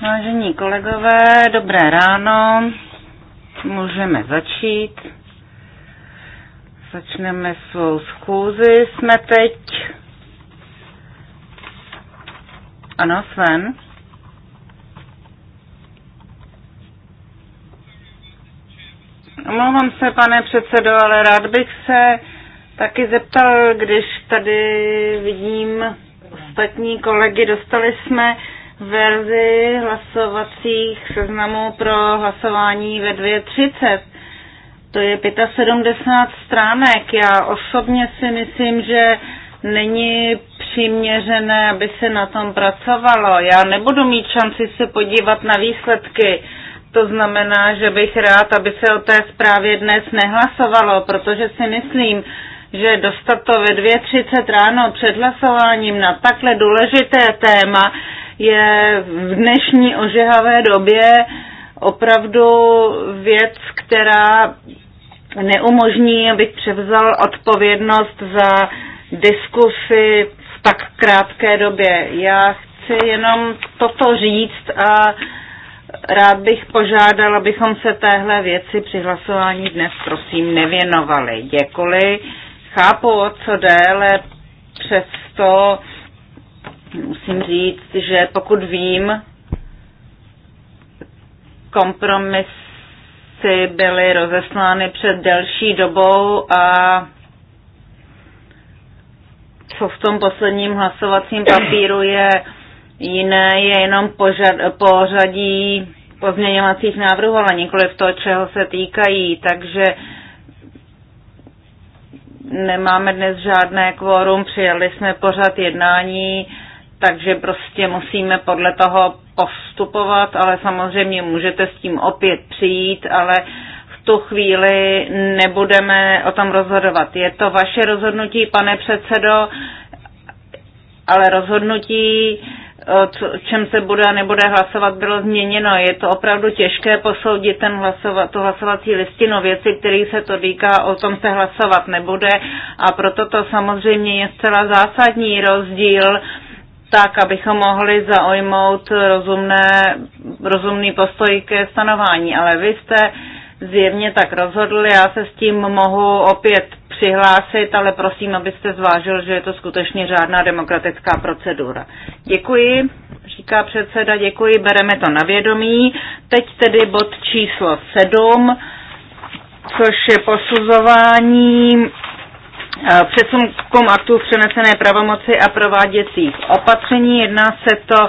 Vážení kolegové, dobré ráno. Můžeme začít. Začneme svou schůzi. Jsme teď. Ano, Sven. Omlouvám se, pane předsedo, ale rád bych se taky zeptal, když tady vidím ostatní kolegy, dostali jsme verzi hlasovacích seznamů pro hlasování ve 2.30. To je 75 stránek. Já osobně si myslím, že není přiměřené, aby se na tom pracovalo. Já nebudu mít šanci se podívat na výsledky. To znamená, že bych rád, aby se o té zprávě dnes nehlasovalo, protože si myslím, že dostat to ve 2.30 ráno před hlasováním na takhle důležité téma je v dnešní ožehavé době opravdu věc, která neumožní, abych převzal odpovědnost za diskusy v tak krátké době. Já chci jenom toto říct a rád bych požádal, abychom se téhle věci při hlasování dnes prosím nevěnovali. Děkuji. Chápu, o co déle, přesto Musím říct, že pokud vím, kompromisy byly rozeslány před delší dobou a co v tom posledním hlasovacím papíru je jiné, je jenom požad, pořadí pozměňovacích návrhů, ale nikoli v to, čeho se týkají. Takže nemáme dnes žádné kvórum, přijali jsme pořad jednání takže prostě musíme podle toho postupovat, ale samozřejmě můžete s tím opět přijít, ale v tu chvíli nebudeme o tom rozhodovat. Je to vaše rozhodnutí, pane předsedo, ale rozhodnutí, o čem se bude a nebude hlasovat, bylo změněno. Je to opravdu těžké posoudit ten hlasovat, tu hlasovací listinu. Věci, který se to týká, o tom se hlasovat nebude a proto to samozřejmě je zcela zásadní rozdíl tak, abychom mohli zaujmout rozumné, rozumný postoj ke stanování. Ale vy jste zjevně tak rozhodl, já se s tím mohu opět přihlásit, ale prosím, abyste zvážil, že je to skutečně řádná demokratická procedura. Děkuji, říká předseda, děkuji, bereme to na vědomí. Teď tedy bod číslo 7, což je posuzování Eh, přesunkom aktů přenesené pravomoci a prováděcích opatření. Jedná se to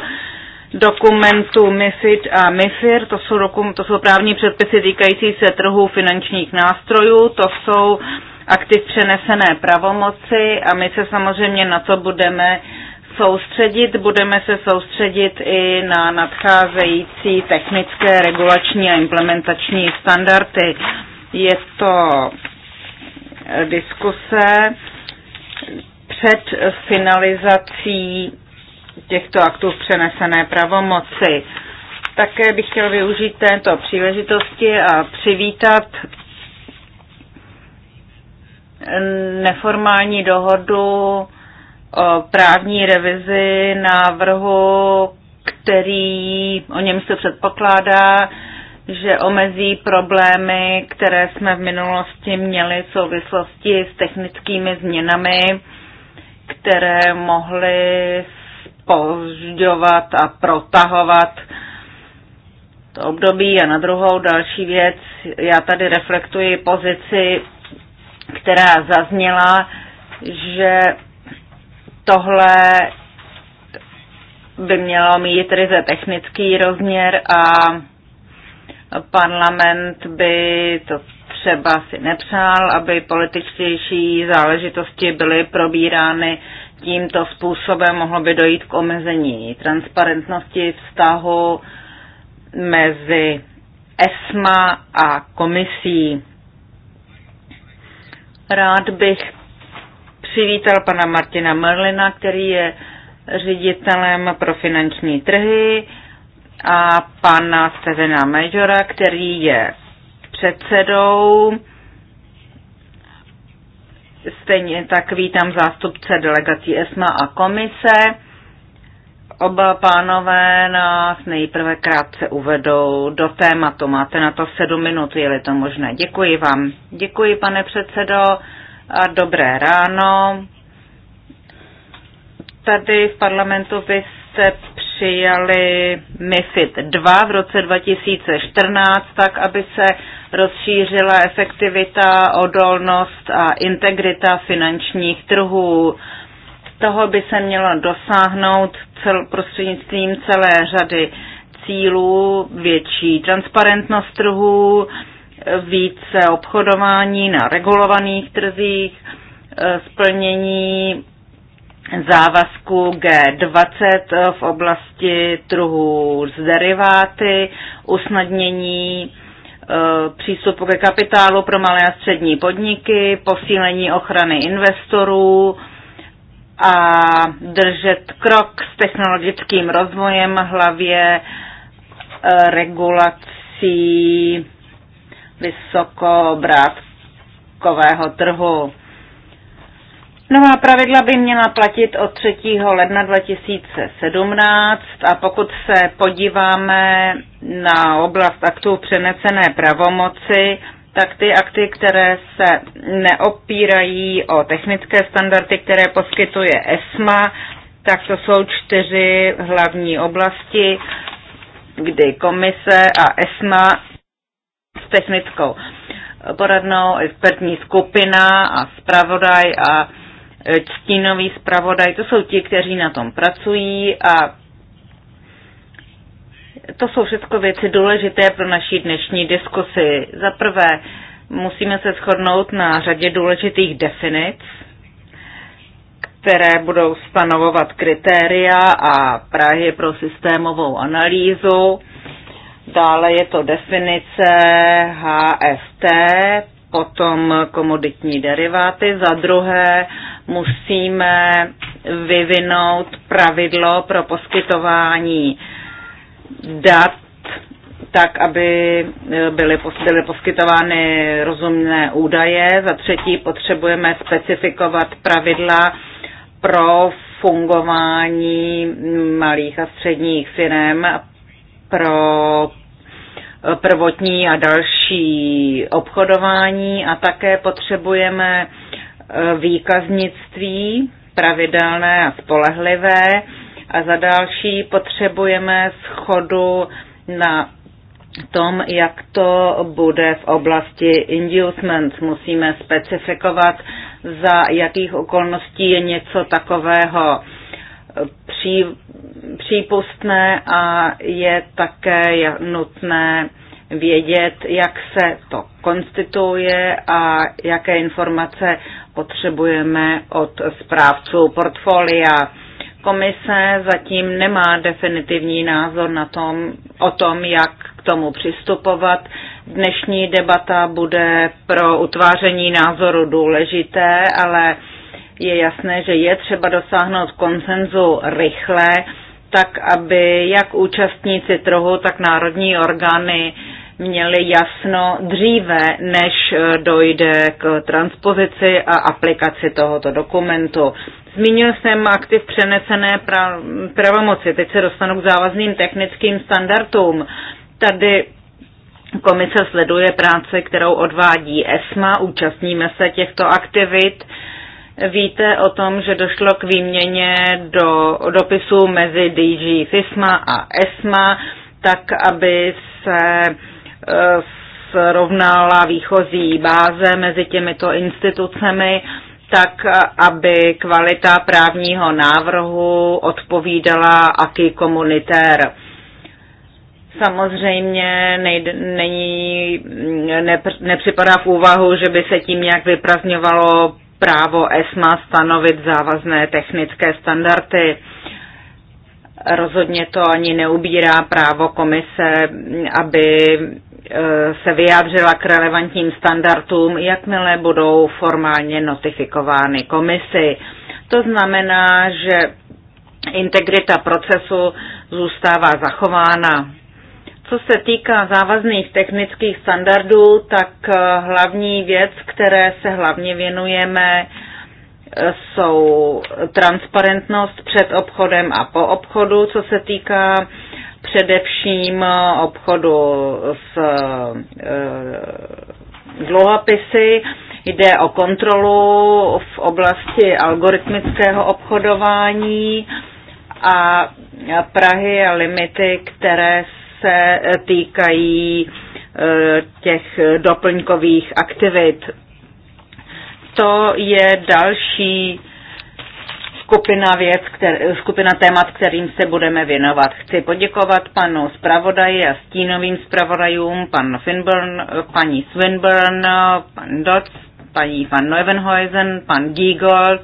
dokumentu MIFID a MIFIR, to jsou, dokum, to jsou právní předpisy týkající se trhu finančních nástrojů, to jsou akty přenesené pravomoci a my se samozřejmě na to budeme soustředit. Budeme se soustředit i na nadcházející technické, regulační a implementační standardy. Je to diskuse před finalizací těchto aktů v přenesené pravomoci. Také bych chtěl využít této příležitosti a přivítat neformální dohodu o právní revizi návrhu, který o něm se předpokládá, že omezí problémy, které jsme v minulosti měli v souvislosti s technickými změnami, které mohly spožďovat a protahovat to období. A na druhou další věc, já tady reflektuji pozici, která zazněla, že tohle by mělo mít ryze technický rozměr a Parlament by to třeba si nepřál, aby političtější záležitosti byly probírány tímto způsobem, mohlo by dojít k omezení transparentnosti vztahu mezi ESMA a komisí. Rád bych přivítal pana Martina Merlina, který je ředitelem pro finanční trhy a pana Stevena Majora, který je předsedou. Stejně tak vítám zástupce delegací ESMA a komise. Oba pánové nás nejprve krátce uvedou do tématu. Máte na to sedm minut, je-li to možné. Děkuji vám. Děkuji, pane předsedo, a dobré ráno. Tady v parlamentu byste přijali MIFID 2 v roce 2014, tak aby se rozšířila efektivita, odolnost a integrita finančních trhů. Toho by se mělo dosáhnout cel, prostřednictvím celé řady cílů, větší transparentnost trhů, více obchodování na regulovaných trzích, eh, splnění závazku G20 v oblasti trhu s deriváty, usnadnění e, přístupu ke kapitálu pro malé a střední podniky, posílení ochrany investorů a držet krok s technologickým rozvojem, hlavě e, regulací vysokobrátkového trhu. Nová pravidla by měla platit od 3. ledna 2017 a pokud se podíváme na oblast aktů přenesené pravomoci, tak ty akty, které se neopírají o technické standardy, které poskytuje ESMA, tak to jsou čtyři hlavní oblasti, kdy komise a ESMA s technickou poradnou expertní skupina a zpravodaj a čtinový e, zpravodaj, to jsou ti, kteří na tom pracují a to jsou všechno věci důležité pro naší dnešní diskusy. Za prvé, musíme se shodnout na řadě důležitých definic, které budou stanovovat kritéria a Prahy pro systémovou analýzu. Dále je to definice HST potom komoditní deriváty. Za druhé musíme vyvinout pravidlo pro poskytování dat tak, aby e, byly, byly poskytovány rozumné údaje. Za třetí potřebujeme specifikovat pravidla pro fungování malých a středních firm pro prvotní a další obchodování a také potřebujeme e, výkaznictví pravidelné a spolehlivé a za další potřebujeme schodu na tom, jak to bude v oblasti inducement. Musíme specifikovat, za jakých okolností je něco takového e, přípustné a je také nutné vědět, jak se to konstituje a jaké informace potřebujeme od správců portfolia. Komise zatím nemá definitivní názor na tom, o tom, jak k tomu přistupovat. Dnešní debata bude pro utváření názoru důležité, ale je jasné, že je třeba dosáhnout konsenzu rychle tak aby jak účastníci trhu, tak národní orgány měli jasno dříve, než eh, dojde k transpozici a aplikaci tohoto dokumentu. Zmínil jsem aktiv přenesené pravomoci. Teď se dostanu k závazným technickým standardům. Tady komise sleduje práce, kterou odvádí ESMA, účastníme se těchto aktivit Víte o tom, že došlo k výměně do dopisu mezi DG FISMA a ESMA, tak aby se eh, srovnala výchozí báze mezi těmito institucemi, tak eh, aby kvalita právního návrhu odpovídala aký komunitér. Samozřejmě nejde, není, nepřipadá v úvahu, že by se tím nějak vyprazňovalo právo ESMA stanovit závazné technické standardy. Rozhodně to ani neubírá právo komise, aby eh, se vyjádřila k relevantním standardům, jakmile budou formálně notifikovány komisi. To znamená, že integrita procesu zůstává zachována. Co se týká závazných technických standardů, tak eh, hlavní věc, které se hlavně věnujeme, eh, jsou transparentnost před obchodem a po obchodu, co se týká především eh, obchodu s dluhopisy. Jde o kontrolu v oblasti algoritmického obchodování a Prahy a limity, které se týkají e, těch doplňkových aktivit. To je další skupina, věc, kter, skupina témat, kterým se budeme věnovat. Chci poděkovat panu zpravodaji a stínovým zpravodajům, pan Finburn, paní Swinburne, pan Dodds, paní van Neuvenhuizen, pan Giegold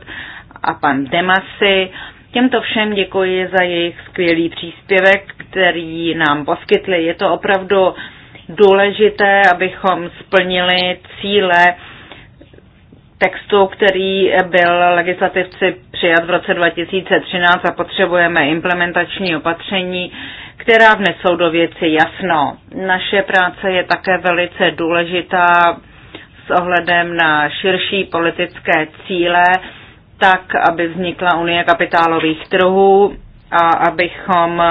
a pan Demasi Těmto všem děkuji za jejich skvělý příspěvek, který nám poskytli. Je to opravdu důležité, abychom splnili cíle textu, který byl legislativci přijat v roce 2013 a potřebujeme implementační opatření, která vnesou do věci jasno. Naše práce je také velice důležitá s ohledem na širší politické cíle, tak, aby vznikla Unie kapitálových trhů a abychom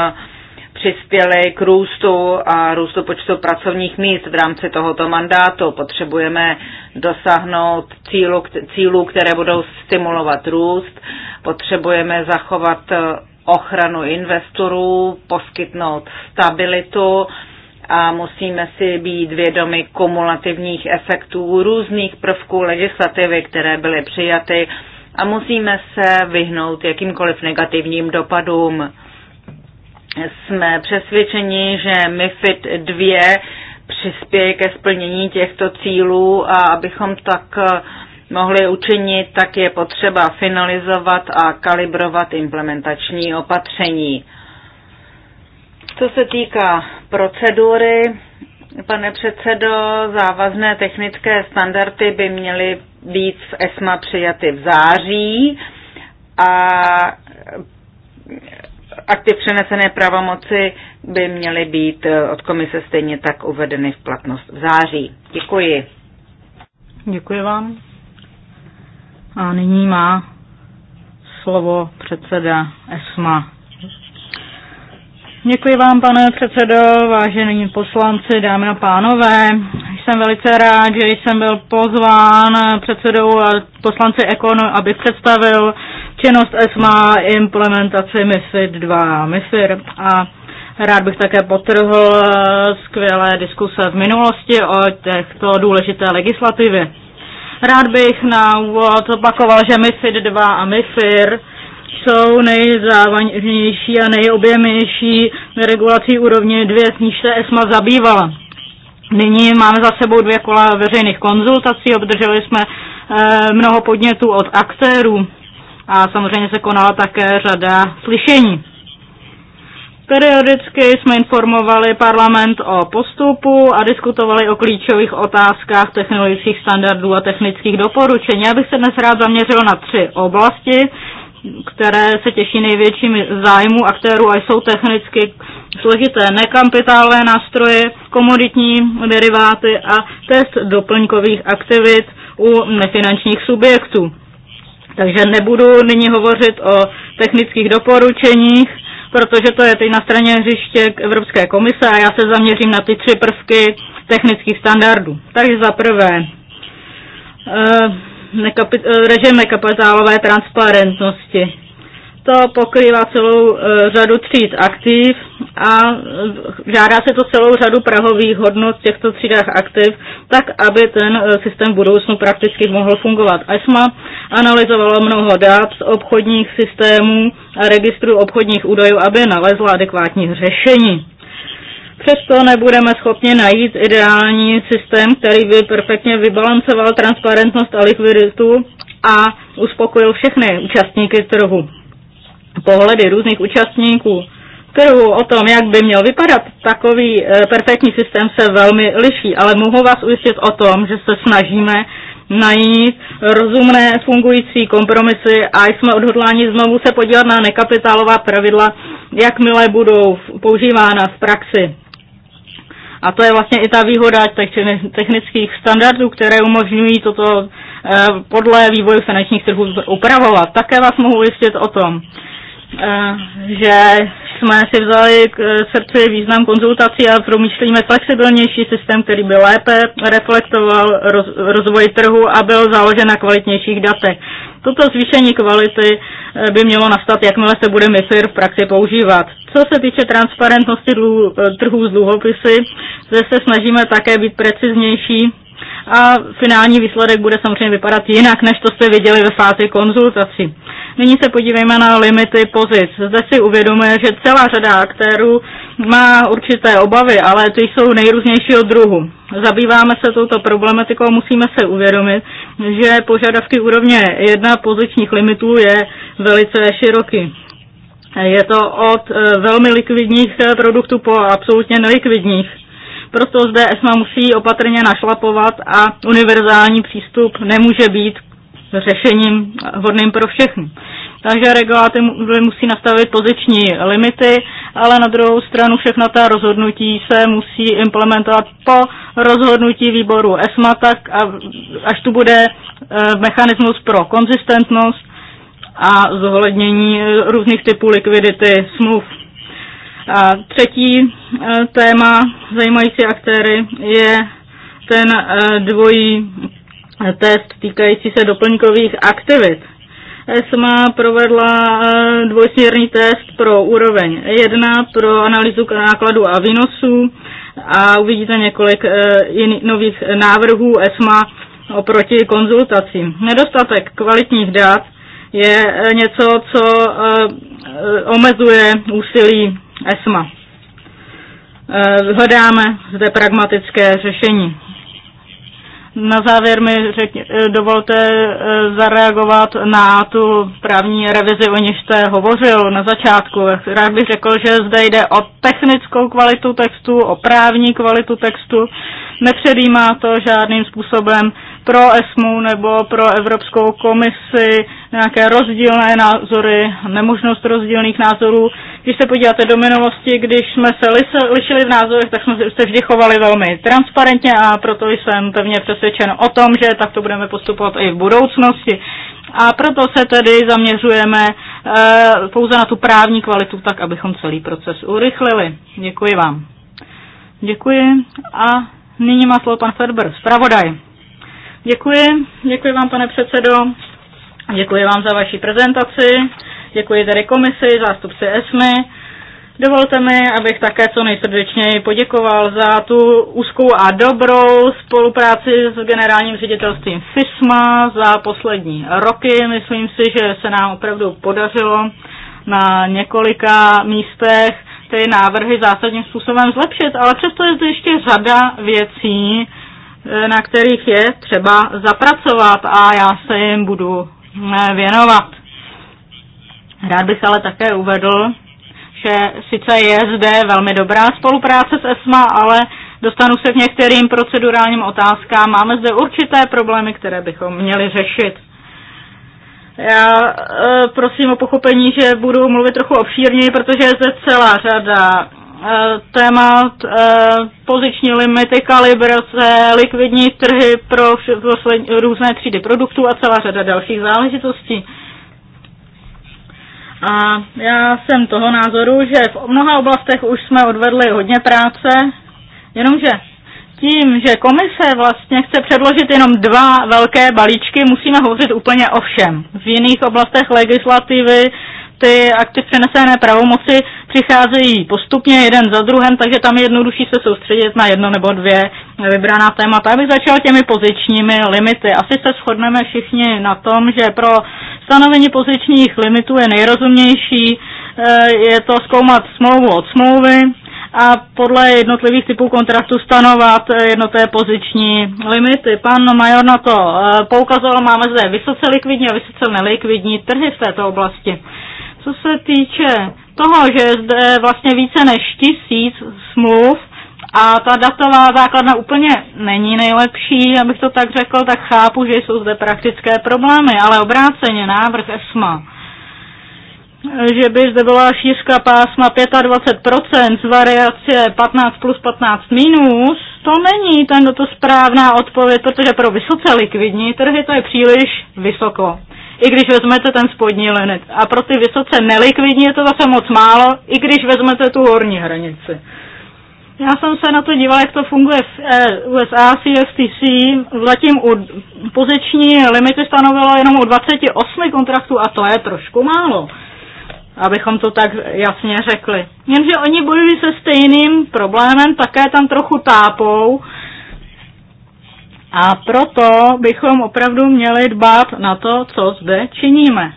přispěli k růstu a růstu počtu pracovních míst v rámci tohoto mandátu. Potřebujeme dosáhnout cílu, cílů, které budou stimulovat růst. Potřebujeme zachovat ochranu investorů, poskytnout stabilitu a musíme si být vědomi kumulativních efektů různých prvků legislativy, které byly přijaty a musíme se vyhnout jakýmkoliv negativním dopadům. Jsme přesvědčeni, že MIFID 2 přispěje ke splnění těchto cílů a abychom tak mohli učinit, tak je potřeba finalizovat a kalibrovat implementační opatření. Co se týká procedury, Pane předsedo, závazné technické standardy by měly být v ESMA přijaty v září a akty přenesené pravomoci by měly být od komise stejně tak uvedeny v platnost v září. Děkuji. Děkuji vám. A nyní má slovo předseda ESMA Děkuji vám, pane předsedo, vážení poslanci, dámy a pánové. Jsem velice rád, že jsem byl pozván předsedou a poslanci Ekonu, aby představil činnost ESMA implementaci MIFID 2 MIFIR a Rád bych také potrhl skvělé diskuse v minulosti o těchto důležité legislativě. Rád bych na úvod opakoval, že MIFID 2 a MIFIR jsou nejzávažnější a nejobjemnější regulací úrovně dvě, s níž se ESMA zabývala. Nyní máme za sebou dvě kola veřejných konzultací, obdrželi jsme eh, mnoho podnětů od aktérů a samozřejmě se konala také řada slyšení. Periodicky jsme informovali parlament o postupu a diskutovali o klíčových otázkách technologických standardů a technických doporučení. Já bych se dnes rád zaměřil na tři oblasti které se těší největším zájmu aktérů a jsou technicky složité nekapitálové nástroje, komoditní deriváty a test doplňkových aktivit u nefinančních subjektů. Takže nebudu nyní hovořit o technických doporučeních, protože to je teď na straně hřiště Evropské komise a já se zaměřím na ty tři prvky technických standardů. Takže za prvé, eh, nekapit, eh, režim kapitálové transparentnosti. To pokrývá celou eh, řadu tříd aktiv a žádá se to celou řadu prahových hodnot v těchto třídách aktiv, tak aby ten eh, systém v budoucnu prakticky mohl fungovat. ESMA analyzovala mnoho dat z obchodních systémů a registru obchodních údajů, aby nalezla adekvátní řešení. Přesto nebudeme schopni najít ideální systém, který by perfektně vybalancoval transparentnost a likviditu a uspokojil všechny účastníky trhu. Pohledy různých účastníků trhu o tom, jak by měl vypadat takový eh, perfektní systém, se velmi liší, ale mohu vás ujistit o tom, že se snažíme najít rozumné fungující kompromisy a jsme odhodláni znovu se podívat na nekapitálová pravidla, jakmile budou používána v praxi. A to je vlastně i ta výhoda těch technických standardů, které umožňují toto eh, podle vývoje finančních trhů upravovat. Také vás mohu ujistit o tom, eh, že jsme si vzali k eh, srdci význam konzultací a promýšlíme flexibilnější systém, který by lépe reflektoval rozvoj trhu a byl založen na kvalitnějších datech. Toto zvýšení kvality eh, by mělo nastat, jakmile se bude MIFIR v praxi používat. Co se týče transparentnosti dlu, eh, trhů s dluhopisy, zde se snažíme také být preciznější a finální výsledek bude samozřejmě vypadat jinak, než to jste viděli ve fázi konzultací. Nyní se podívejme na limity pozic. Zde si uvědomuje, že celá řada aktérů má určité obavy, ale ty jsou nejrůznějšího druhu. Zabýváme se touto problematikou a musíme se uvědomit, že požadavky úrovně jedna pozičních limitů je velice široký. Je to od eh, velmi likvidních eh, produktů po absolutně nelikvidních proto zde ESMA musí opatrně našlapovat a univerzální přístup nemůže být řešením hodným pro všechny. Takže reguláty musí nastavit poziční limity, ale na druhou stranu všechna ta rozhodnutí se musí implementovat po rozhodnutí výboru ESMA, tak až tu bude e, mechanismus pro konzistentnost a zohlednění různých typů likvidity smluv. A třetí e, téma zajímající aktéry je ten e, dvojí test týkající se doplňkových aktivit. ESMA provedla e, dvojsměrný test pro úroveň 1 pro analýzu nákladů a výnosů a uvidíte několik jiných nových návrhů ESMA oproti konzultacím. Nedostatek kvalitních dat je něco, co omezuje úsilí ESMA. Eh, hledáme zde pragmatické řešení. Na závěr mi řekně, eh, dovolte eh, zareagovat na tu právní revizi, o níž jste hovořil na začátku. Rád bych řekl, že zde jde o technickou kvalitu textu, o právní kvalitu textu. Nepředjímá to žádným způsobem pro ESMU nebo pro Evropskou komisi nějaké rozdílné názory, nemožnost rozdílných názorů. Když se podíváte do minulosti, když jsme se lišili v názorech, tak jsme se vždy chovali velmi transparentně a proto jsem pevně přesvědčen o tom, že takto budeme postupovat i v budoucnosti. A proto se tedy zaměřujeme e, pouze na tu právní kvalitu, tak abychom celý proces urychlili. Děkuji vám. Děkuji a nyní má slovo pan Ferber, zpravodaj. Děkuji, děkuji vám, pane předsedo. Děkuji vám za vaši prezentaci. Děkuji tedy komisi, zástupci ESMY. Dovolte mi, abych také co nejsrdečněji poděkoval za tu úzkou a dobrou spolupráci s generálním ředitelstvím FISMA za poslední roky. Myslím si, že se nám opravdu podařilo na několika místech ty návrhy zásadním způsobem zlepšit, ale přesto je zde ještě řada věcí, na kterých je třeba zapracovat a já se jim budu eh, věnovat. Rád bych ale také uvedl, že sice je zde velmi dobrá spolupráce s ESMA, ale dostanu se k některým procedurálním otázkám. Máme zde určité problémy, které bychom měli řešit. Já e, prosím o pochopení, že budu mluvit trochu obšírněji, protože je zde celá řada Eh, témat eh, poziční limity, kalibrace, likvidní trhy pro různé třídy produktů a celá řada dalších záležitostí. A já jsem toho názoru, že v mnoha oblastech už jsme odvedli hodně práce, jenomže tím, že komise vlastně chce předložit jenom dva velké balíčky, musíme hovořit úplně o všem. V jiných oblastech legislativy ty akty přenesené pravomoci přicházejí postupně jeden za druhým, takže tam je jednodušší se soustředit na jedno nebo dvě vybraná témata. Abych začal těmi pozičními limity. Asi se shodneme všichni na tom, že pro stanovení pozičních limitů je nejrozumější, eh, je to zkoumat smlouvu od smlouvy, a podle jednotlivých typů kontraktu stanovat jednotlivé poziční limity. Pan Major na to eh, poukazoval, máme zde vysoce likvidní a vysoce nelikvidní trhy v této oblasti. Co se týče toho, že je zde vlastně více než tisíc smluv a ta datová základna úplně není nejlepší, abych to tak řekl, tak chápu, že jsou zde praktické problémy, ale obráceně návrh ESMA že by zde byla šířka pásma 25% z variace 15 plus 15 minus, to není tento to správná odpověď, protože pro vysoce likvidní trhy to je příliš vysoko i když vezmete ten spodní limit. A pro ty vysoce nelikvidní je to zase moc málo, i když vezmete tu horní hranici. Já jsem se na to díval, jak to funguje v eh, USA, CFTC. Zatím u poziční limity stanovilo jenom u 28 kontraktů a to je trošku málo, abychom to tak jasně řekli. Jenže oni bojují se stejným problémem, také tam trochu tápou a proto bychom opravdu měli dbát na to, co zde činíme.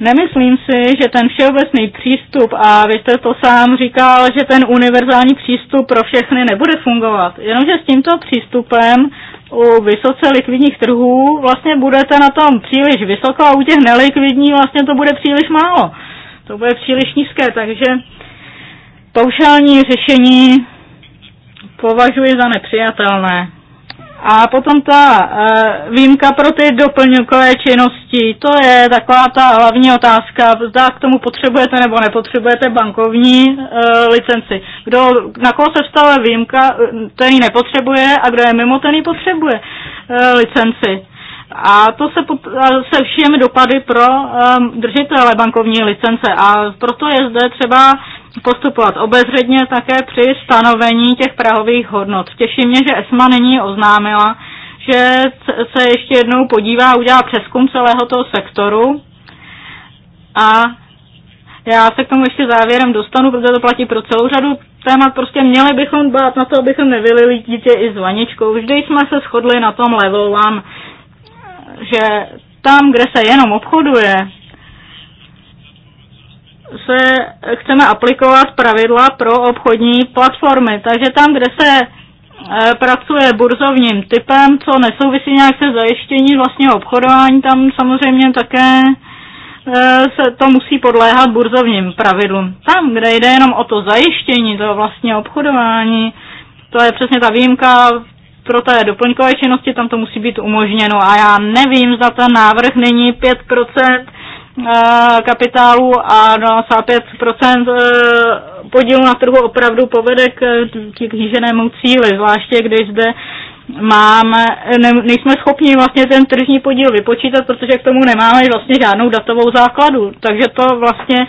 Nemyslím si, že ten všeobecný přístup, a vy jste to sám říkal, že ten univerzální přístup pro všechny nebude fungovat. Jenomže s tímto přístupem u vysoce likvidních trhů vlastně budete na tom příliš vysoko a u těch nelikvidních vlastně to bude příliš málo. To bude příliš nízké, takže paušální řešení považuji za nepřijatelné. A potom ta e, výjimka pro ty doplňkové činnosti, to je taková ta hlavní otázka, zda k tomu potřebujete nebo nepotřebujete bankovní e, licenci. Kdo, na koho se vstala výjimka, ten ji nepotřebuje a kdo je mimo, ten ji potřebuje e, licenci. A to se, pot, se všem dopady pro um, držitele bankovní licence a proto je zde třeba postupovat obezředně také při stanovení těch prahových hodnot. Těší mě, že ESMA není oznámila, že se ještě jednou podívá, udělá přeskum celého toho sektoru a já se k tomu ještě závěrem dostanu, protože to platí pro celou řadu témat. Prostě měli bychom bát, na to, abychom nevylili dítě i s vaničkou. Vždy jsme se shodli na tom level one, že tam, kde se jenom obchoduje, se chceme aplikovat pravidla pro obchodní platformy. Takže tam, kde se e, pracuje burzovním typem, co nesouvisí nějak se zajištění vlastního obchodování, tam samozřejmě také e, se to musí podléhat burzovním pravidlům. Tam, kde jde jenom o to zajištění toho vlastního obchodování, to je přesně ta výjimka pro té doplňkové činnosti, tam to musí být umožněno. A já nevím, zda ten návrh není 5% Eh, kapitálu a 25% eh, podílu na trhu opravdu povede k kýženému cíli, zvláště když zde máme, ne, nejsme schopni vlastně ten tržní podíl vypočítat, protože k tomu nemáme vlastně žádnou datovou základu. Takže to vlastně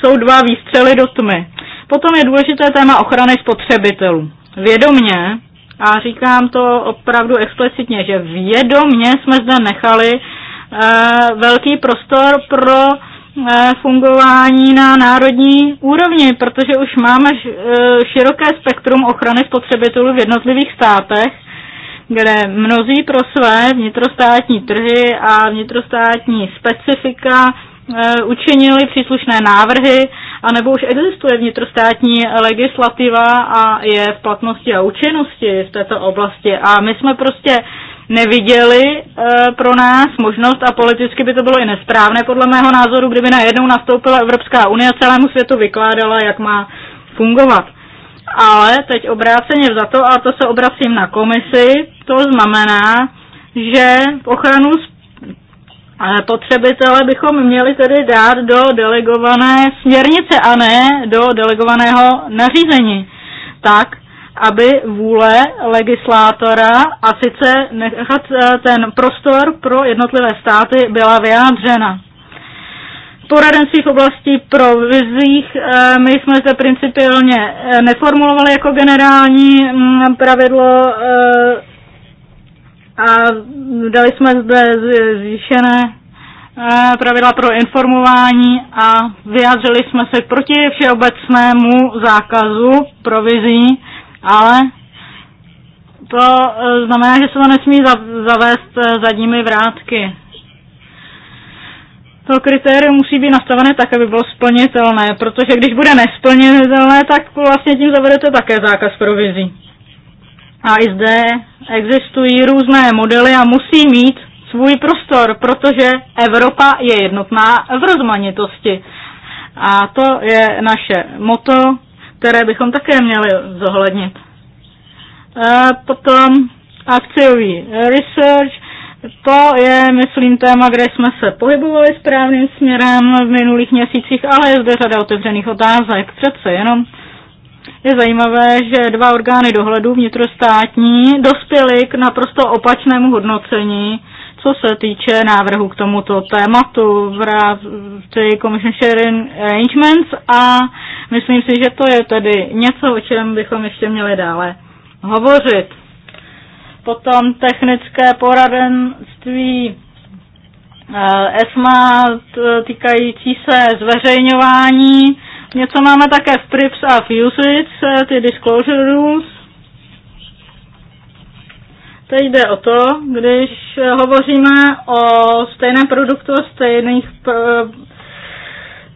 jsou dva výstřely do tmy. Potom je důležité téma ochrany spotřebitelů. Vědomně, a říkám to opravdu explicitně, že vědomně jsme zde nechali Eh, velký prostor pro eh, fungování na národní úrovni, protože už máme eh, široké spektrum ochrany spotřebitelů v jednotlivých státech, kde mnozí pro své vnitrostátní trhy a vnitrostátní specifika učinili příslušné návrhy, anebo už existuje vnitrostátní legislativa a je v platnosti a účinnosti v této oblasti. A my jsme prostě neviděli eh, pro nás možnost a politicky by to bylo i nesprávné podle mého názoru, kdyby najednou nastoupila Evropská unie a celému světu vykládala, jak má fungovat. Ale teď obráceně za to, a to se obracím na komisi, to znamená, že ochranu eh, potřebitele bychom měli tedy dát do delegované směrnice a ne do delegovaného nařízení. Tak, aby vůle legislátora a sice nechat eh, ten prostor pro jednotlivé státy byla vyjádřena. Poradenství v oblasti provizích eh, my jsme zde principiálně eh, neformulovali jako generální mm, pravidlo a dali jsme zde zvýšené pravidla pro informování a vyjádřili jsme se proti všeobecnému zákazu provizí ale to e, znamená, že se to nesmí zavést e, zadními vrátky. To kritérium musí být nastavené tak, aby bylo splnitelné, protože když bude nesplnitelné, tak vlastně tím zavedete také zákaz provizí. A i zde existují různé modely a musí mít svůj prostor, protože Evropa je jednotná v rozmanitosti. A to je naše moto které bychom také měli zohlednit. E, potom akciový research, to je, myslím, téma, kde jsme se pohybovali správným směrem v minulých měsících, ale je zde řada otevřených otázek. Přece jenom je zajímavé, že dva orgány dohledu vnitrostátní dospěly k naprosto opačnému hodnocení co se týče návrhu k tomuto tématu v rámci Commission Sharing Arrangements a myslím si, že to je tedy něco, o čem bychom ještě měli dále hovořit. Potom technické poradenství eh, ESMA týkající se zveřejňování. Něco máme také v PRIPS a v USIC, eh, ty disclosure rules Teď jde o to, když hovoříme o stejném produktu a stejných eh,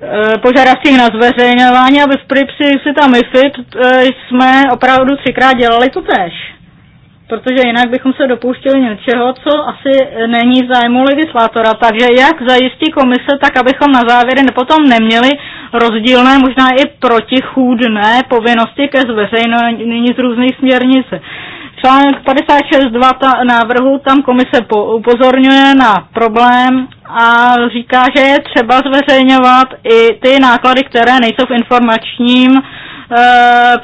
eh, požadavcích na zveřejňování, aby v Pripsi si tam myslit, eh, jsme opravdu třikrát dělali to tež. Protože jinak bychom se dopustili něčeho, co asi není v zájmu legislátora. Takže jak zajistí komise, tak abychom na závěry potom neměli rozdílné, možná i protichůdné povinnosti ke zveřejnění z různých směrnic. Článek 56.2 návrhu, tam komise po, upozorňuje na problém a říká, že je třeba zveřejňovat i ty náklady, které nejsou v informačním e,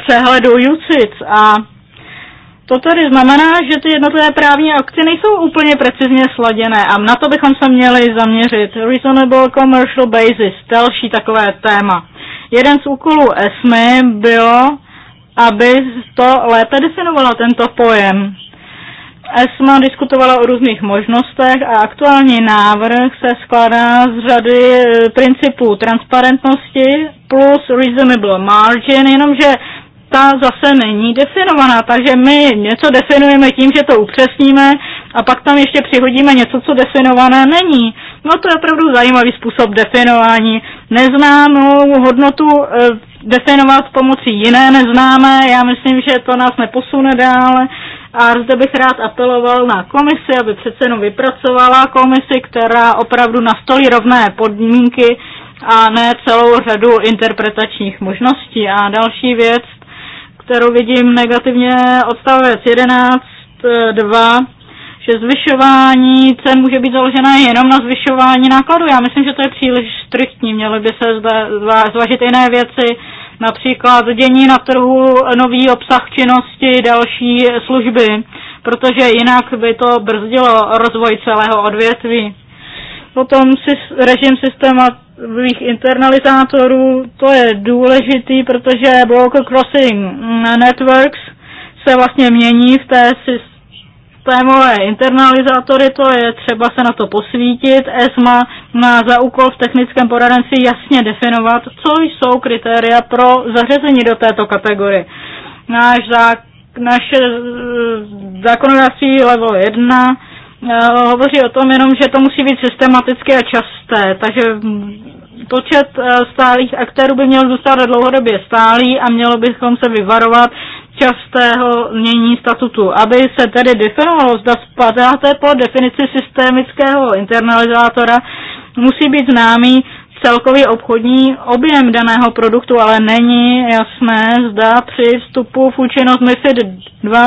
přehledu UCIC. A to tedy znamená, že ty jednotlivé právní akty nejsou úplně precizně sladěné a na to bychom se měli zaměřit. Reasonable Commercial Basis, další takové téma. Jeden z úkolů ESMY bylo aby to lépe definovala tento pojem. ESMA diskutovala o různých možnostech a aktuální návrh se skládá z řady e, principů transparentnosti plus reasonable margin, jenomže ta zase není definovaná, takže my něco definujeme tím, že to upřesníme a pak tam ještě přihodíme něco, co definované není. No to je opravdu zajímavý způsob definování. Neznámou hodnotu e, definovat pomocí jiné neznámé. Já myslím, že to nás neposune dále. A zde bych rád apeloval na komisi, aby přece jenom vypracovala komisi, která opravdu nastolí rovné podmínky a ne celou řadu interpretačních možností. A další věc, kterou vidím negativně, odstavec 11.2, že zvyšování cen může být založené jenom na zvyšování nákladů. Já myslím, že to je příliš striktní. Měly by se zde jiné věci, například dění na trhu, nový obsah činnosti, další služby, protože jinak by to brzdilo rozvoj celého odvětví. Potom režim systémových internalizátorů, to je důležitý, protože Broker Crossing Networks se vlastně mění v té systému systémové internalizátory, to je třeba se na to posvítit. ESMA má za úkol v technickém poradenci jasně definovat, co jsou kritéria pro zařazení do této kategorie. Náš zák- naše eh, zákonodárství level 1 eh, hovoří o tom jenom, že to musí být systematické a časté, takže hm, počet eh, stálých aktérů by měl zůstat dlouhodobě stálý a mělo bychom se vyvarovat častého mění statutu. Aby se tedy definovalo, zda spadáte po definici systémického internalizátora, musí být známý celkový obchodní objem daného produktu, ale není jasné, zda při vstupu v účinnost MIFID 2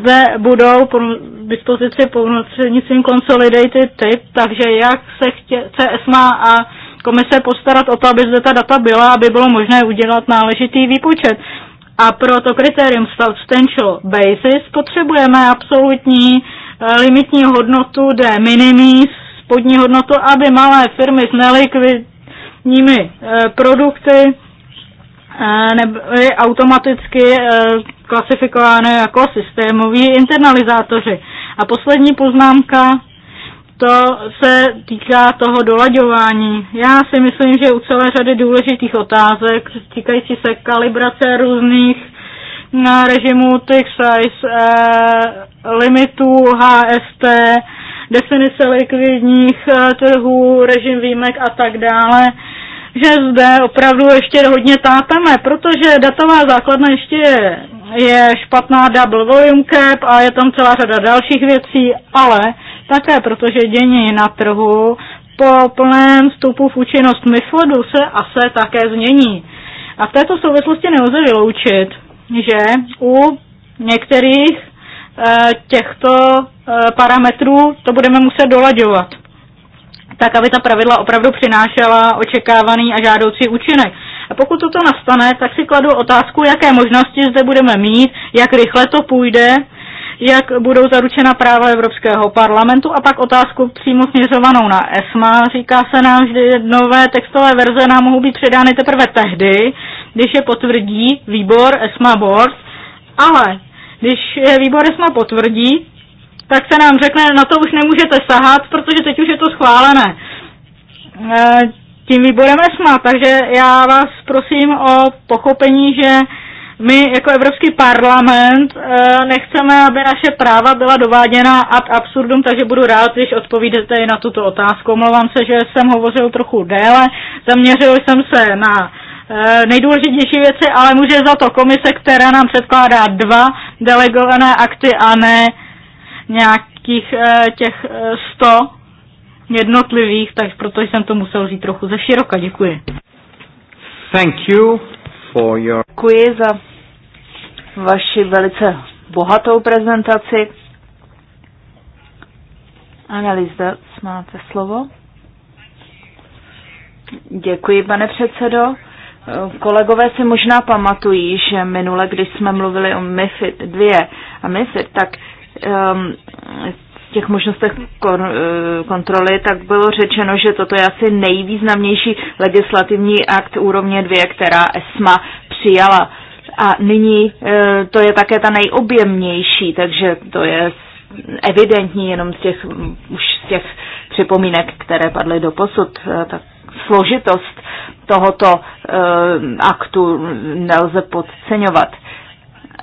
zde budou pro dispozici pomocnicím Consolidated typ, takže jak se chtě, CS má a komise postarat o to, aby zde ta data byla, aby bylo možné udělat náležitý výpočet a proto kritérium substantial basis potřebujeme absolutní eh, limitní hodnotu de minimis, spodní hodnotu, aby malé firmy s nelikvidními eh, produkty eh, nebyly automaticky klasifikovány jako systémoví internalizátoři. A poslední poznámka to se týká toho dolaďování. Já si myslím, že u celé řady důležitých otázek týkající se kalibrace různých na mm, režimu tech size, eh, limitů HST, definice likvidních eh, trhů, režim výjimek a tak dále, že zde opravdu ještě hodně tápeme, protože datová základna ještě je, je špatná double volume cap a je tam celá řada dalších věcí, ale také protože dění na trhu po plném vstupu v účinnost myslodu se se také změní. A v této souvislosti nelze vyloučit, že u některých e, těchto e, parametrů to budeme muset dolaďovat, tak aby ta pravidla opravdu přinášela očekávaný a žádoucí účinek. A pokud toto nastane, tak si kladu otázku, jaké možnosti zde budeme mít, jak rychle to půjde jak budou zaručena práva Evropského parlamentu a pak otázku přímo směřovanou na ESMA. Říká se nám, že nové textové verze nám mohou být předány teprve tehdy, když je potvrdí výbor ESMA Board, ale když je výbor ESMA potvrdí, tak se nám řekne, na to už nemůžete sahat, protože teď už je to schválené e, tím výborem ESMA, takže já vás prosím o pochopení, že my jako Evropský parlament eh, nechceme, aby naše práva byla dováděna ad absurdum, takže budu rád, když odpovídete i na tuto otázku. Omlouvám se, že jsem hovořil trochu déle, zaměřil jsem se na eh, nejdůležitější věci, ale může za to komise, která nám předkládá dva delegované akty a ne nějakých eh, těch sto jednotlivých, tak proto jsem to musel říct trochu ze široka. Děkuji. Thank you for your... Děkuji za vaši velice bohatou prezentaci. Analýza, máte slovo. Děkuji, pane předsedo. Kolegové si možná pamatují, že minule, když jsme mluvili o MIFID 2 a MIFID, tak um, těch možnostech eh, kontroly, tak bylo řečeno, že toto je asi nejvýznamnější legislativní akt úrovně 2, která ESMA přijala. A nyní eh, to je také ta nejobjemnější, takže to je evidentní jenom z těch, už z těch připomínek, které padly do posud, eh, tak složitost tohoto aktu nelze podceňovat.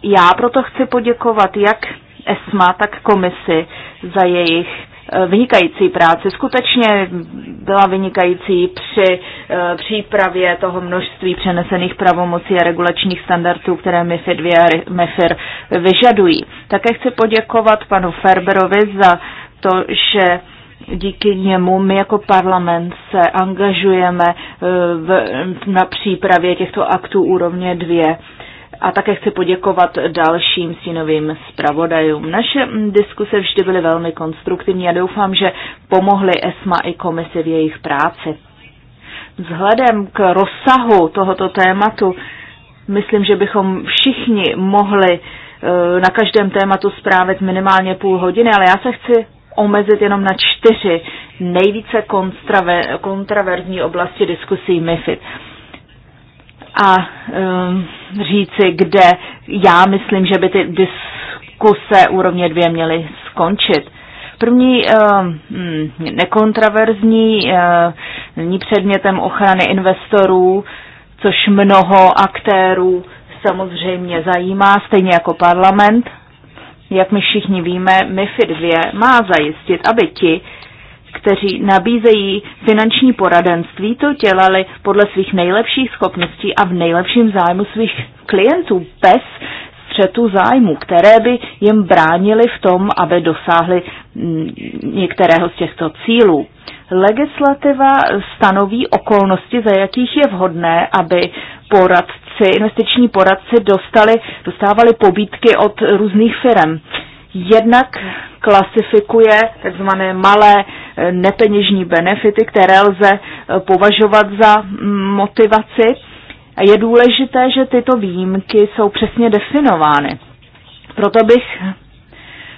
Já proto chci poděkovat jak ESMA, tak komisi za jejich eh, vynikající práci. Skutečně byla vynikající při eh, přípravě toho množství přenesených pravomocí a regulačních standardů, které MIFID 2 a MIFIR vyžadují. Také chci poděkovat panu Ferberovi za to, že díky němu my jako parlament se angažujeme eh, v, na přípravě těchto aktů úrovně 2 a také chci poděkovat dalším stínovým zpravodajům. Naše diskuse vždy byly velmi konstruktivní a doufám, že pomohly ESMA i komisi v jejich práci. Vzhledem k rozsahu tohoto tématu, myslím, že bychom všichni mohli e, na každém tématu zprávit minimálně půl hodiny, ale já se chci omezit jenom na čtyři nejvíce kontraverzní oblasti diskusí MIFID a um, říci, kde já myslím, že by ty diskuse úrovně dvě měly skončit. První um, hm, nekontraverzní uh, není předmětem ochrany investorů, což mnoho aktérů samozřejmě zajímá, stejně jako parlament. Jak my všichni víme, MIFID 2 má zajistit, aby ti, kteří nabízejí finanční poradenství, to dělali podle svých nejlepších schopností a v nejlepším zájmu svých klientů bez střetu zájmu, které by jim bránili v tom, aby dosáhli mm, některého z těchto cílů. Legislativa stanoví okolnosti, za jakých je vhodné, aby poradci, investiční poradci dostali, dostávali pobídky od různých firm. Jednak klasifikuje takzvané malé eh, nepeněžní benefity, které lze eh, považovat za mm, motivaci. A je důležité, že tyto výjimky jsou přesně definovány. Proto bych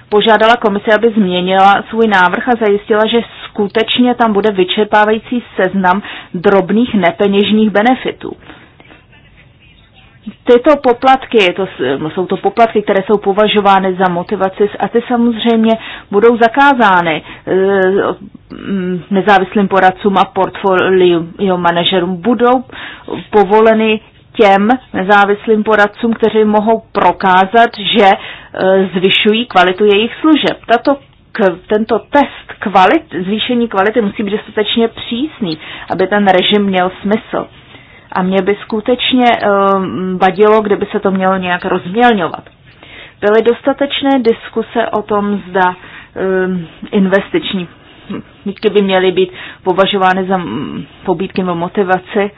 požádala komisi, aby změnila svůj návrh a zajistila, že skutečně tam bude vyčerpávající seznam drobných nepeněžních benefitů. Tyto poplatky, to, jsou to poplatky, které jsou považovány za motivaci a ty samozřejmě budou zakázány e, nezávislým poradcům a portfolio manažerům. Budou povoleny těm nezávislým poradcům, kteří mohou prokázat, že e, zvyšují kvalitu jejich služeb. Tato k, tento test kvalit, zvýšení kvality musí být dostatečně přísný, aby ten režim měl smysl. A mě by skutečně ehm, vadilo, kdyby se to mělo nějak rozmělňovat. Byly dostatečné diskuse o tom, zda ehm, investiční pobídky by měly být považovány za mm, pobídky nebo motivaci.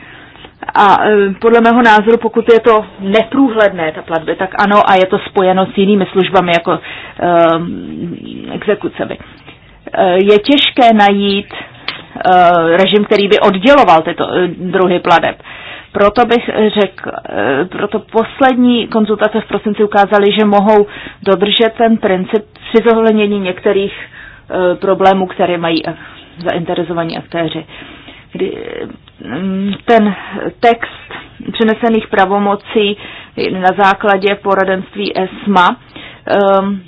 A ehm, podle mého názoru, pokud je to neprůhledné, ta platby, tak ano, a je to spojeno s jinými službami jako um, exekucemi. Eh, je těžké najít uh, režim, který by odděloval tyto eh, druhy pladeb. Proto bych řekl, eh, proto poslední konzultace v prosinci ukázaly, že mohou dodržet ten princip při zohlednění některých eh, problémů, které mají eh, zainteresovaní aktéři. Kdy mm, ten text přenesených pravomocí na základě poradenství ESMA ehm,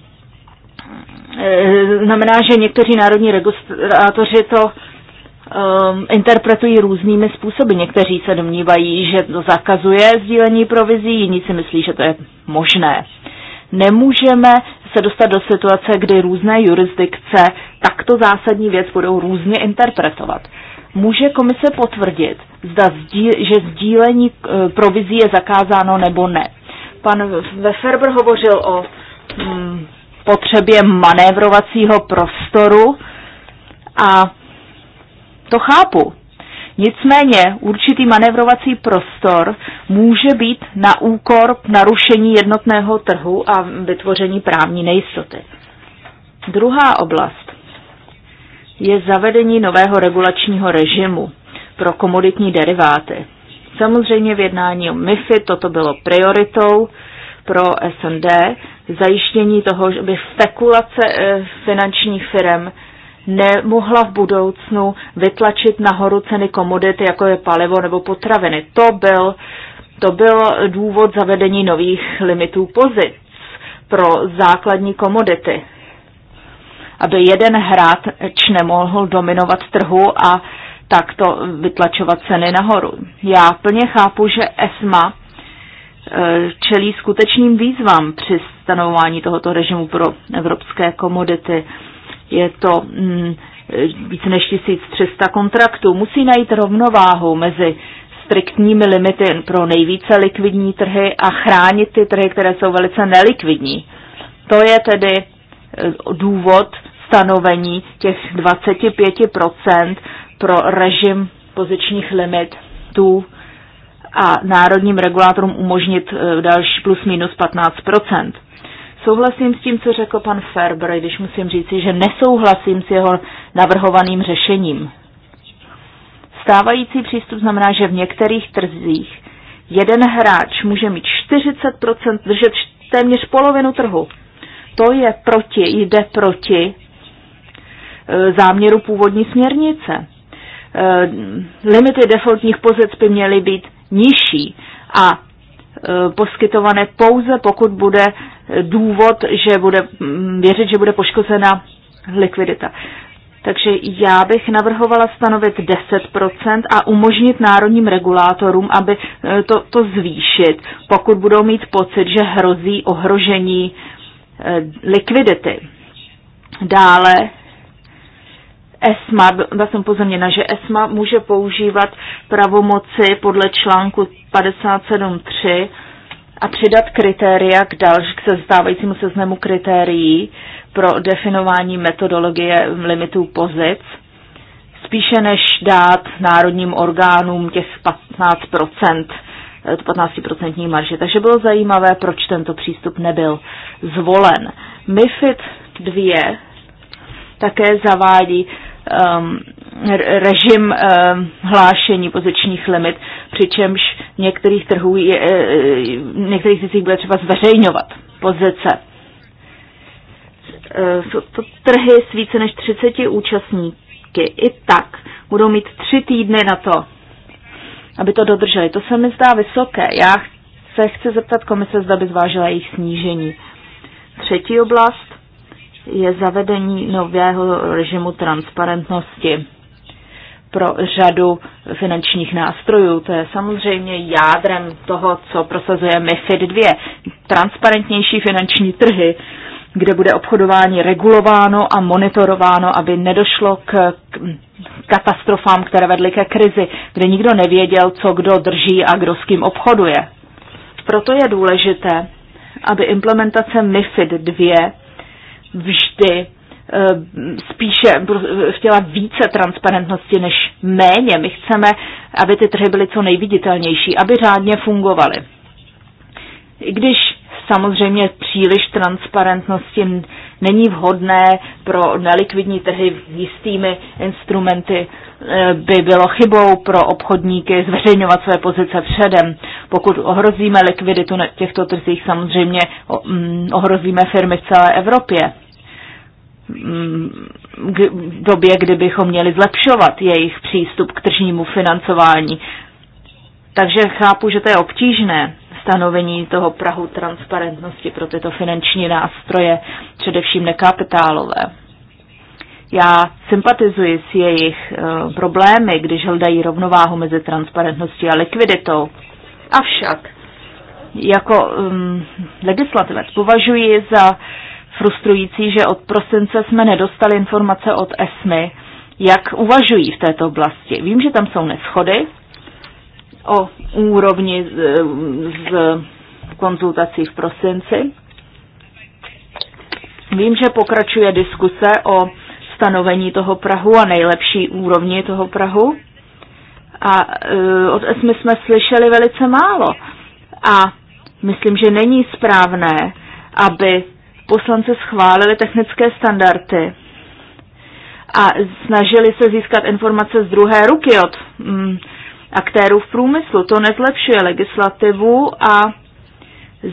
znamená, že někteří národní regulátoři to um, interpretují různými způsoby. Někteří se domnívají, že to zakazuje sdílení provizí, jiní si myslí, že to je možné. Nemůžeme se dostat do situace, kdy různé jurisdikce takto zásadní věc budou různě interpretovat. Může komise potvrdit, zda sdíl, že sdílení eh, provizí je zakázáno nebo ne? Pan Weferber hovořil o mm, potřebě manévrovacího prostoru a to chápu. Nicméně určitý manevrovací prostor může být na úkor narušení jednotného trhu a vytvoření právní nejistoty. Druhá oblast je zavedení nového regulačního režimu pro komoditní deriváty. Samozřejmě v jednání o MIFI toto bylo prioritou pro SND, zajištění toho, že by spekulace eh, finančních firm nemohla v budoucnu vytlačit nahoru ceny komodit, jako je palivo nebo potraviny. To byl, to byl důvod zavedení nových limitů pozic pro základní komodity, aby jeden hráč nemohl dominovat trhu a takto vytlačovat ceny nahoru. Já plně chápu, že ESMA e, čelí skutečným výzvám při stanovování tohoto režimu pro evropské komodity. Je to mm, více než 1300 kontraktů. Musí najít rovnováhu mezi striktními limity pro nejvíce likvidní trhy a chránit ty trhy, které jsou velice nelikvidní. To je tedy e, důvod stanovení těch 25% pro režim pozičních limitů a národním regulátorům umožnit e, další plus minus 15%. Souhlasím s tím, co řekl pan Ferber, když musím říci, že nesouhlasím s jeho navrhovaným řešením. Stávající přístup znamená, že v některých trzích jeden hráč může mít 40%, držet téměř polovinu trhu. To je proti, jde proti e, záměru původní směrnice. E, limity defaultních pozic by měly být nižší a Eh, poskytované pouze, pokud bude důvod, že bude mm, věřit, že bude poškozena likvidita. Takže já bych navrhovala stanovit 10% a umožnit národním regulátorům, aby eh, to, to zvýšit, pokud budou mít pocit, že hrozí ohrožení eh, likvidity. Dále ESMA, byla jsem pozeměna, že ESMA může používat pravomoci podle článku 57.3 a přidat kritéria k další k sezdávajícímu seznamu kritérií pro definování metodologie limitů pozic, spíše než dát národním orgánům těch 15 15% eh, marže. Takže bylo zajímavé, proč tento přístup nebyl zvolen. MIFID 2 také zavádí um, režim um, hlášení pozičních limit, přičemž některých trhů je, e, e, některých cizích bude třeba zveřejňovat pozice. E, jsou to trhy s více než 30 účastníky. I tak budou mít tři týdny na to, aby to dodrželi. To se mi zdá vysoké. Já se chci zeptat komise, zda by zvážila jejich snížení. Třetí oblast je zavedení nového režimu transparentnosti pro řadu finančních nástrojů. To je samozřejmě jádrem toho, co prosazuje MIFID 2. Transparentnější finanční trhy, kde bude obchodování regulováno a monitorováno, aby nedošlo k katastrofám, které vedly ke krizi, kde nikdo nevěděl, co kdo drží a kdo s kým obchoduje. Proto je důležité, aby implementace MIFID 2 vždy eh, spíše chtěla více transparentnosti než méně. My chceme, aby ty trhy byly co nejviditelnější, aby řádně fungovaly. I když samozřejmě příliš transparentnosti není vhodné pro nelikvidní trhy jistými instrumenty, eh, by bylo chybou pro obchodníky zveřejňovat své pozice předem. Pokud ohrozíme likviditu na těchto trzích, samozřejmě mm, ohrozíme firmy v celé Evropě Mm, k době, kdybychom měli zlepšovat jejich přístup k tržnímu financování. Takže chápu, že to je obtížné stanovení toho Prahu transparentnosti pro tyto finanční nástroje, především nekapitálové. Já sympatizuji s jejich eh, problémy, když hledají rovnováhu mezi transparentností a likviditou. Avšak jako um, legislativec považuji za uh, frustrující, že od prosince jsme nedostali informace od ESMY, jak uvažují v této oblasti. Vím, že tam jsou neschody o úrovni z, z konzultací v prosinci. Vím, že pokračuje diskuse o stanovení toho Prahu a nejlepší úrovni toho Prahu. A uh, od ESMY jsme slyšeli velice málo. A myslím, že není správné, aby poslanci schválili technické standardy a snažili se získat informace z druhé ruky od mm, aktérů v průmyslu. To nezlepšuje legislativu a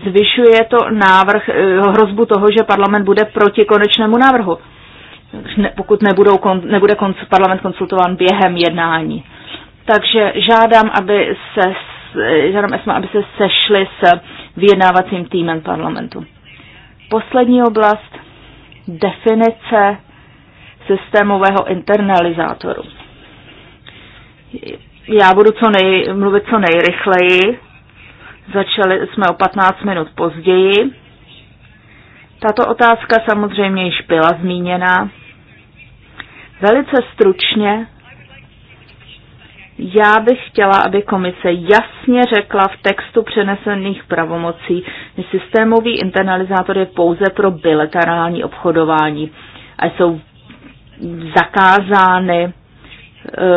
zvyšuje to návrh, eh, hrozbu toho, že parlament bude proti konečnému návrhu, pokud nebudou, nebude parlament konsultován během jednání. Takže žádám, aby se, eh, žádám aby se sešli s vyjednávacím týmem parlamentu poslední oblast definice systémového internalizátoru. Já budu co nej, mluvit co nejrychleji. Začali jsme o 15 minut později. Tato otázka samozřejmě již byla zmíněna. Velice stručně já bych chtěla, aby komise jasně řekla v textu přenesených pravomocí, že systémový internalizátor je pouze pro bilaterální obchodování a jsou zakázány e,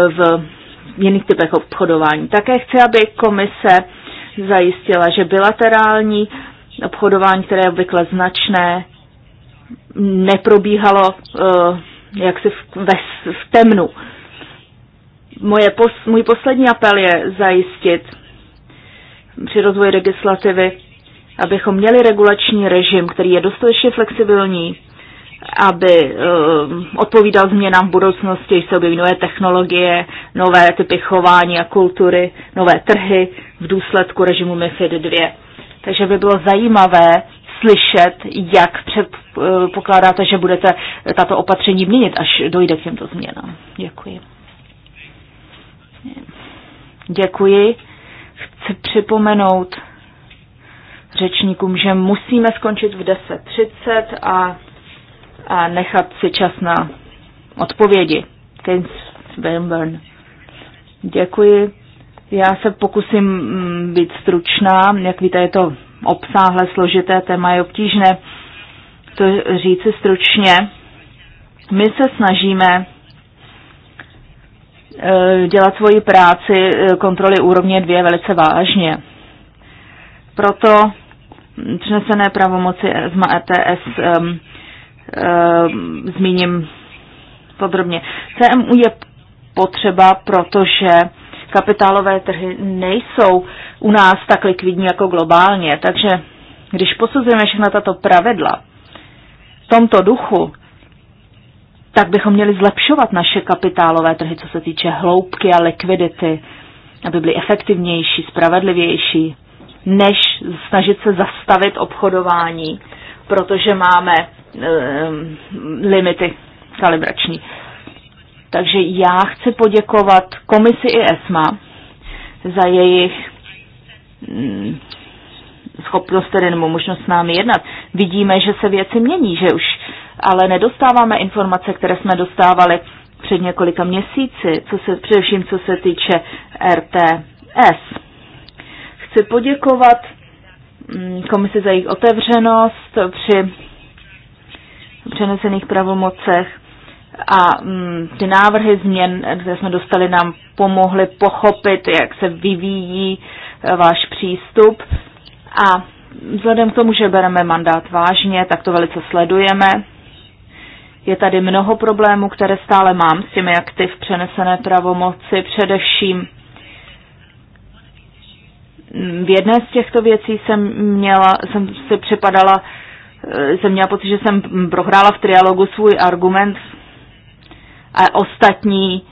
v jiných typech obchodování. Také chci, aby komise zajistila, že bilaterální obchodování, které je obvykle značné, neprobíhalo uh, jaksi v, ve, v temnu. Uh, Moje pos, můj poslední apel je zajistit při rozvoji legislativy, abychom měli regulační režim, který je dostatečně flexibilní, aby uh, odpovídal změnám v budoucnosti, když se objeví nové technologie, nové typy chování a kultury, nové trhy v důsledku režimu MIFID 2. Takže by bylo zajímavé slyšet, jak předpokládáte, uh, že budete tato opatření měnit, až dojde k těmto změnám. Děkuji. Děkuji. Chci připomenout řečníkům, že musíme skončit v 10.30 a, a nechat si čas na odpovědi. Děkuji. Já se pokusím mm, být stručná. Jak víte, je to obsáhle složité téma, je obtížné to říci stručně. My se snažíme Eh, dělat svoji práci eh, kontroly úrovně dvě velice vážně. Proto přenesené pravomoci ESMA ETS um, um, zmíním podrobně. CMU je potřeba, protože kapitálové trhy nejsou u nás tak likvidní jako globálně. Takže když posuzujeme všechna tato pravidla v tomto duchu, tak bychom měli zlepšovat naše kapitálové trhy, co se týče hloubky a likvidity, aby byly efektivnější, spravedlivější, než snažit se zastavit obchodování, protože máme e, limity kalibrační. Takže já chci poděkovat komisi i ESMA za jejich mm, schopnost tedy nebo možnost s námi jednat. Vidíme, že se věci mění, že už ale nedostáváme informace, které jsme dostávali před několika měsíci, co se, především co se týče RTS. Chci poděkovat mm, komisi za jejich otevřenost při přenesených pravomocech a mm, ty návrhy změn, které jsme dostali, nám pomohly pochopit, jak se vyvíjí e, váš přístup. A vzhledem k tomu, že bereme mandát vážně, tak to velice sledujeme je tady mnoho problémů, které stále mám s těmi v přenesené pravomoci, především v jedné z těchto věcí jsem měla, jsem si připadala, eh, jsem měla pocit, že jsem prohrála v trialogu svůj argument a ostatní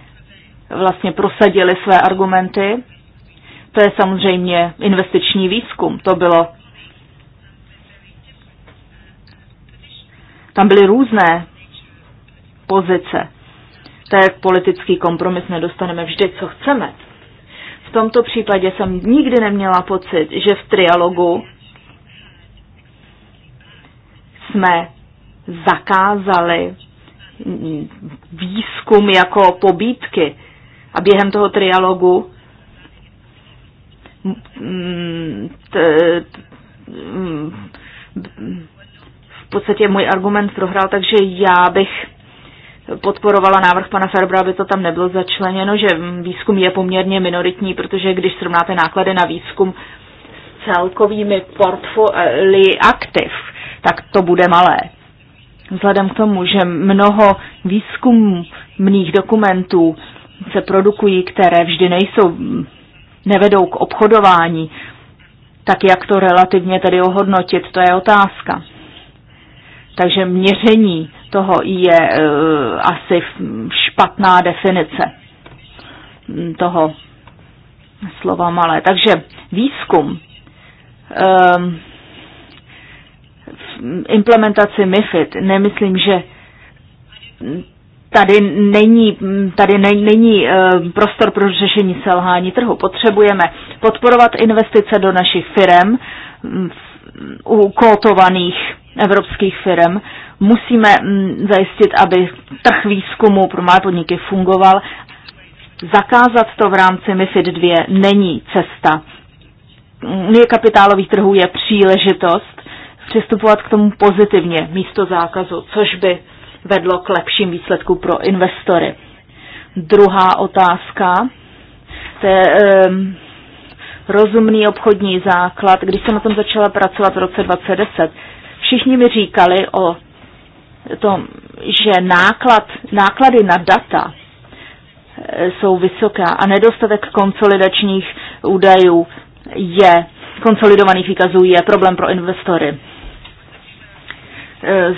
vlastně prosadili své argumenty. To je samozřejmě investiční výzkum. To bylo tam byly různé pozice. Tak politický kompromis nedostaneme vždy, co chceme. V tomto případě jsem nikdy neměla pocit, že v trialogu jsme zakázali výzkum jako pobídky a během toho trialogu mm, mm, v podstatě můj argument prohrál, takže já bych podporovala návrh pana Ferbra, aby to tam nebylo začleněno, že výzkum je poměrně minoritní, protože když srovnáte náklady na výzkum s celkovými portfoli aktiv, tak to bude malé. Vzhledem k tomu, že mnoho výzkumných dokumentů se produkují, které vždy nejsou, nevedou k obchodování, tak jak to relativně tedy ohodnotit, to je otázka. Takže měření toho je eh, asi špatná definice toho slova malé. Takže výzkum ehm, v implementaci MIFID nemyslím, že tady není, tady není není ehm, prostor pro řešení selhání trhu. Potřebujeme podporovat investice do našich firm, mm, u kotovaných evropských firm Musíme mm, zajistit, aby trh výzkumu pro malé podniky fungoval. Zakázat to v rámci MIFID 2 není cesta. Unie kapitálových trhů je příležitost přistupovat k tomu pozitivně místo zákazu, což by vedlo k lepším výsledkům pro investory. Druhá otázka, to je um, rozumný obchodní základ. Když jsem na tom začala pracovat v roce 2010, všichni mi říkali o to, že náklad, náklady na data e, jsou vysoká a nedostatek konsolidačních údajů je, konsolidovaných výkazů je problém pro investory. E,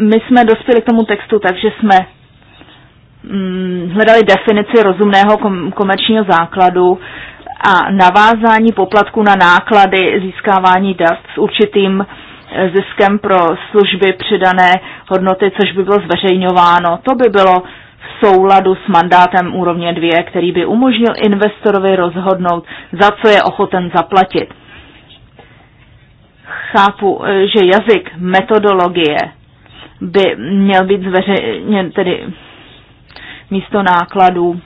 my jsme dospěli k tomu textu, takže jsme mm, hledali definici rozumného komerčního základu a navázání poplatku na náklady získávání dat s určitým ziskem pro služby přidané hodnoty, což by bylo zveřejňováno. To by bylo v souladu s mandátem úrovně 2, který by umožnil investorovi rozhodnout, za co je ochoten zaplatit. Chápu, eh, že jazyk metodologie by měl být zveřejněn tedy místo nákladů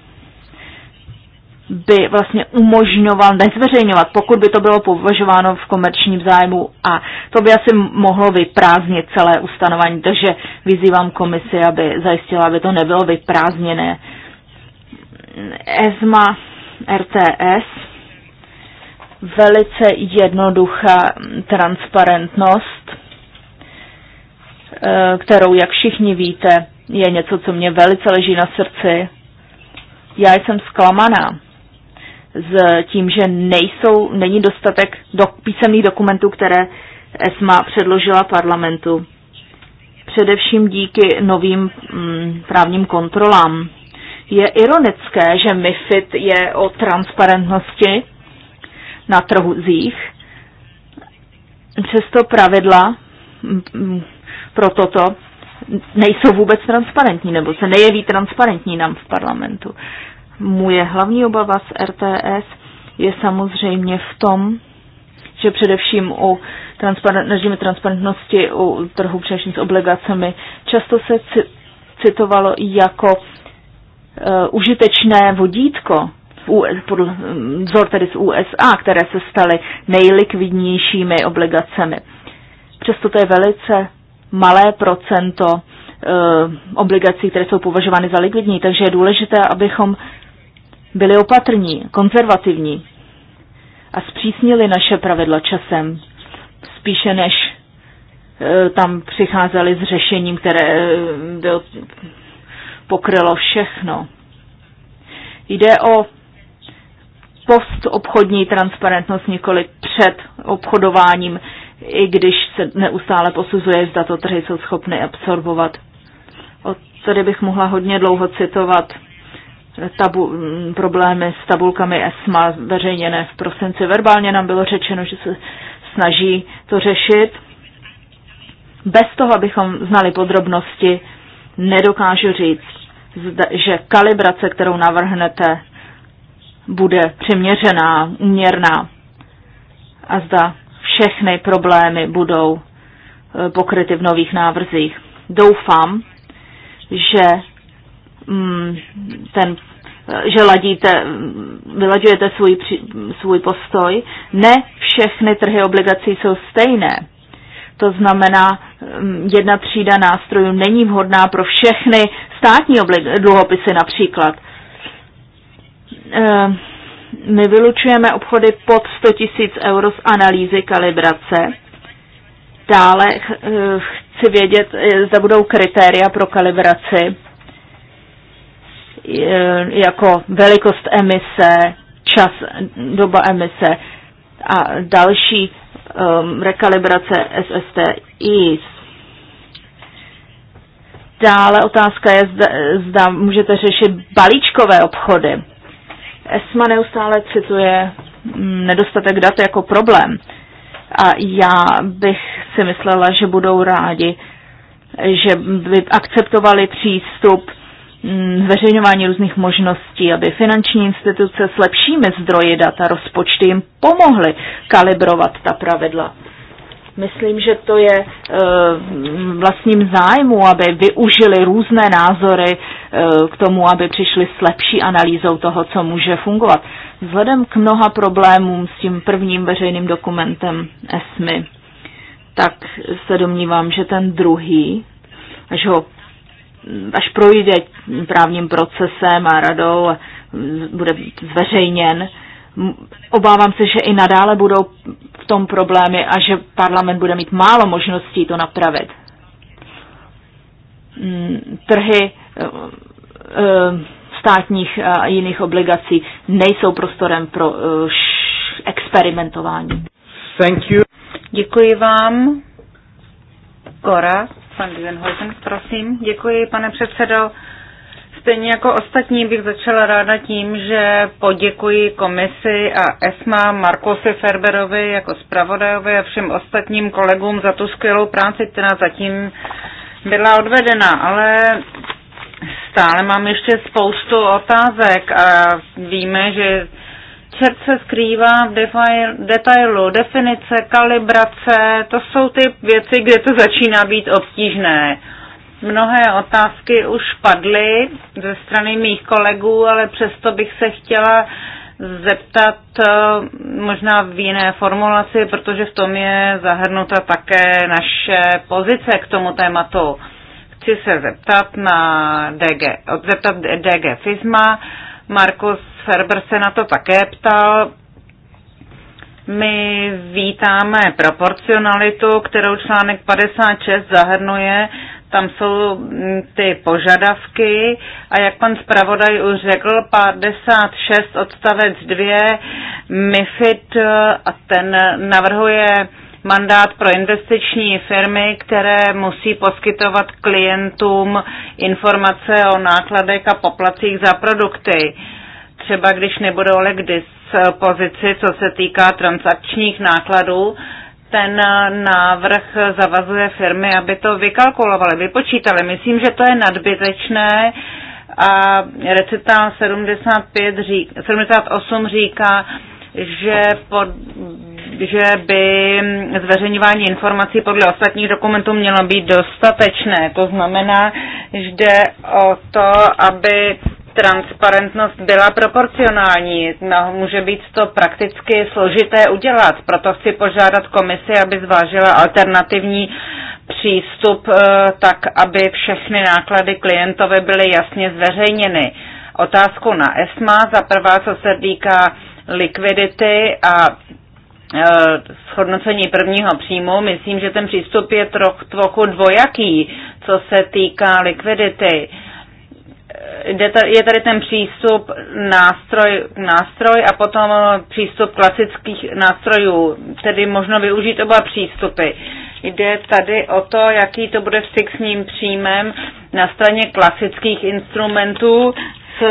by vlastně umožňoval nezveřejňovat, pokud by to bylo považováno v komerčním zájmu a to by asi mohlo vyprázdnit celé ustanovení, takže vyzývám komisi, aby zajistila, aby to nebylo vyprázdněné. ESMA RTS velice jednoduchá transparentnost, eh, kterou, jak všichni víte, je něco, co mě velice leží na srdci. Já jsem zklamaná s tím, že nejsou, není dostatek do, písemných dokumentů, které ESMA předložila parlamentu. Především díky novým mm, právním kontrolám. Je ironické, že MIFID je o transparentnosti na trhu zích. Přesto pravidla mm, mm, pro toto nejsou vůbec transparentní, nebo se nejeví transparentní nám v parlamentu. Moje hlavní obava z RTS je samozřejmě v tom, že především u transparent, režimu transparentnosti u trhu především s obligacemi často se citovalo jako e, užitečné vodítko, podle, vzor tedy z USA, které se staly nejlikvidnějšími obligacemi. Přesto to je velice malé procento e, obligací, které jsou považovány za likvidní, takže je důležité, abychom byli opatrní, konzervativní a zpřísnili naše pravidla časem, spíše než e, tam přicházeli s řešením, které e, byl, pokrylo všechno. Jde o postobchodní transparentnost, nikoli před obchodováním, i když se neustále posuzuje, zda to trhy jsou schopny absorbovat. O, tady bych mohla hodně dlouho citovat tabu, problémy s tabulkami ESMA veřejněné v prosinci. Verbálně nám bylo řečeno, že se snaží to řešit. Bez toho, abychom znali podrobnosti, nedokážu říct, že kalibrace, kterou navrhnete, bude přiměřená, uměrná a zda všechny problémy budou eh, pokryty v nových návrzích. Doufám, že Mm, ten, že ladíte, vyladujete svůj, svůj postoj. Ne všechny trhy obligací jsou stejné. To znamená, mm, jedna třída nástrojů není vhodná pro všechny státní dluhopisy například. Eh, my vylučujeme obchody pod 100 000 euro z analýzy kalibrace. Dále eh, chci vědět, eh, zda budou kritéria pro kalibraci Eh, jako velikost emise, čas, doba emise a další um, rekalibrace SSTI. Dále otázka je, zda, zda můžete řešit balíčkové obchody. ESMA neustále cituje mm, nedostatek dat jako problém. A já bych si myslela, že budou rádi, že by akceptovali přístup Mm, zveřejňování různých možností, aby finanční instituce s lepšími zdroji dat a rozpočty jim pomohly kalibrovat ta pravidla. Myslím, že to je e, vlastním zájmu, aby využili různé názory e, k tomu, aby přišli s lepší analýzou toho, co může fungovat. Vzhledem k mnoha problémům s tím prvním veřejným dokumentem ESMI, tak se domnívám, že ten druhý, až ho až projde právním procesem a radou a bude zveřejněn, obávám se, že i nadále budou v tom problémy a že parlament bude mít málo možností to napravit. Mm, trhy eh, eh, státních a jiných obligací nejsou prostorem pro eh, experimentování. Thank you. Děkuji vám. Kora. Pan Dienhozen, prosím. Děkuji, pane předsedo. Stejně jako ostatní bych začala ráda tím, že poděkuji komisi a ESMA Markosi Ferberovi jako zpravodajovi a všem ostatním kolegům za tu skvělou práci, která zatím byla odvedena, ale stále mám ještě spoustu otázek a víme, že Srdce skrývá v detailu, definice, kalibrace, to jsou ty věci, kde to začíná být obtížné. Mnohé otázky už padly ze strany mých kolegů, ale přesto bych se chtěla zeptat eh, možná v jiné formulaci, protože v tom je zahrnuta také naše pozice k tomu tématu. Chci se zeptat na DG, zeptat DG FISMA, Markus Ferber se na to také ptal. My vítáme proporcionalitu, kterou článek 56 zahrnuje. Tam jsou mm, ty požadavky a jak pan zpravodaj už řekl, 56 odstavec 2 MIFID a ten navrhuje mandát pro investiční firmy, které musí poskytovat klientům informace o nákladech a poplacích za produkty. Třeba když nebudou ale k dispozici, co se týká transakčních nákladů, ten návrh zavazuje firmy, aby to vykalkulovali, vypočítali. Myslím, že to je nadbytečné a recita 75 řík, 78 říká, že pod, že by zveřejňování informací podle ostatních dokumentů mělo být dostatečné. To znamená, že jde o to, aby transparentnost byla proporcionální. No, může být to prakticky složité udělat. Proto chci požádat komisi, aby zvážila alternativní přístup eh, tak, aby všechny náklady klientovi byly jasně zveřejněny. Otázku na ESMA, za prvá, co se týká likvidity a Eh, shodnocení prvního příjmu, myslím, že ten přístup je troch, trochu dvojaký, co se týká likvidity. Eh, je tady ten přístup nástroj, nástroj a potom přístup klasických nástrojů, tedy možno využít oba přístupy. Jde tady o to, jaký to bude fixním příjmem na straně klasických instrumentů s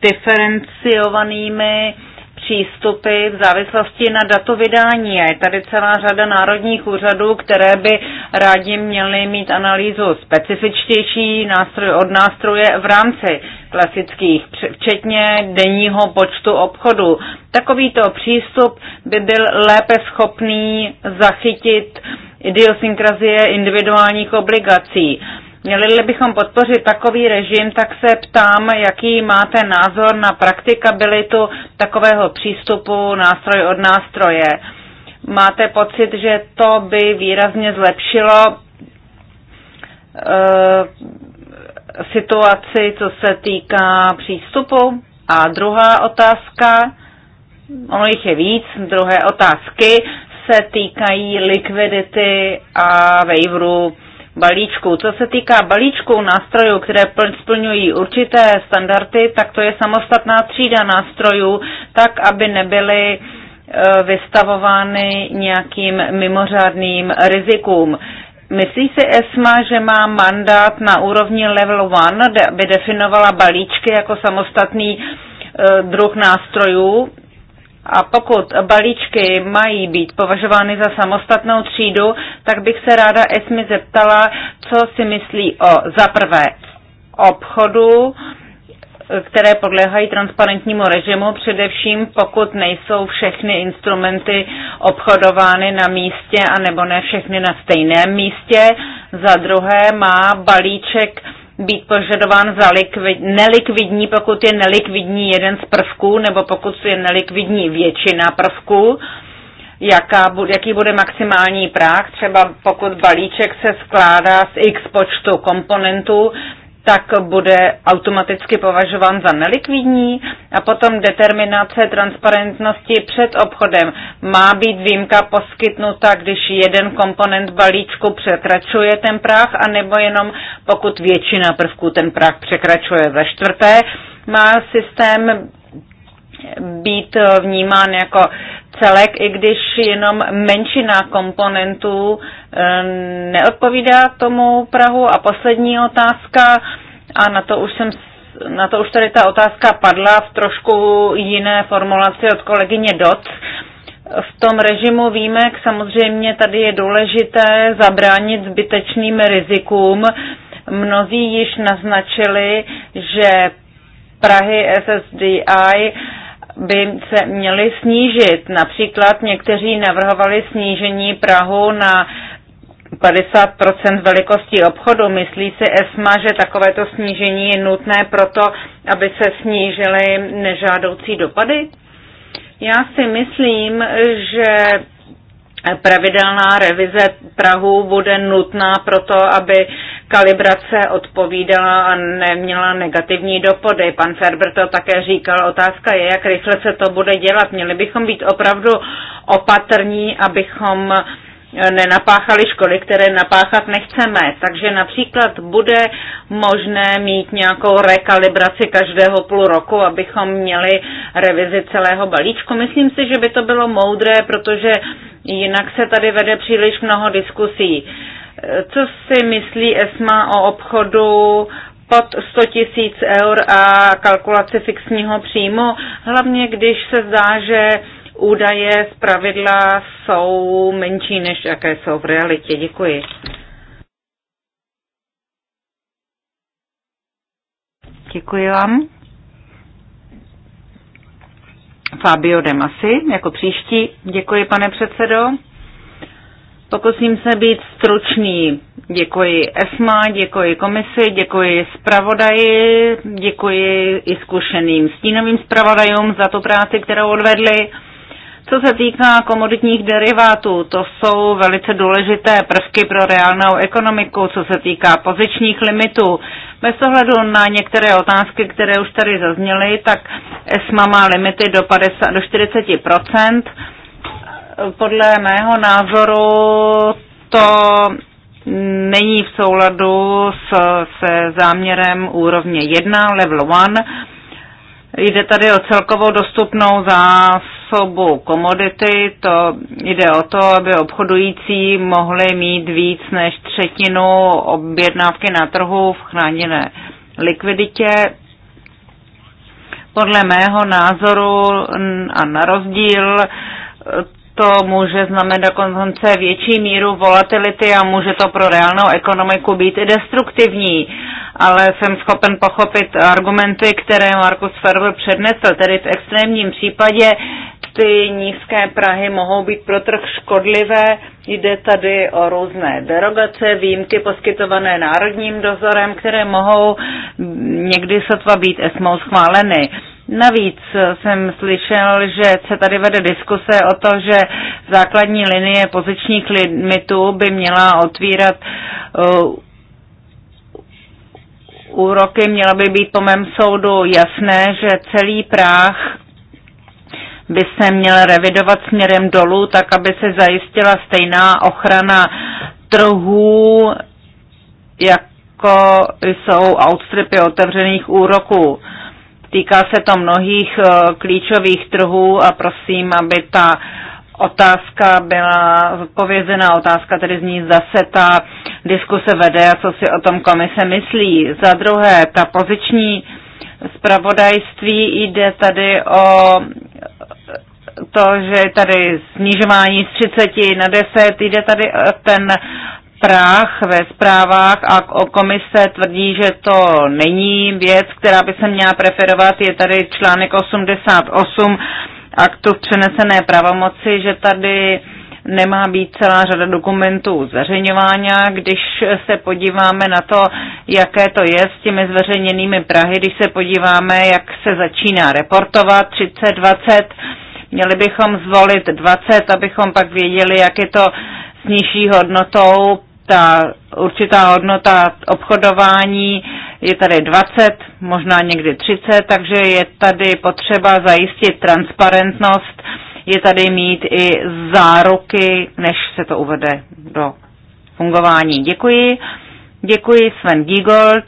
diferenciovanými uh, přístupy v závislosti na datovydání. Je tady celá řada národních úřadů, které by rádi měly mít analýzu specifičtější nástroj od nástroje v rámci klasických, včetně denního počtu obchodů. Takovýto přístup by byl lépe schopný zachytit idiosynkrazie individuálních obligací. Měli bychom podpořit takový režim, tak se ptám, jaký máte názor na praktikabilitu takového přístupu nástroj od nástroje. Máte pocit, že to by výrazně zlepšilo eh, situaci, co se týká přístupu? A druhá otázka, ono jich je víc, druhé otázky se týkají likvidity a waiveru balíčků. Co se týká balíčků nástrojů, které splňují určité standardy, tak to je samostatná třída nástrojů, tak aby nebyly e, vystavovány nějakým mimořádným rizikům. Myslí si ESMA, že má mandát na úrovni level 1, aby definovala balíčky jako samostatný e, druh nástrojů? A pokud balíčky mají být považovány za samostatnou třídu, tak bych se ráda Esmi zeptala, co si myslí o zaprvé obchodu, které podléhají transparentnímu režimu, především pokud nejsou všechny instrumenty obchodovány na místě, a nebo ne všechny na stejném místě. Za druhé má balíček být požadován za likvid, nelikvidní, pokud je nelikvidní jeden z prvků, nebo pokud je nelikvidní většina prvků, jaká, jaký bude maximální práh, třeba pokud balíček se skládá z x počtu komponentů, tak bude automaticky považován za nelikvidní a potom determinace transparentnosti před obchodem. Má být výjimka poskytnuta, když jeden komponent balíčku překračuje ten práh, anebo jenom pokud většina prvků ten práh překračuje. Ve čtvrté, má systém být eh, vnímán jako celek, i když jenom menšina komponentů eh, neodpovídá tomu Prahu. A poslední otázka, a na to už jsem na to už tady ta otázka padla v trošku jiné formulaci od kolegyně Doc. V tom režimu výjimek samozřejmě tady je důležité zabránit zbytečným rizikům. Mnozí již naznačili, že Prahy SSDI by se měly snížit. Například někteří navrhovali snížení Prahu na 50 velikosti obchodu. Myslí si ESMA, že takovéto snížení je nutné proto, aby se snížily nežádoucí dopady? Já si myslím, že Eh, pravidelná revize Prahu bude nutná proto, aby kalibrace odpovídala a neměla negativní dopady. Pan Ferber to také říkal. Otázka je, jak rychle se to bude dělat. Měli bychom být opravdu opatrní, abychom nenapáchali školy, které napáchat nechceme. Takže například bude možné mít nějakou rekalibraci každého půl roku, abychom měli revizi celého balíčku. Myslím si, že by to bylo moudré, protože jinak se tady vede příliš mnoho diskusí. Co si myslí ESMA o obchodu pod 100 tisíc eur a kalkulaci fixního příjmu, hlavně když se zdá, že údaje z pravidla jsou menší, než jaké jsou v realitě. Děkuji. Děkuji vám. Fabio De Masi, jako příští. Děkuji, pane předsedo. Pokusím se být stručný. Děkuji ESMA, děkuji komisi, děkuji zpravodaji, děkuji i zkušeným stínovým zpravodajům za tu práci, kterou odvedli. Co se týká komoditních derivátů, to jsou velice důležité prvky pro reálnou ekonomiku, co se týká pozičních limitů. Bez ohledu na některé otázky, které už tady zazněly, tak ESMA má limity do, 50, do 40%. Podle mého názoru to není v souladu s, se záměrem úrovně 1, level 1. Jde tady o celkovou dostupnou zás zásobu komodity, to jde o to, aby obchodující mohli mít víc než třetinu objednávky na trhu v chráněné likviditě. Podle mého názoru a na rozdíl to může znamenat dokonce větší míru volatility a může to pro reálnou ekonomiku být i destruktivní. Ale jsem schopen pochopit argumenty, které Markus Ferber přednesl. Tedy v extrémním případě ty nízké Prahy mohou být pro trh škodlivé. Jde tady o různé derogace, výjimky poskytované národním dozorem, které mohou někdy sotva být ESMO schváleny. Navíc jsem slyšel, že se tady vede diskuse o to, že základní linie pozičních limitů by měla otvírat uh, úroky, měla by být po mém soudu jasné, že celý práh by se měl revidovat směrem dolů, tak aby se zajistila stejná ochrana trhů, jako jsou outstripy otevřených úroků. Týká se to mnohých eh, klíčových trhů a prosím, aby ta otázka byla zodpovězená. Otázka tedy zní, zda se ta diskuse vede a co si o tom komise myslí. Za druhé, ta poziční zpravodajství jde tady o to, že je tady snižování z 30 na 10, jde tady ten práh ve zprávách a o komise tvrdí, že to není věc, která by se měla preferovat. Je tady článek 88 aktu v přenesené pravomoci, že tady nemá být celá řada dokumentů zveřejňování. Když se podíváme na to, jaké to je s těmi zveřejněnými Prahy, když se podíváme, jak se začíná reportovat 3020, Měli bychom zvolit 20, abychom pak věděli, jak je to s nižší hodnotou. Ta určitá hodnota obchodování je tady 20, možná někdy 30, takže je tady potřeba zajistit transparentnost, je tady mít i záruky, než se to uvede do fungování. Děkuji. Děkuji Sven Giegold.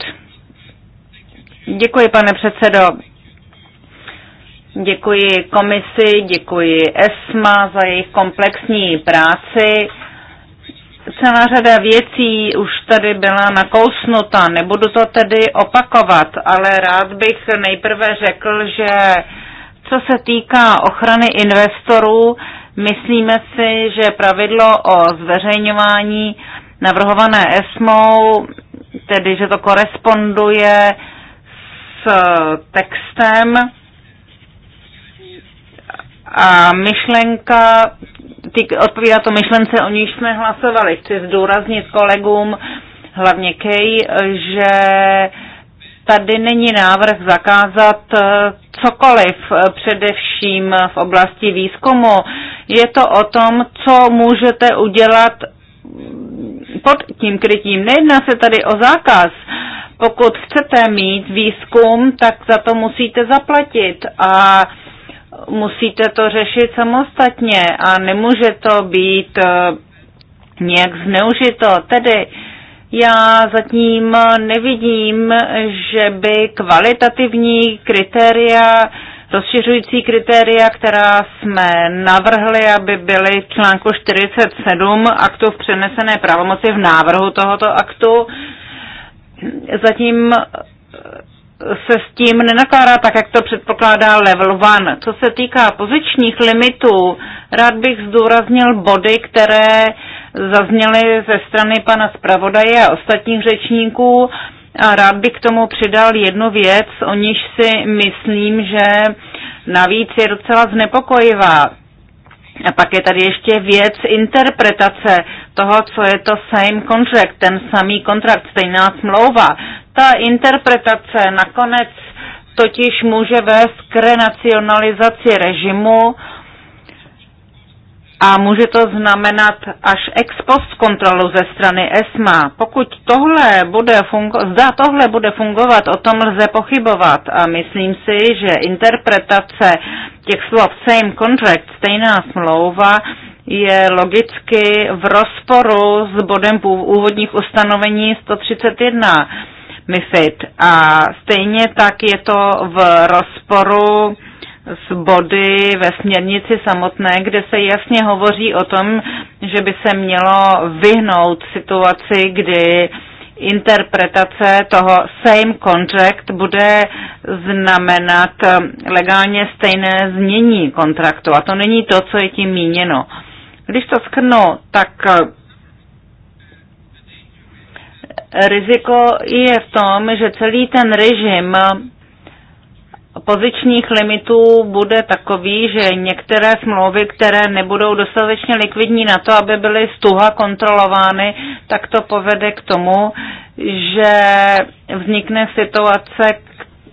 Děkuji, pane předsedo. Děkuji komisi, děkuji ESMA za jejich komplexní práci. Celá řada věcí už tady byla nakousnuta, nebudu to tedy opakovat, ale rád bych nejprve řekl, že co se týká ochrany investorů, myslíme si, že pravidlo o zveřejňování navrhované ESMou, tedy že to koresponduje s textem, a myšlenka, ty, odpovídá to myšlence, o níž jsme hlasovali. Chci zdůraznit kolegům, hlavně Kej, že tady není návrh zakázat eh, cokoliv, eh, především v oblasti výzkumu. Je to o tom, co můžete udělat pod tím krytím. Nejedná se tady o zákaz. Pokud chcete mít výzkum, tak za to musíte zaplatit. A musíte to řešit samostatně a nemůže to být eh, nějak zneužito. Tedy já zatím nevidím, že by kvalitativní kritéria, rozšiřující kritéria, která jsme navrhli, aby byly v článku 47 aktu v přenesené pravomoci v návrhu tohoto aktu, zatím se s tím nenakládá tak, jak to předpokládá level 1. Co se týká pozičních limitů, rád bych zdůraznil body, které zazněly ze strany pana zpravodaje a ostatních řečníků. A rád bych k tomu přidal jednu věc, o níž si myslím, že navíc je docela znepokojivá. A pak je tady ještě věc interpretace toho, co je to same contract, ten samý kontrakt, stejná smlouva. Ta interpretace nakonec totiž může vést k renacionalizaci režimu, a může to znamenat až ex post kontrolu ze strany ESMA. Pokud tohle bude fungo- zda tohle bude fungovat, o tom lze pochybovat a myslím si, že interpretace těch slov same contract, stejná smlouva, je logicky v rozporu s bodem úvodních ustanovení 131 MIFID a stejně tak je to v rozporu s body ve směrnici samotné, kde se jasně hovoří o tom, že by se mělo vyhnout situaci, kdy interpretace toho same contract bude znamenat legálně stejné znění kontraktu. A to není to, co je tím míněno. Když to skrnu, tak eh, riziko je v tom, že celý ten režim pozičních limitů bude takový, že některé smlouvy, které nebudou dostatečně likvidní na to, aby byly stuha kontrolovány, tak to povede k tomu, že vznikne situace,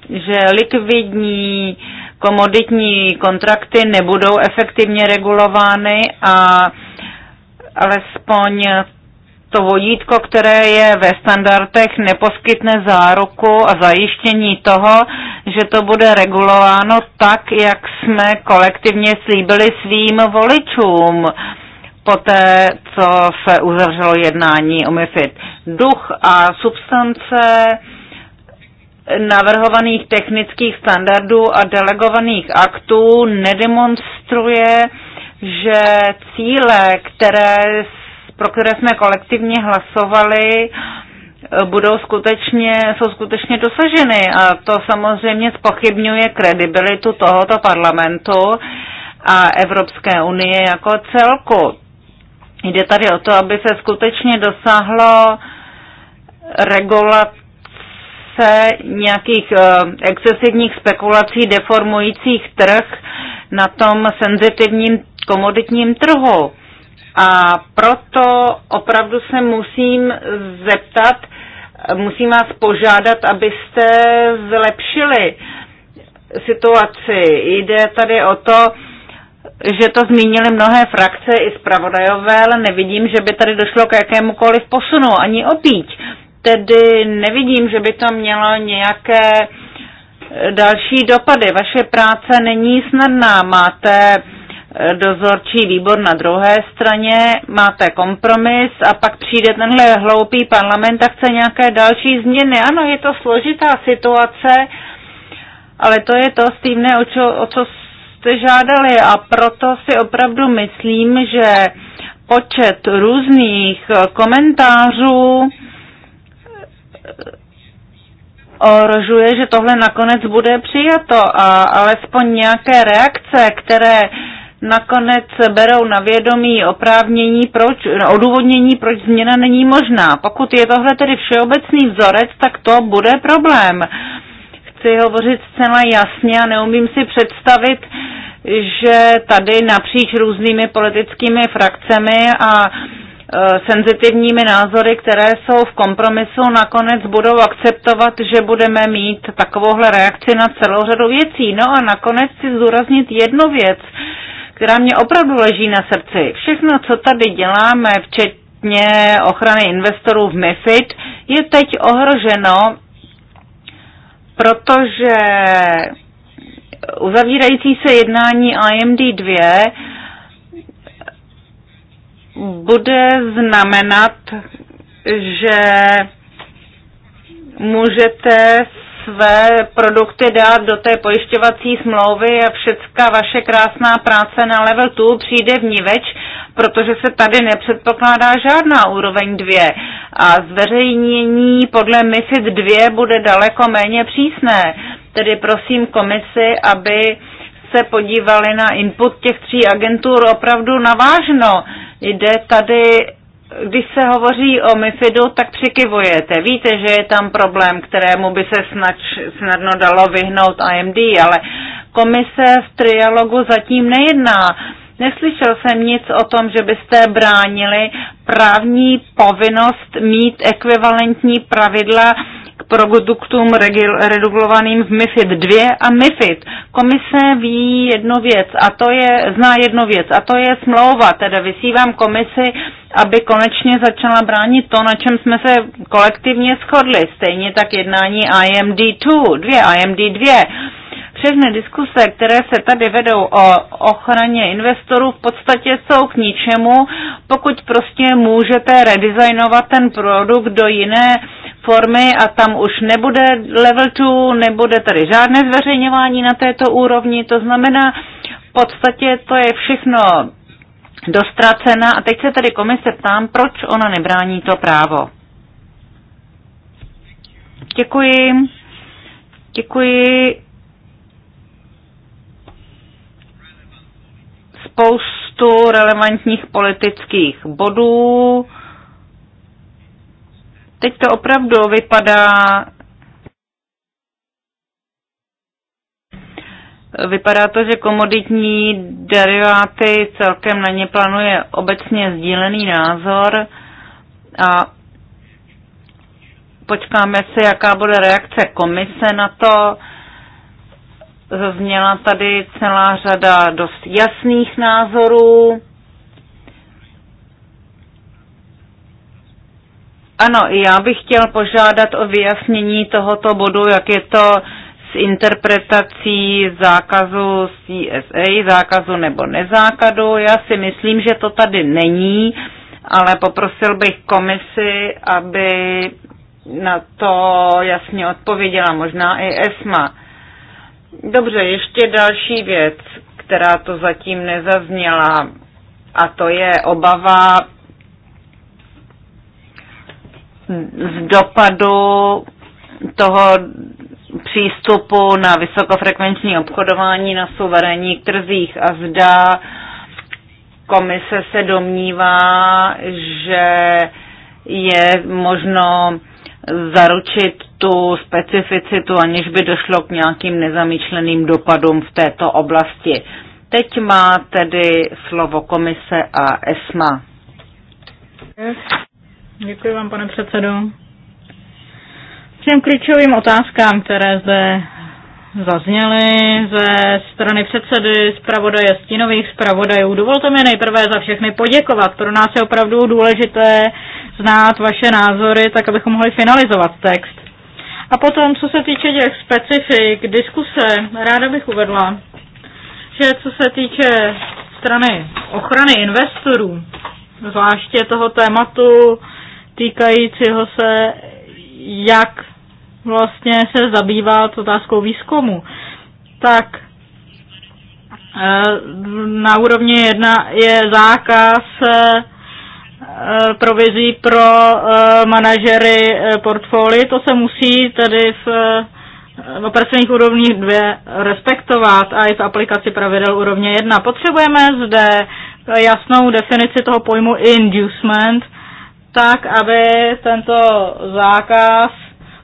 že likvidní komoditní kontrakty nebudou efektivně regulovány a alespoň to vodítko, které je ve standardech, neposkytne záruku a zajištění toho, že to bude regulováno tak, jak jsme kolektivně slíbili svým voličům poté, co se uzavřelo jednání o MIFID. Duch a substance navrhovaných technických standardů a delegovaných aktů nedemonstruje, že cíle, které pro které jsme kolektivně hlasovali, budou skutečně, jsou skutečně dosaženy. A to samozřejmě spochybňuje kredibilitu tohoto parlamentu a Evropské unie jako celku. Jde tady o to, aby se skutečně dosáhlo regulace se nějakých eh, excesivních spekulací deformujících trh na tom senzitivním komoditním trhu. A proto opravdu se musím zeptat, musím vás požádat, abyste zlepšili situaci. Jde tady o to, že to zmínili mnohé frakce i zpravodajové, ale nevidím, že by tady došlo k jakémukoliv posunu, ani opíť. Tedy nevidím, že by to mělo nějaké další dopady. Vaše práce není snadná, máte dozorčí výbor na druhé straně, máte kompromis a pak přijde tenhle hloupý parlament a chce nějaké další změny. Ano, je to složitá situace, ale to je to, Steve, o, čo, o co jste žádali a proto si opravdu myslím, že počet různých komentářů eh, ohrožuje, že tohle nakonec bude přijato a alespoň nějaké reakce, které uh, nakonec berou na vědomí oprávnění, proč, odůvodnění, proč změna není možná. Pokud je tohle tedy všeobecný vzorec, tak to bude problém. Chci hovořit zcela jasně a neumím si představit, že tady napříč různými politickými frakcemi a e, senzitivními názory, které jsou v kompromisu, nakonec budou akceptovat, že budeme mít takovouhle reakci na celou řadu věcí. No a nakonec chci zdůraznit jednu věc která mě opravdu leží na srdci. Všechno, co tady děláme, včetně ochrany investorů v MIFID, je teď ohroženo, protože uzavírající se jednání IMD 2 bude znamenat, že můžete své produkty dát do té pojišťovací smlouvy a všecka vaše krásná práce na level 2 přijde v ní več, protože se tady nepředpokládá žádná úroveň 2 a zveřejnění podle MIFID 2 bude daleko méně přísné. Tedy prosím komisi, aby se podívali na input těch tří agentur opravdu navážno. Jde tady když se hovoří o MIFIDu, tak přikivujete. Víte, že je tam problém, kterému by se snad snadno dalo vyhnout AMD, ale komise v trialogu zatím nejedná. Neslyšel jsem nic o tom, že byste bránili právní povinnost mít ekvivalentní pravidla produktům regulovaným v MIFID 2 a MIFID. Komise ví jednu věc a to je, zná jednu věc a to je smlouva, teda vysívám komisi, aby konečně začala bránit to, na čem jsme se kolektivně shodli. Stejně tak jednání IMD2, 2, IMD2. Všechny diskuse, které se tady vedou o ochraně investorů, v podstatě jsou k ničemu, pokud prostě můžete redesignovat ten produkt do jiné uh, formy a tam už nebude level 2, nebude tady žádné zveřejňování na této úrovni, to znamená, v podstatě to je všechno dostracena a teď se tady komise ptám, proč ona nebrání to právo. Děkuji. Děkuji. Spoustu relevantních politických bodů Teď to opravdu vypadá Vypadá to, že komoditní deriváty celkem na ně plánuje obecně sdílený názor a počkáme se, jaká bude reakce komise na to. Zazněla tady celá řada dost jasných názorů. Ano, já bych chtěl požádat o vyjasnění tohoto bodu, jak je to s interpretací zákazu CSA, zákazu nebo nezákazu. Já si myslím, že to tady není, ale poprosil bych komisi, aby na to jasně odpověděla, možná i ESMA. Dobře, ještě další věc, která to zatím nezazněla, a to je obava z dopadu toho přístupu na vysokofrekvenční obchodování na suverénních trzích a zda komise se domnívá, že je možno zaručit tu specificitu, aniž by došlo k nějakým nezamýšleným dopadům v této oblasti. Teď má tedy slovo komise a ESMA. Děkuji vám, pane předsedo. Těm klíčovým otázkám, které zde zazněly ze strany předsedy zpravodaje stínových zpravodajů. Dovolte mi nejprve za všechny poděkovat. Pro nás je opravdu důležité znát vaše názory, tak abychom mohli finalizovat text. A potom, co se týče těch specifik diskuse, ráda bych uvedla, že co se týče strany ochrany investorů, zvláště toho tématu týkajícího se, jak vlastně se zabývat otázkou výzkumu. Tak eh, na úrovni jedna je zákaz eh, provizí pro eh, manažery portfoli. To se musí tedy v operačních úrovních dvě respektovat a i v aplikaci pravidel úrovně jedna Potřebujeme zde jasnou definici toho pojmu inducement, tak, aby tento zákaz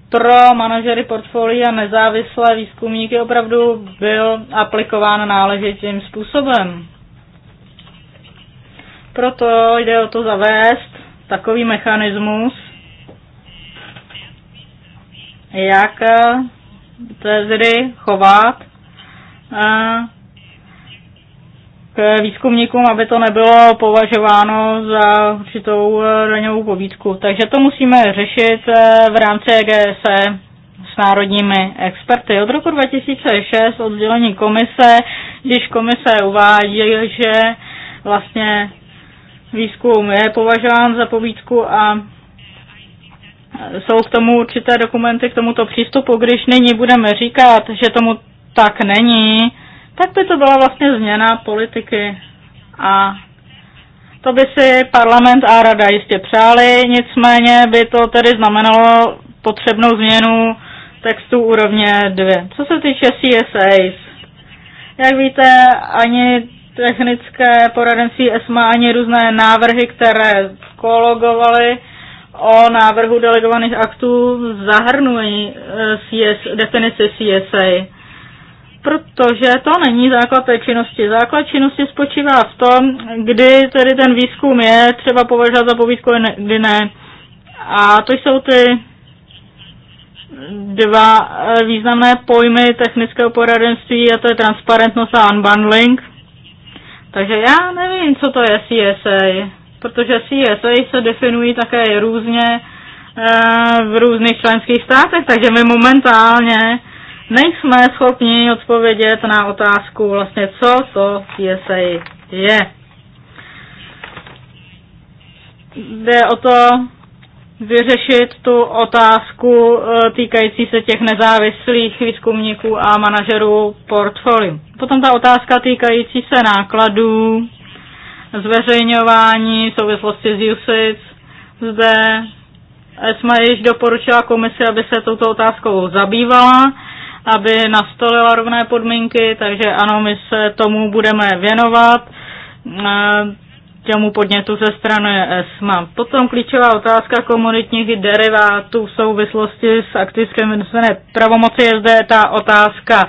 pro manažery portfolia nezávislé výzkumníky opravdu byl aplikován náležitým způsobem. Proto jde o to zavést takový mechanismus, jak tedy chovat eh, k výzkumníkům, aby to nebylo považováno za určitou eh, daňovou pobídku. Takže to musíme řešit eh, v rámci EGS e s národními experty. Od roku 2006 oddělení komise, když komise uvádí, že vlastně výzkum je považován za pobídku a jsou k tomu určité dokumenty k tomuto přístupu. Když nyní budeme říkat, že tomu tak není, tak by to byla vlastně změna politiky a to by si parlament a rada jistě přáli, nicméně by to tedy znamenalo potřebnou změnu textu úrovně 2. Co se týče CSAs, jak víte, ani technické poradenství ESMA, ani různé návrhy, které kologovaly o návrhu delegovaných aktů, zahrnují eh, CS, definici CSA protože to není základ té činnosti. Základ činnosti spočívá v tom, kdy tedy ten výzkum je třeba považovat za povídku, kdy ne. A to jsou ty dva eh, významné pojmy technického poradenství a to je transparentnost a unbundling. Takže já nevím, co to je CSA, protože CSA se definují také různě eh, v různých členských státech, takže my momentálně nejsme schopni odpovědět na otázku vlastně, co to TSA je. Jde o to vyřešit tu otázku e, týkající se těch nezávislých výzkumníků a manažerů portfolio. Potom ta otázka týkající se nákladů, zveřejňování v souvislosti s USIC. Zde jsme již doporučila komisi, aby se touto otázkou zabývala aby nastolila rovné podmínky, takže ano, my se tomu budeme věnovat eh, těmu podnětu ze strany ESMA. Potom klíčová otázka komunitních derivátů v souvislosti s aktivskem vysvětlené pravomoci je zde ta otázka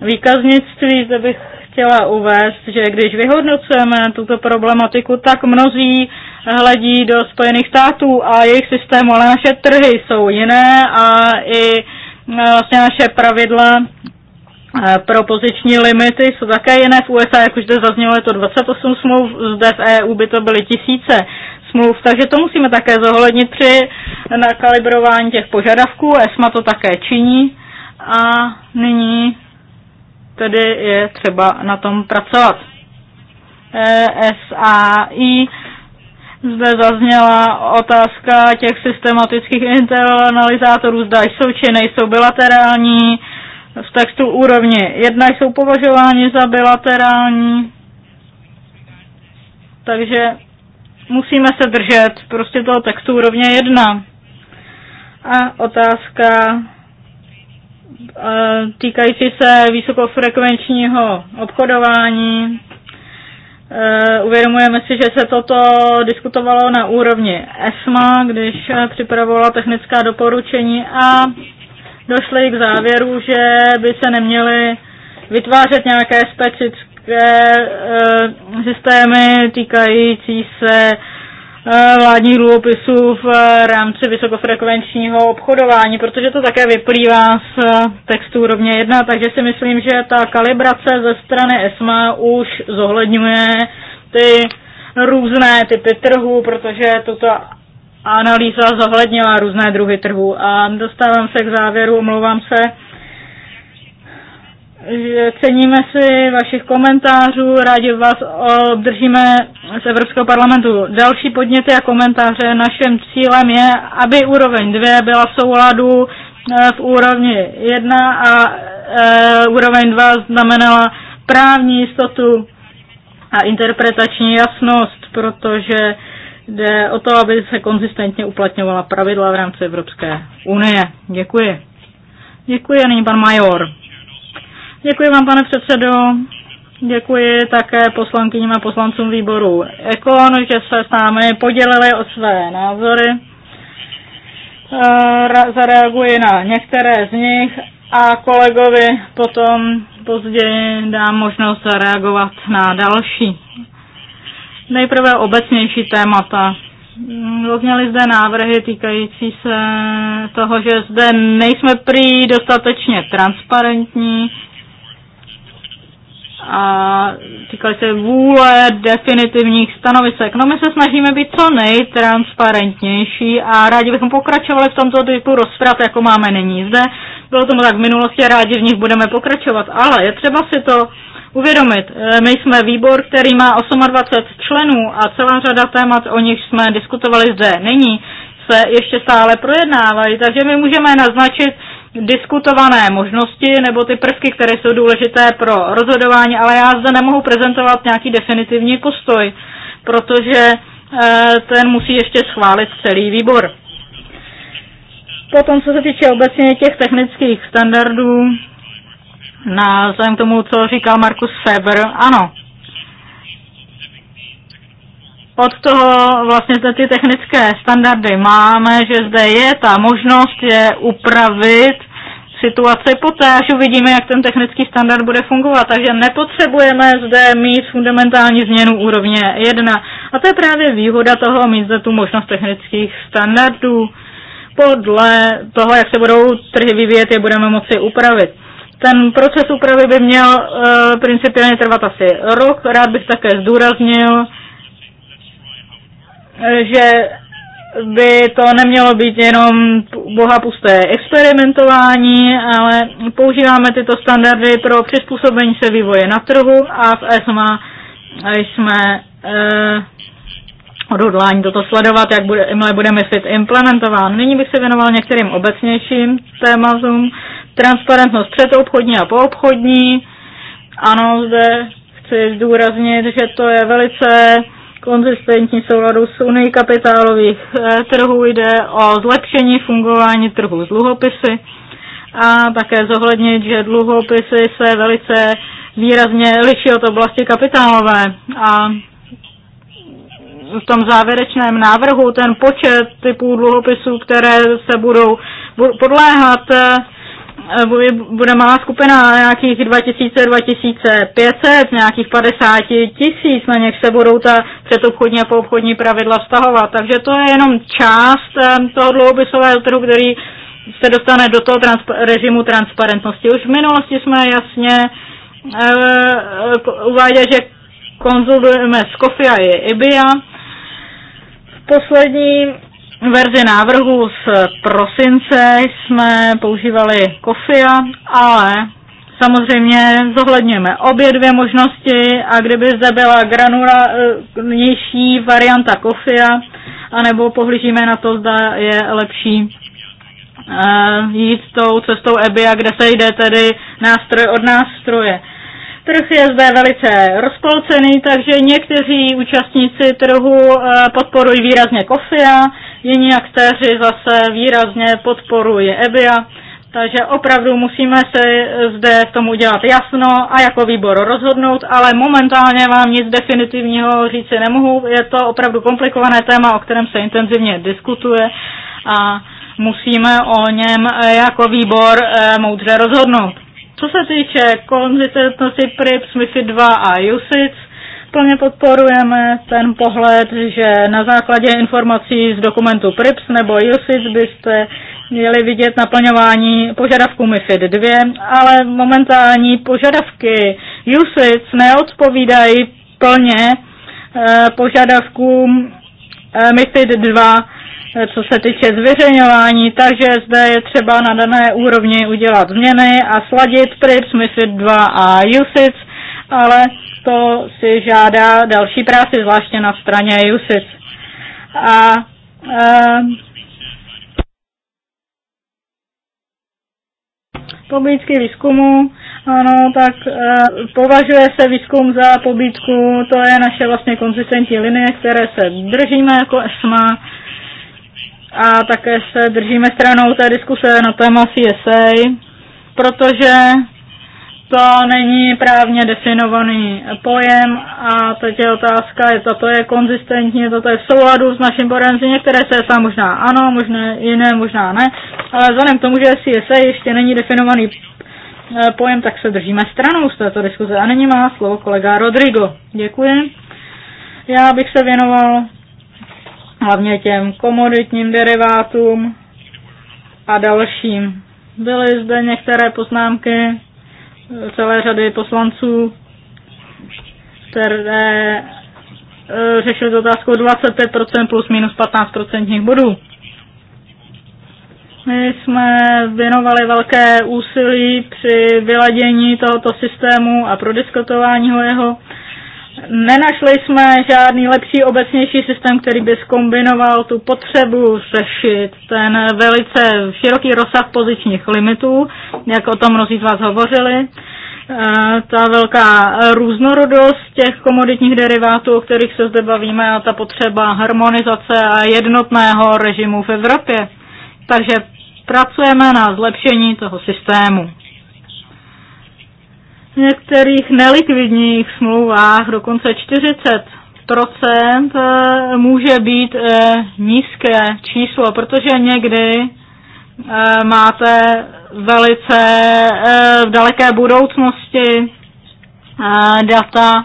výkaznictví, zde bych chtěla uvést, že když vyhodnocujeme tuto problematiku, tak mnozí hledí do Spojených států a jejich systému, ale naše trhy jsou jiné a i vlastně naše pravidla eh, pro poziční limity jsou také jiné v USA, jak už zde zaznělo, je to 28 smluv, zde v EU by to byly tisíce smluv, takže to musíme také zohlednit při nakalibrování těch požadavků, ESMA to také činí a nyní tedy je třeba na tom pracovat. Eh, SAI zde zazněla otázka těch systematických interanalizátorů, zda jsou či nejsou bilaterální. V textu úrovni jedna jsou považováni za bilaterální, takže musíme se držet prostě toho textu úrovně jedna A otázka eh, týkající se vysokofrekvenčního obchodování, Eh, uvědomujeme si, že se toto diskutovalo na úrovni ESMA, když eh, připravovala technická doporučení a došli k závěru, že by se neměly vytvářet nějaké specifické eh, systémy týkající se Eh, vládních dluhopisů v eh, rámci vysokofrekvenčního obchodování, protože to také vyplývá z eh, textu úrovně 1, takže si myslím, že ta kalibrace ze strany ESMA už zohledňuje ty různé typy trhů, protože tuto analýza zohlednila různé druhy trhů. A dostávám se k závěru, omlouvám se, Eh, ceníme si vašich komentářů, rádi vás obdržíme z Evropského parlamentu další podněty a komentáře. Naším cílem je, aby úroveň 2 byla v souladu eh, v úrovni 1 a eh, úroveň 2 znamenala právní jistotu a interpretační jasnost, protože jde o to, aby se konzistentně uplatňovala pravidla v rámci Evropské unie. Děkuji. Děkuji a nyní pan Major. Děkuji vám, pane předsedo. Děkuji také poslankyním a poslancům výboru Ekon, že se s námi podělili o své názory. E, zareaguji na některé z nich a kolegovi potom později dám možnost zareagovat na další. Nejprve obecnější témata. Zazněly zde návrhy týkající se toho, že zde nejsme prý dostatečně transparentní, a říkali se vůle definitivních stanovisek. No my se snažíme být co nejtransparentnější a rádi bychom pokračovali v tomto typu rozprat, jako máme nyní zde. Bylo tomu tak v minulosti a rádi v nich budeme pokračovat, ale je třeba si to uvědomit. E, my jsme výbor, který má 28 členů a celá řada témat, o nich jsme diskutovali zde, není, se ještě stále projednávají, takže my můžeme naznačit, diskutované možnosti nebo ty prvky, které jsou důležité pro rozhodování, ale já zde nemohu prezentovat nějaký definitivní postoj, protože eh, ten musí ještě schválit celý výbor. Potom, co se týče obecně těch technických standardů, na zájem k tomu, co říkal Markus Feber, ano, od toho vlastně ty technické standardy máme, že zde je ta možnost je upravit situaci poté, až uvidíme, jak ten technický standard bude fungovat. Takže nepotřebujeme zde mít fundamentální změnu úrovně 1. A to je právě výhoda toho mít zde tu možnost technických standardů. Podle toho, jak se budou trhy vyvíjet, je budeme moci upravit. Ten proces úpravy by měl e, principiálně trvat asi rok. Rád bych také zdůraznil, že by to nemělo být jenom boha pusté experimentování, ale používáme tyto standardy pro přizpůsobení se vývoje na trhu a v ESMA jsme eh, odhodlání toto sledovat, jak bude, bude myslit implementován. Nyní bych se věnoval některým obecnějším tématům. Transparentnost předobchodní a poobchodní. Ano, zde chci zdůraznit, že to je velice konzistentní souladu s unii kapitálových eh, trhů. Jde o zlepšení fungování trhu z dluhopisy a také zohlednit, že dluhopisy se velice výrazně liší od oblasti kapitálové. A v tom závěrečném návrhu ten počet typů dluhopisů, které se budou podléhat eh, Eh, bude malá skupina nějakých 2000-2500, nějakých 50 tisíc, na něch se budou ta předobchodní a poobchodní pravidla vztahovat. Takže to je jenom část eh, toho dlouhopisového trhu, který se dostane do toho transp- režimu transparentnosti. Už v minulosti jsme jasně uh, uváděli, že konzultujeme s Kofi i IBIA. V posledním verzi návrhu z prosince jsme používali kofia, ale samozřejmě zohledněme obě dvě možnosti a kdyby zde byla granulnější eh, varianta kofia, anebo pohlížíme na to, zda je lepší eh, jít tou cestou EBIA, kde se jde tedy nástroj od nástroje. Trh je zde velice rozpolcený, takže někteří účastníci trhu eh, podporují výrazně kofia, jiní aktéři zase výrazně podporují EBIA. Takže opravdu musíme se zde v tom udělat jasno a jako výbor rozhodnout, ale momentálně vám nic definitivního říci nemohu. Je to opravdu komplikované téma, o kterém se intenzivně diskutuje a musíme o něm jako výbor eh, moudře rozhodnout. Co se týče konzistentnosti PRIPS, MIFID 2 a USIC, Plně podporujeme ten pohled, že na základě informací z dokumentu PRIPS nebo ILSIS byste měli vidět naplňování požadavků MIFID 2, ale momentální požadavky USIC neodpovídají plně eh, požadavkům eh, MIFID 2, eh, co se týče zveřejňování, takže zde je třeba na dané úrovni udělat změny a sladit PRIPS, MIFID 2 a USIC ale to si žádá další práci, zvláště na straně JUSIS. A e, ehm, pobídky výzkumu, ano, tak e, považuje se výzkum za pobídku, to je naše vlastně konzistentní linie, které se držíme jako ESMA a také se držíme stranou té diskuse na téma CSA, protože to není právně definovaný pojem a teď je otázka, zda to je konzistentní, zda to je v souladu s naším bodem, že některé CSA možná ano, možná jiné možná ne, ale vzhledem k tomu, že CSA ještě není definovaný eh, pojem, tak se držíme stranou z této diskuze. A nyní má slovo kolega Rodrigo. Děkuji. Já bych se věnoval hlavně těm komoditním derivátům a dalším. Byly zde některé poznámky celé řady poslanců, které e, řešili tu otázku 25% plus minus 15% bodů. My jsme věnovali velké úsilí při vyladění tohoto systému a prodiskutování ho jeho Nenašli jsme žádný lepší, obecnější systém, který by skombinoval tu potřebu řešit ten velice široký rozsah pozičních limitů, jak o tom mnozí z vás hovořili. Eh, ta velká různorodost těch komoditních derivátů, o kterých se zde bavíme, a ta potřeba harmonizace a jednotného režimu v Evropě. Takže pracujeme na zlepšení toho systému. V některých nelikvidních smlouvách dokonce 40 procent eh, může být eh, nízké číslo, protože někdy eh, máte velice v daleké budoucnosti data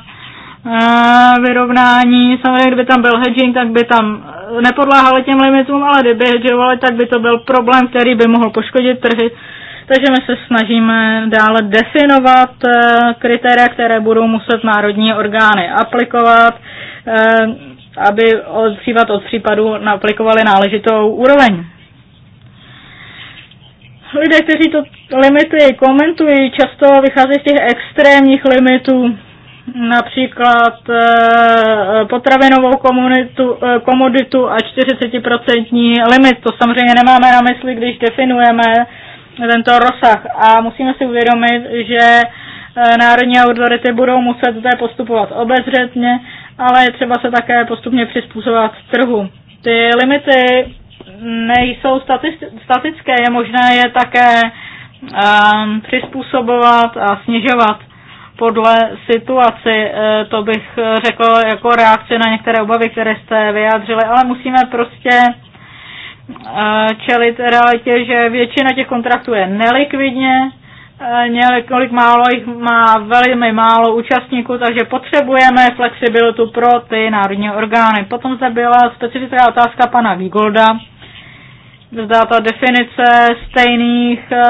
vyrovnání. Samozřejmě, kdyby tam byl hedging, tak by tam nepodláhali těm limitům, ale kdyby hedžovali, tak by to byl problém, který by mohl poškodit trhy takže my se snažíme dále definovat eh, kritéria, které budou muset národní orgány aplikovat, eh, aby od případ od případu aplikovali náležitou úroveň. Lidé, kteří to limity komentují, často vycházejí z těch extrémních limitů, například eh, potravinovou komunitu, komoditu a 40% limit. To samozřejmě nemáme na mysli, když definujeme tento rozsah. A musíme si uvědomit, že eh, národní autority budou muset zde postupovat obezřetně, ale je třeba se také postupně přizpůsobovat trhu. Ty limity nejsou statické, je možné je také um, přizpůsobovat a snižovat podle situaci. Eh, to bych řekl jako reakce na některé obavy, které jste vyjádřili, ale musíme prostě čelit realitě, že většina těch kontraktů je nelikvidně, několik málo jich má velmi málo účastníků, takže potřebujeme flexibilitu pro ty národní orgány. Potom zde byla specifická otázka pana Vigolda, zda ta definice stejných e,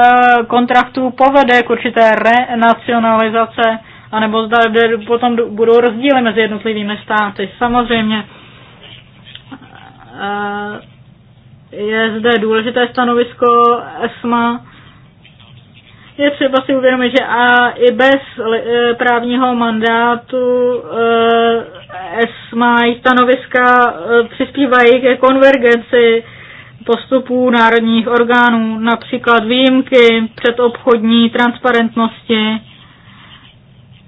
kontraktů povede k určité renacionalizace, anebo zda potom budou rozdíly mezi jednotlivými státy. Samozřejmě e, je zde důležité stanovisko ESMA. Je třeba si uvědomit, že a i bez eh, právního mandátu eh, ESMA i stanoviska eh, přispívají ke konvergenci postupů národních orgánů, například výjimky obchodní transparentnosti.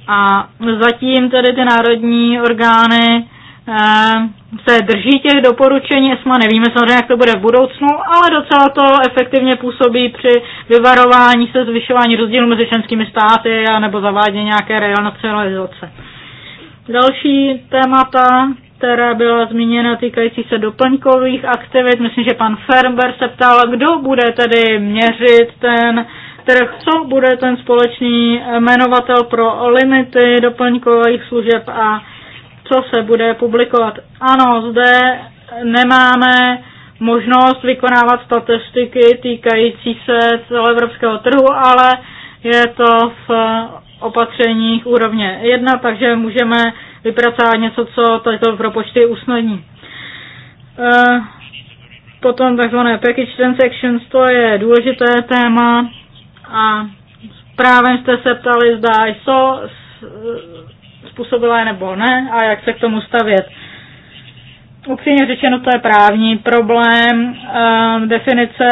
A zatím tedy ty národní orgány eh, se drží těch doporučení ESMA, nevíme samozřejmě, jak to bude v budoucnu, ale docela to efektivně působí při vyvarování se zvyšování rozdílu mezi členskými státy a nebo zavádění nějaké renacionalizace. Další témata, která byla zmíněna týkající se doplňkových aktivit, myslím, že pan Ferber se ptal, kdo bude tedy měřit ten trh, co bude ten společný jmenovatel pro limity doplňkových služeb a co se bude publikovat. Ano, zde nemáme možnost vykonávat statistiky týkající se celoevropského trhu, ale je to v opatřeních úrovně 1, takže můžeme vypracovat něco, co tyto propočty usnadní. Eh, potom takzvané package transactions, to je důležité téma a právě jste se ptali, zda jsou způsobilé nebo ne a jak se k tomu stavět. Upřímně řečeno, to je právní problém. Um, definice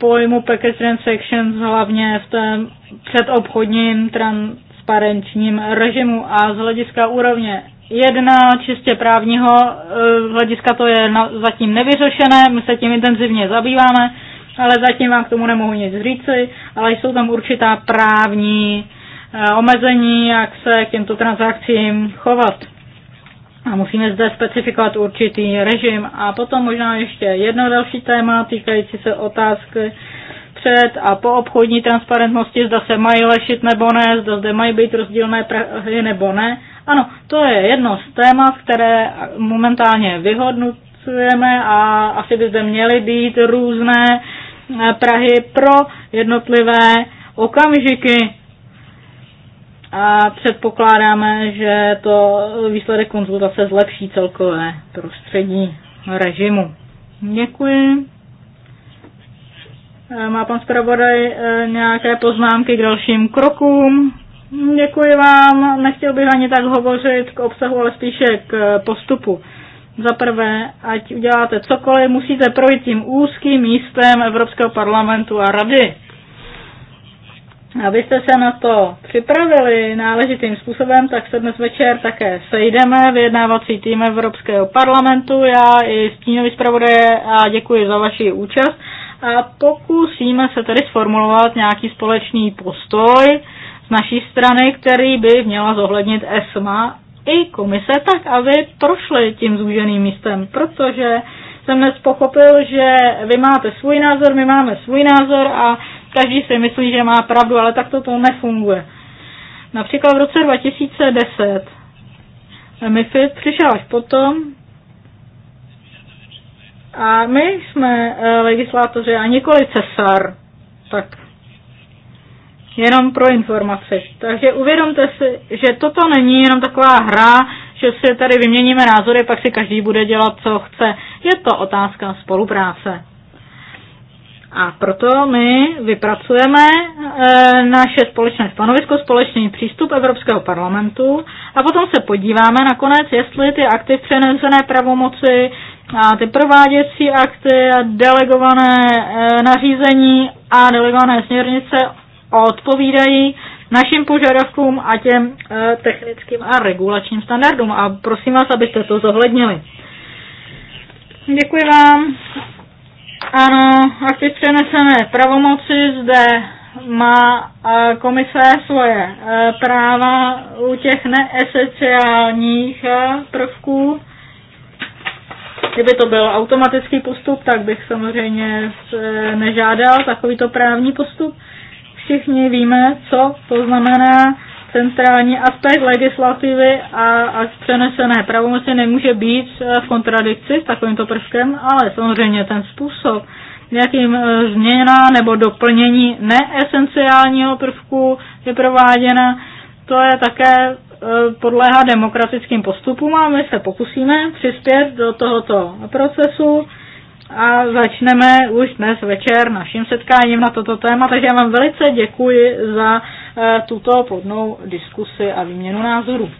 pojmu package transactions hlavně v tom předobchodním transparentním režimu a z hlediska úrovně jedna čistě právního uh, hlediska to je na, zatím nevyřešené, my se tím intenzivně zabýváme, ale zatím vám k tomu nemohu nic říci, ale jsou tam určitá právní Eh, omezení, jak se k těmto transakcím chovat. A musíme zde specifikovat určitý režim. A potom možná ještě jedno další téma týkající se otázky před a po obchodní transparentnosti, zda se mají lešit nebo ne, zda zde mají být rozdílné prahy nebo ne. Ano, to je jedno z témat, které momentálně vyhodnocujeme a asi by zde měly být různé eh, prahy pro jednotlivé okamžiky a předpokládáme, že to výsledek konzultace zlepší celkové prostředí režimu. Děkuji. E, má pan zpravodaj e, nějaké poznámky k dalším krokům? Děkuji vám. Nechtěl bych ani tak hovořit k obsahu, ale spíše k postupu. Za prvé, ať uděláte cokoliv, musíte projít tím úzkým místem Evropského parlamentu a rady. Abyste se na to připravili náležitým způsobem, tak se dnes večer také sejdeme, vyjednávací tým Evropského parlamentu, já i stínový zpravodaje a děkuji za vaši účast. A pokusíme se tedy sformulovat nějaký společný postoj z naší strany, který by měla zohlednit ESMA i komise, tak aby prošly tím zúženým místem, protože jsem dnes pochopil, že vy máte svůj názor, my máme svůj názor a každý si myslí, že má pravdu, ale tak to, to nefunguje. Například v roce 2010 MIFID přišel až potom a my jsme eh, legislátoři a nikoli cesar, tak jenom pro informaci. Takže uvědomte si, že toto není jenom taková hra, že si tady vyměníme názory, pak si každý bude dělat, co chce. Je to otázka spolupráce. A proto my vypracujeme e, naše společné stanovisko, společný přístup Evropského parlamentu a potom se podíváme nakonec, jestli ty akty v přenesené pravomoci a ty prováděcí akty a delegované e, nařízení a delegované směrnice odpovídají našim požadavkům a těm e, technickým a regulačním standardům. A prosím vás, abyste to zohlednili. Děkuji vám ano, aktiv přenesené pravomoci zde má e, komise svoje e, práva u těch neesenciálních e, prvků. Kdyby to byl automatický postup, tak bych samozřejmě nežádal takovýto právní postup. Všichni víme, co to znamená centrální aspekt legislativy a a přenesené pravomoci nemůže být eh, v kontradikci s takovýmto prvkem, ale samozřejmě ten způsob, jakým eh, změna nebo doplnění neesenciálního prvku je prováděna, to je také eh, podléhá demokratickým postupům a my se pokusíme přispět do tohoto procesu a začneme už dnes večer naším setkáním na toto téma, takže já vám velice děkuji za eh, tuto podnou diskusi a výměnu názorů.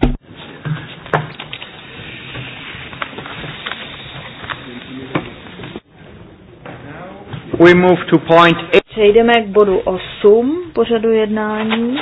We move to point eight. Přejdeme k bodu 8 pořadu jednání.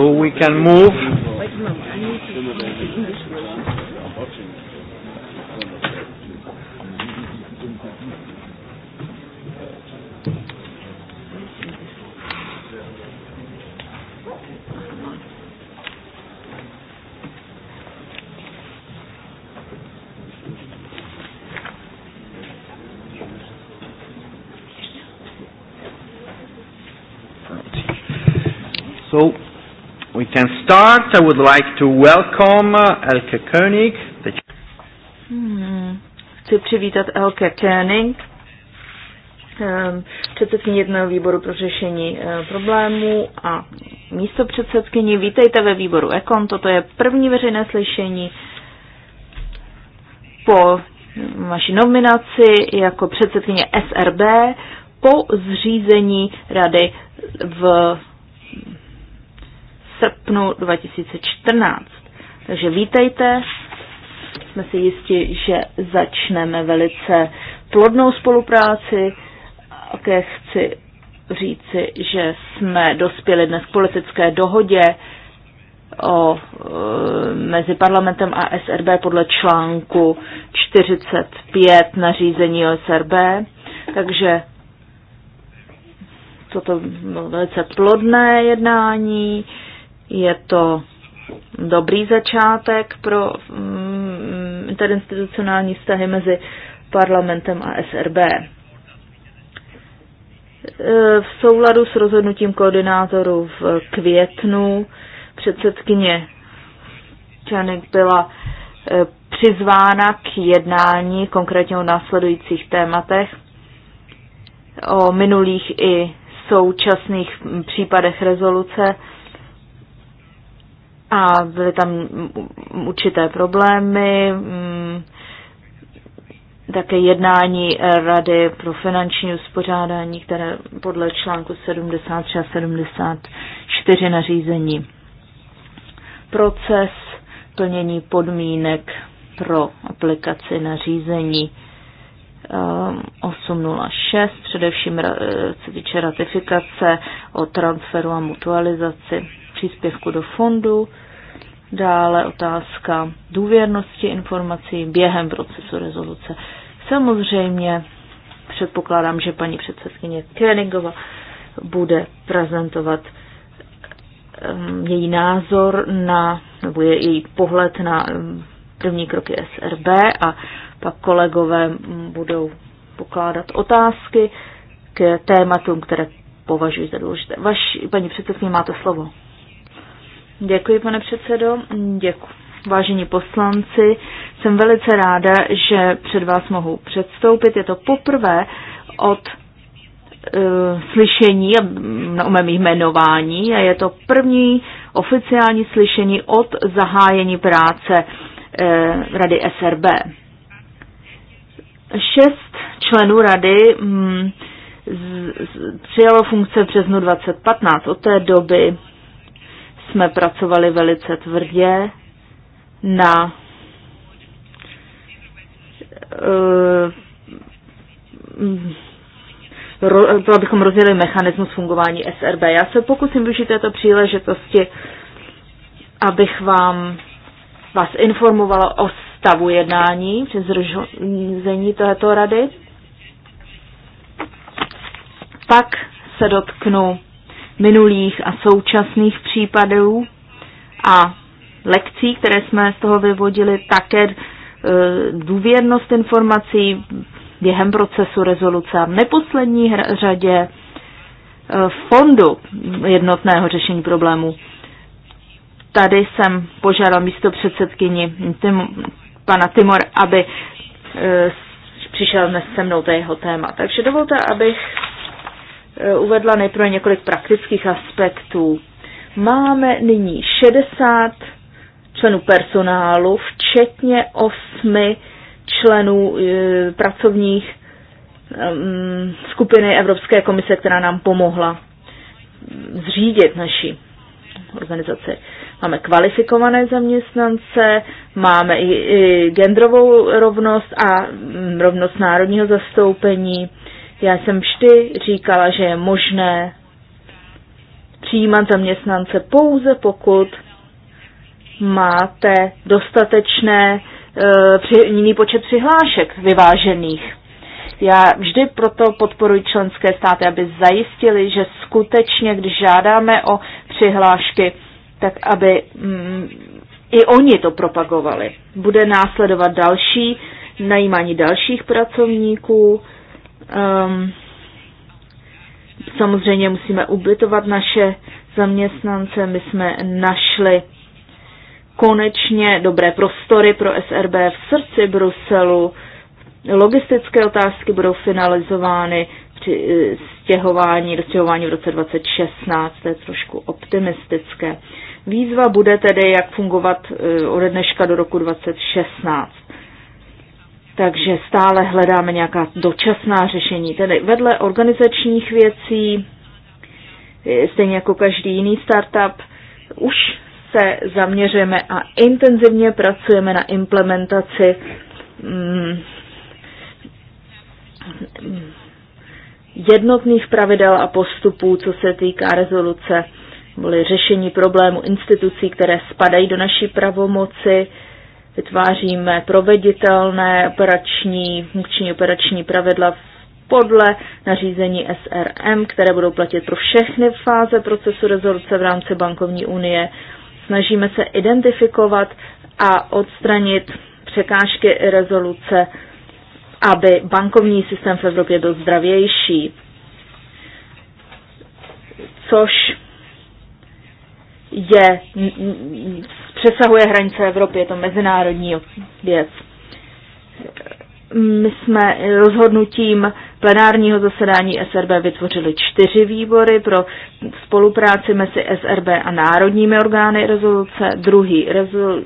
So we can move start, I would like to welcome uh, Elke König. Hmm. Chci přivítat Elke König, um, předsedkyni jednoho výboru pro řešení uh, problémů a místo předsedkyni. Vítejte ve výboru Ekon, toto je první veřejné slyšení po vaší nominaci jako předsedkyně SRB po zřízení rady v srpnu 2014. Takže vítejte, jsme si jisti, že začneme velice plodnou spolupráci. Také chci říci, že jsme dospěli dnes k politické dohodě o, e, mezi parlamentem a SRB podle článku 45 nařízení o SRB. Takže toto bylo velice plodné jednání. E, je to dobrý začátek pro mm, interinstitucionální vztahy mezi parlamentem a SRB. E, v souladu s rozhodnutím koordinátorů v květnu předsedkyně Čanek byla e, přizvána k jednání konkrétně o následujících tématech, o minulých i současných případech rezoluce a byly tam určité problémy, mm, také jednání Rady pro finanční uspořádání, které podle článku 73 a 74 nařízení. Proces plnění podmínek pro aplikaci nařízení 806, ehm, především co týče ratifikace o transferu a mutualizaci příspěvku do fondu, dále otázka důvěrnosti informací během procesu rezoluce. Samozřejmě předpokládám, že paní předsedkyně Kreningova bude prezentovat ehm, její názor na, nebo její pohled na ehm, první kroky SRB a pak kolegové budou pokládat otázky k tématům, které považuji za důležité. Vaši, paní předsedkyně, máte slovo. Děkuji, pane předsedo. Děkuji. Vážení poslanci, jsem velice ráda, že před vás mohu předstoupit. Je to poprvé od uh, slyšení na mém jmenování a je to první oficiální slyšení od zahájení práce uh, Rady SRB. Šest členů Rady mm, z, z, přijalo funkce v březnu 2015. Od té doby jsme pracovali velice tvrdě na eh, to, abychom rozjeli mechanismus fungování SRB. Já se pokusím využít této příležitosti, abych vám vás informovala o stavu jednání při zřízení této rady. Pak se dotknu minulých a současných případů a lekcí, které jsme z toho vyvodili, také e, důvěrnost informací během procesu rezoluce a v neposlední řadě e, fondu jednotného řešení problémů. Tady jsem požádal místo předsedkyni Tim, pana Timor, aby e, přišel dnes se mnou to jeho téma. Takže dovolte, abych Eh, uvedla nejprve několik praktických aspektů. Máme nyní 60 členů personálu, včetně 8 členů eh, pracovních mm, skupiny Evropské komise, která nám pomohla zřídit naši organizaci. Máme kvalifikované zaměstnance, máme i, i genderovou rovnost a mm, rovnost národního zastoupení. Já jsem vždy říkala, že je možné přijímat zaměstnance pouze pokud máte dostatečné e, jiný počet přihlášek vyvážených. Já vždy proto podporuji členské státy, aby zajistili, že skutečně, když žádáme o přihlášky, tak aby mm, i oni to propagovali. Bude následovat další najímání dalších pracovníků, Um, samozřejmě musíme ubytovat naše zaměstnance. My jsme našli konečně dobré prostory pro SRB v srdci Bruselu. Logistické otázky budou finalizovány při eh, stěhování, dostěhování v roce 2016, to je trošku optimistické. Výzva bude tedy, jak fungovat eh, ode dneška do roku 2016. Takže stále hledáme nějaká dočasná řešení. Tedy vedle organizačních věcí, eh, stejně jako každý jiný startup, už se zaměřujeme a intenzivně pracujeme na implementaci mm, mm, jednotných pravidel a postupů, co se týká rezoluce, byly řešení problému institucí, které spadají do naší pravomoci, Vytváříme proveditelné operační, funkční operační pravidla podle nařízení SRM, které budou platit pro všechny fáze procesu rezoluce v rámci bankovní unie. Snažíme se identifikovat a odstranit překážky rezoluce, aby bankovní systém v Evropě byl zdravější. Což je, přesahuje hranice Evropy, je to mezinárodní věc. My jsme rozhodnutím plenárního zasedání SRB vytvořili čtyři výbory pro spolupráci mezi SRB a národními orgány rezoluce, druhý rezol,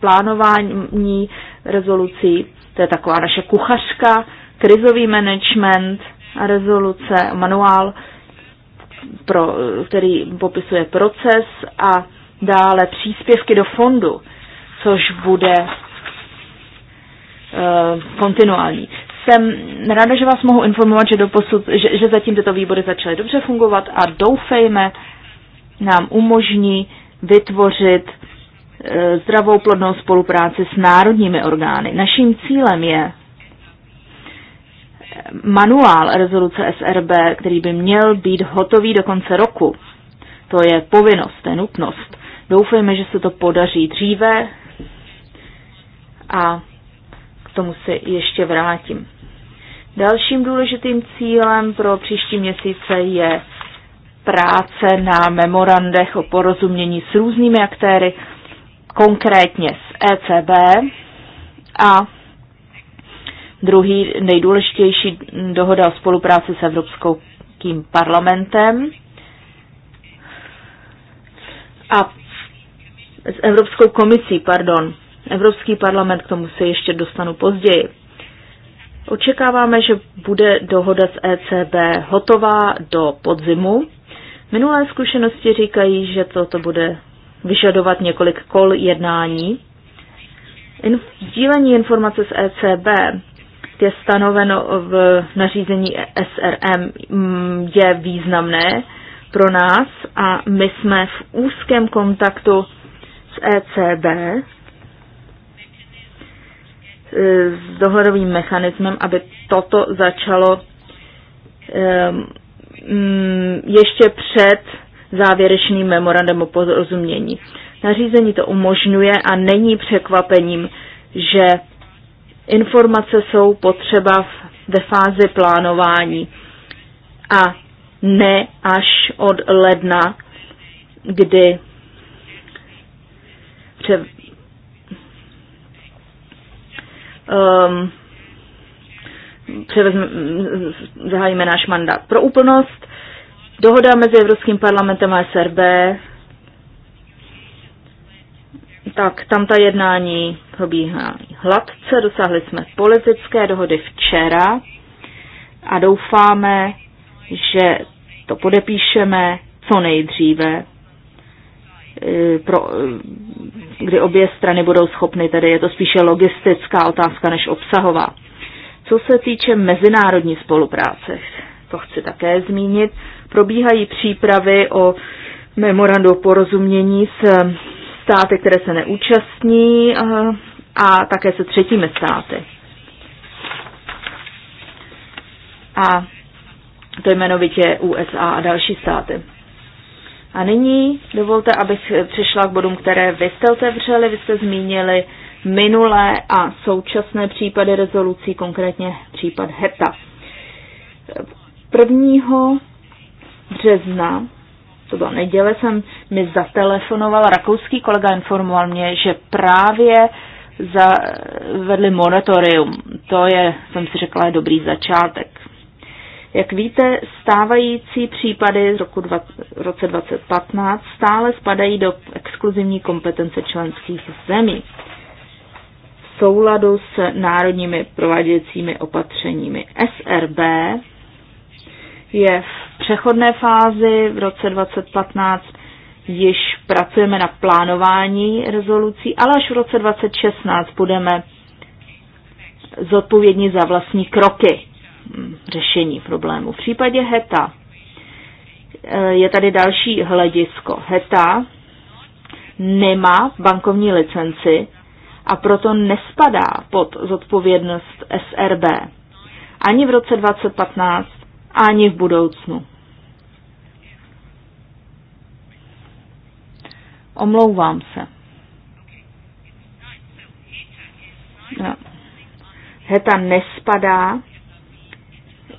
plánování rezolucí, to je taková naše kuchařka, krizový management a rezoluce, manuál, pro, který popisuje proces a dále příspěvky do fondu, což bude eh, kontinuální. Jsem ráda, že vás mohu informovat, že, doposud, že, že zatím tyto výbory začaly dobře fungovat a doufejme, nám umožní vytvořit eh, zdravou plodnou spolupráci s národními orgány. Naším cílem je manuál rezoluce SRB, který by měl být hotový do konce roku. To je povinnost, to je nutnost. Doufejme, že se to podaří dříve a k tomu se ještě vrátím. Dalším důležitým cílem pro příští měsíce je práce na memorandech o porozumění s různými aktéry, konkrétně s ECB a Druhý nejdůležitější dohoda o spolupráci s Evropským parlamentem a s Evropskou komisí, pardon. Evropský parlament, k tomu se ještě dostanu později. Očekáváme, že bude dohoda s ECB hotová do podzimu. Minulé zkušenosti říkají, že toto bude vyžadovat několik kol jednání. Sdílení informace z ECB je stanoveno v nařízení SRM, mm, je významné pro nás a my jsme v úzkém kontaktu s ECB, s dohledovým mechanismem, aby toto začalo ehm, mm, ještě před závěrečným memorandem o porozumění. Nařízení to umožňuje a není překvapením, že Informace jsou potřeba ve fázi plánování a ne až od ledna, kdy pře, um, převezme, zahájíme náš mandát. Pro úplnost, dohoda mezi Evropským parlamentem a SRB tak tam ta jednání probíhá hladce. Dosáhli jsme politické dohody včera a doufáme, že to podepíšeme co nejdříve, eh, pro, eh, kdy obě strany budou schopny, tedy je to spíše logistická otázka než obsahová. Co se týče mezinárodní spolupráce, to chci také zmínit, probíhají přípravy o memorandu porozumění s státy, které se neúčastní eh, a také se třetími státy. A to jmenovitě USA a další státy. A nyní dovolte, abych přišla k bodům, které vy jste otevřeli. Vy jste zmínili minulé a současné případy rezolucí, konkrétně případ HETA. 1. března to byla neděle, jsem mi zatelefonoval, rakouský kolega informoval mě, že právě zavedli moratorium. To je, jsem si řekla, je dobrý začátek. Jak víte, stávající případy z roku 20, roce 2015 stále spadají do exkluzivní kompetence členských zemí v souladu s národními prováděcími opatřeními. SRB je v přechodné fázi. V roce 2015 již pracujeme na plánování rezolucí, ale až v roce 2016 budeme zodpovědní za vlastní kroky hm, řešení problému. V případě HETA eh, je tady další hledisko. HETA nemá bankovní licenci a proto nespadá pod zodpovědnost SRB. Ani v roce 2015, ani v budoucnu. Omlouvám se. No. Heta nespadá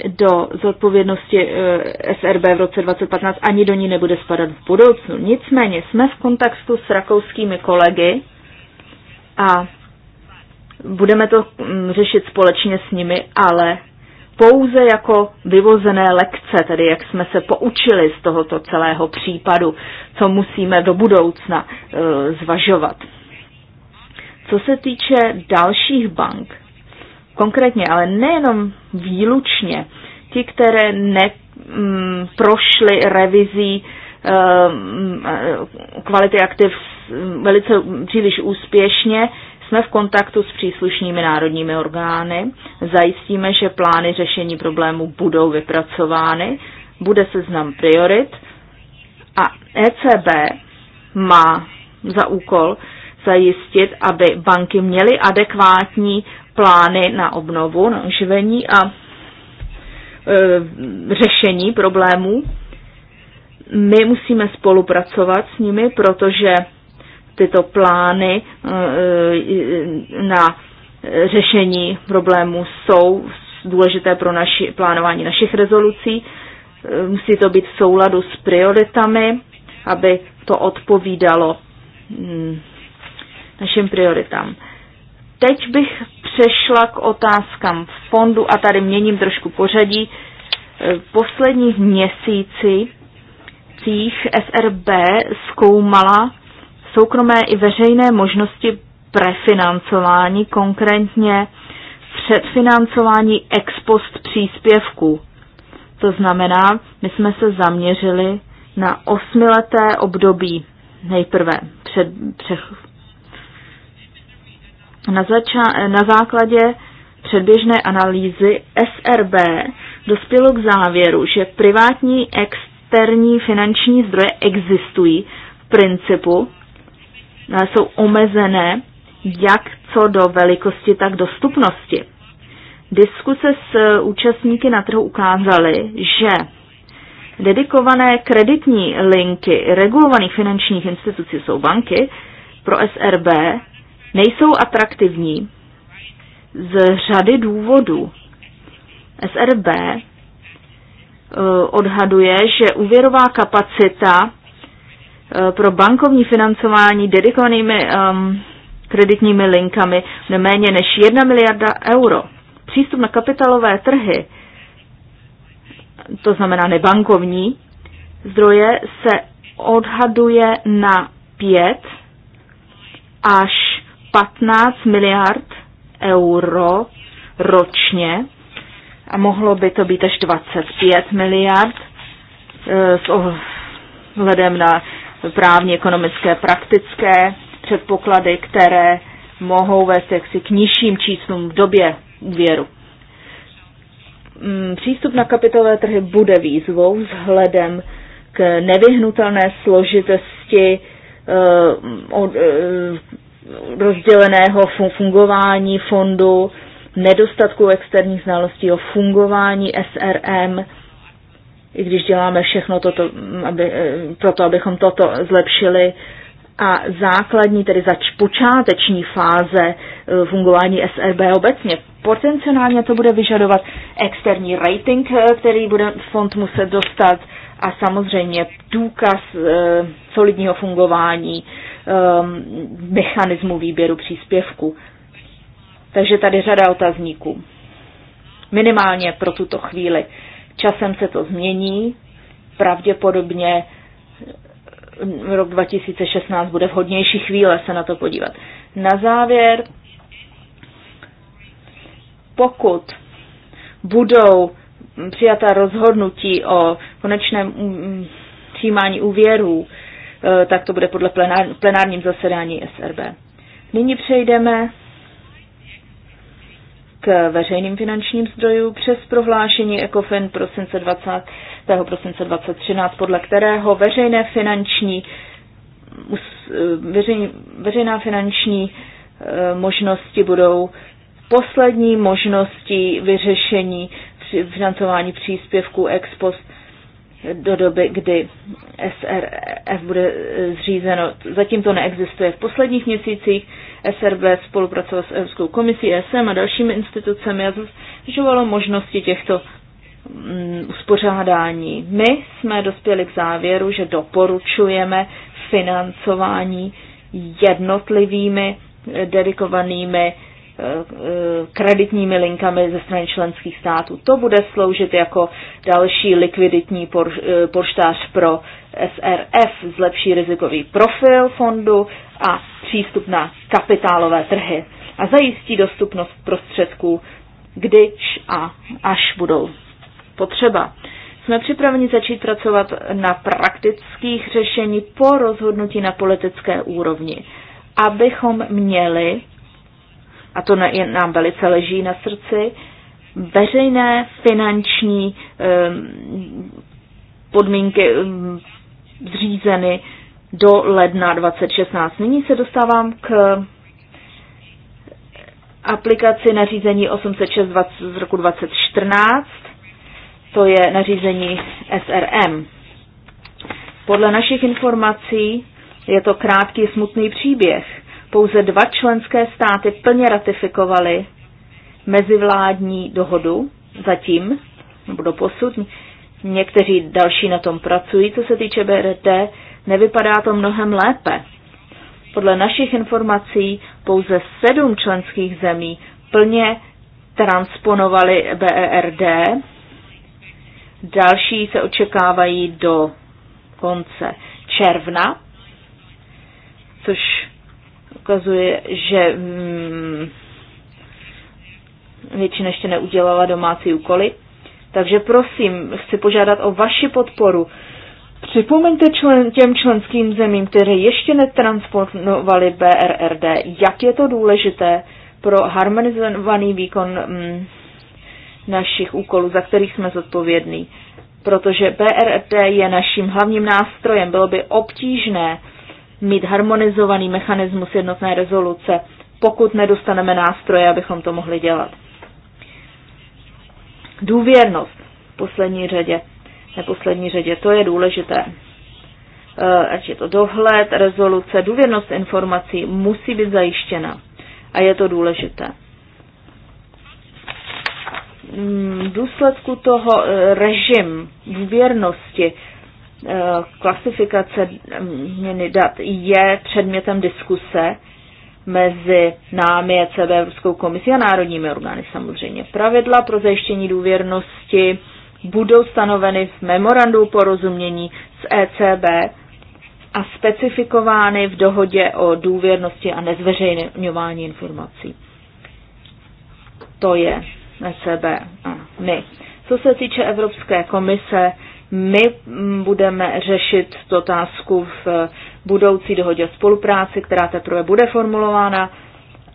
do zodpovědnosti eh, SRB v roce 2015, ani do ní nebude spadat v budoucnu. Nicméně jsme v kontaktu s rakouskými kolegy a budeme to mm, řešit společně s nimi, ale pouze jako vyvozené lekce, tedy jak jsme se poučili z tohoto celého případu, co musíme do budoucna e, zvažovat. Co se týče dalších bank, konkrétně, ale nejenom výlučně, ti, které neprošly mm, revizí e, mm, e, kvality aktiv mm, velice příliš úspěšně, jsme v kontaktu s příslušnými národními orgány, zajistíme, že plány řešení problémů budou vypracovány, bude seznam priorit a ECB má za úkol zajistit, aby banky měly adekvátní plány na obnovu, na oživení a e, řešení problémů. My musíme spolupracovat s nimi, protože tyto plány eh, eh, na řešení problémů jsou důležité pro naši, plánování našich rezolucí. Eh, musí to být v souladu s prioritami, aby to odpovídalo mm, našim prioritám. Teď bych přešla k otázkám fondu a tady měním trošku pořadí. V posledních měsících SRB zkoumala soukromé i veřejné možnosti prefinancování, konkrétně předfinancování ex post příspěvků. To znamená, my jsme se zaměřili na osmileté období nejprve před, před, na, zača- na základě předběžné analýzy SRB dospělo k závěru, že privátní externí finanční zdroje existují v principu No, jsou omezené jak co do velikosti, tak dostupnosti. Diskuse s eh, účastníky na trhu ukázaly, že dedikované kreditní linky regulovaných finančních institucí jsou banky pro SRB nejsou atraktivní z řady důvodů. SRB eh, odhaduje, že úvěrová kapacita Eh, pro bankovní financování dedikovanými um, kreditními linkami neméně než 1 miliarda euro. Přístup na kapitalové trhy, to znamená nebankovní, zdroje se odhaduje na 5 až 15 miliard euro ročně a mohlo by to být až 25 miliard eh, s ohledem na právně, ekonomické, praktické předpoklady, které mohou vést jaksi k nižším číslům v době úvěru. Mm, přístup na kapitové trhy bude výzvou vzhledem k nevyhnutelné složitosti eh, eh, rozděleného fungování fondu, nedostatku externích znalostí o fungování SRM, i když děláme všechno toto, aby, eh, proto, abychom toto zlepšili. A základní, tedy zač počáteční fáze eh, fungování SRB e obecně. Potenciálně to bude vyžadovat externí rating, eh, který bude fond muset dostat a samozřejmě důkaz solidního fungování ehm, mechanismu výběru příspěvku. Takže tady řada otazníků. Minimálně pro tuto chvíli. Časem se to změní, pravděpodobně rok 2016 bude vhodnější chvíle se na to podívat. Na závěr, pokud budou přijata rozhodnutí o konečném mm, mm, přijímání úvěrů, eh, tak to bude podle plenár, plenárním zasedání SRB. Nyní přejdeme k veřejným finančním zdrojům přes prohlášení ECOFIN prosince 20. prosince 2013, podle kterého veřejné finanční, eh, veřej, veřejná finanční eh, možnosti budou poslední možností vyřešení financování příspěvků Expos do doby, kdy SRF bude eh, zřízeno. Zatím to neexistuje. V posledních měsících SRB spolupracovalo s Evropskou komisí, ESM a dalšími institucemi a zvažovalo možnosti těchto mm, uspořádání. My jsme dospěli k závěru, že doporučujeme financování jednotlivými eh, dedikovanými Eh, kreditními linkami ze strany členských států. To bude sloužit jako další likviditní eh, poštář pro SRF, zlepší rizikový profil fondu a přístup na kapitálové trhy a zajistí dostupnost prostředků, když a až budou potřeba. Jsme připraveni začít pracovat na praktických řešení po rozhodnutí na politické úrovni, abychom měli a to nám velice leží na srdci, veřejné finanční ehm, podmínky ehm, zřízeny do ledna 2016. Nyní se dostávám k aplikaci nařízení 806 z roku 2014, to je nařízení SRM. Podle našich informací je to krátký smutný příběh pouze dva členské státy plně ratifikovaly mezivládní dohodu zatím, nebo do posud. Někteří další na tom pracují, co se týče BRT, nevypadá to mnohem lépe. Podle našich informací pouze sedm členských zemí plně transponovali BERD, další se očekávají do konce června, což ukazuje, že mm, většina ještě neudělala domácí úkoly. Takže prosím, chci požádat o vaši podporu. Připomeňte člen, těm členským zemím, které ještě netransportovali BRRD, jak je to důležité pro harmonizovaný výkon mm, našich úkolů, za kterých jsme zodpovědní. Protože BRRD je naším hlavním nástrojem. Bylo by obtížné mít harmonizovaný mechanismus jednotné rezoluce, pokud nedostaneme nástroje, abychom to mohli dělat. Důvěrnost v poslední řadě, neposlední řadě, to je důležité. E, ať je to dohled, rezoluce, důvěrnost informací musí být zajištěna a je to důležité. Mm, v důsledku toho e, režim důvěrnosti Eh, klasifikace mm, měny dat je předmětem diskuse mezi námi, ECB, Evropskou komisí a národními orgány samozřejmě. Pravidla pro zajištění důvěrnosti budou stanoveny v memorandu porozumění s ECB a specifikovány v dohodě o důvěrnosti a nezveřejňování informací. To je ECB a my. Co se týče Evropské komise, my budeme řešit tu otázku v budoucí dohodě o spolupráci, která teprve bude formulována,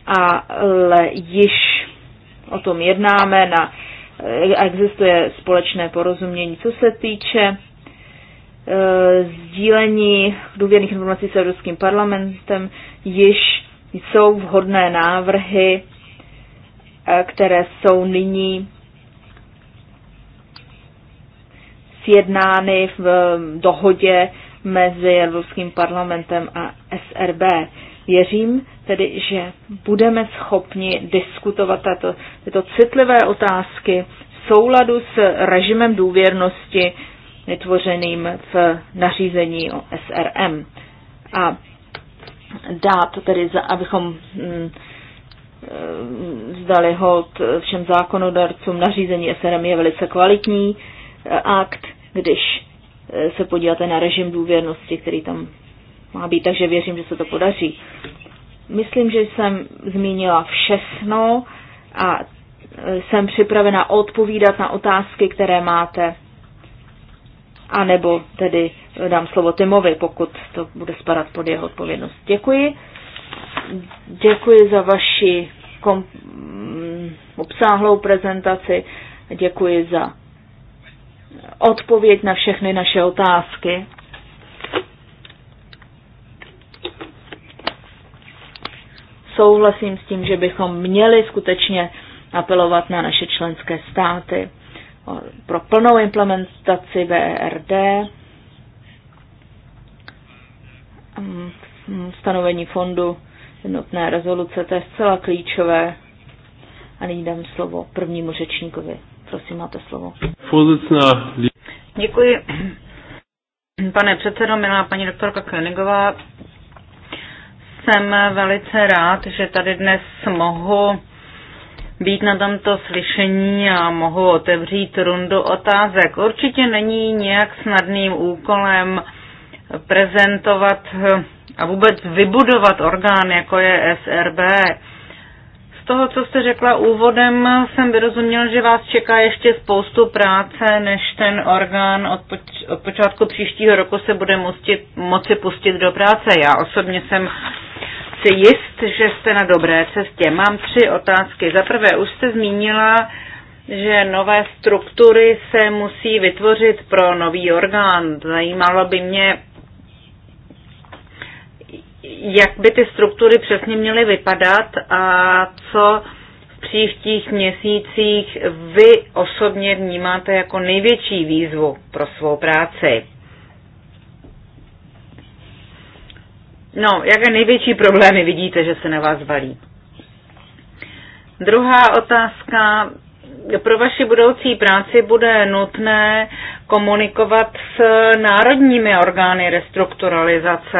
ale již o tom jednáme na existuje společné porozumění. Co se týče e, sdílení důvěrných informací s Evropským parlamentem, již jsou vhodné návrhy, e, které jsou nyní sjednány v dohodě mezi Evropským parlamentem a SRB. Věřím tedy, že budeme schopni diskutovat tato, tyto citlivé otázky v souladu s režimem důvěrnosti vytvořeným v nařízení o SRM. A dát tedy, za, abychom hm, vzdali hold všem zákonodarcům, nařízení SRM je velice kvalitní, akt, když eh, se podíváte na režim důvěrnosti, který tam má být, takže věřím, že se to podaří. Myslím, že jsem zmínila všechno a eh, jsem připravena odpovídat na otázky, které máte. A nebo tedy eh, dám slovo Timovi, pokud to bude spadat pod jeho odpovědnost. Děkuji. Děkuji za vaši kom- mm, obsáhlou prezentaci. Děkuji za odpověď na všechny naše otázky. Souhlasím s tím, že bychom měli skutečně apelovat na naše členské státy pro plnou implementaci BRD, e stanovení fondu jednotné rezoluce, to je zcela klíčové. A nyní dám slovo prvnímu řečníkovi. Prosím, máte slovo. Děkuji. Pane předsedo, milá paní doktorka Königová, jsem velice rád, že tady dnes mohu být na tomto slyšení a mohu otevřít rundu otázek. Určitě není nějak snadným úkolem prezentovat a vůbec vybudovat orgán, jako je SRB toho, co jste řekla úvodem, jsem vyrozuměl, že vás čeká ještě spoustu práce, než ten orgán od, poč- od počátku příštího roku se bude mustit, moci pustit do práce. Já osobně jsem si jist, že jste na dobré cestě. Mám tři otázky. Za prvé, už jste zmínila, že nové struktury se musí vytvořit pro nový orgán. Zajímalo by mě, jak by ty struktury přesně měly vypadat a co v příštích měsících vy osobně vnímáte jako největší výzvu pro svou práci. No, jaké největší problémy vidíte, že se na vás valí? Druhá otázka. Pro vaši budoucí práci bude nutné komunikovat s národními orgány restrukturalizace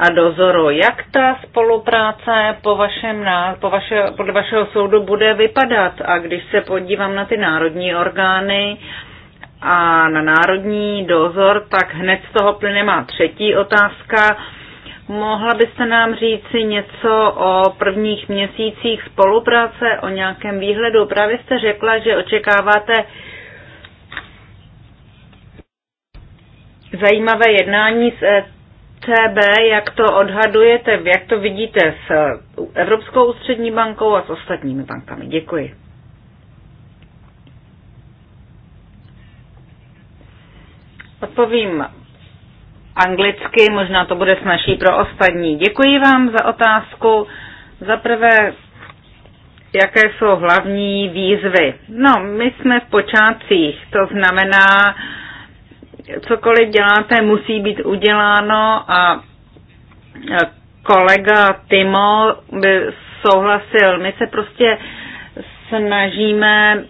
a dozoru. Jak ta spolupráce po vašem, po vaše, podle vašeho soudu bude vypadat? A když se podívám na ty národní orgány a na národní dozor, tak hned z toho plyne má třetí otázka. Mohla byste nám říci něco o prvních měsících spolupráce, o nějakém výhledu? Právě jste řekla, že očekáváte zajímavé jednání s eh, ECB, jak to odhadujete, jak to vidíte s Evropskou ústřední bankou a s ostatními bankami? Děkuji. Odpovím anglicky, možná to bude snažší pro ostatní. Děkuji vám za otázku. Za prvé, jaké jsou hlavní výzvy? No, my jsme v počátcích, to znamená, cokoliv děláte, musí být uděláno a kolega Timo by souhlasil. My se prostě snažíme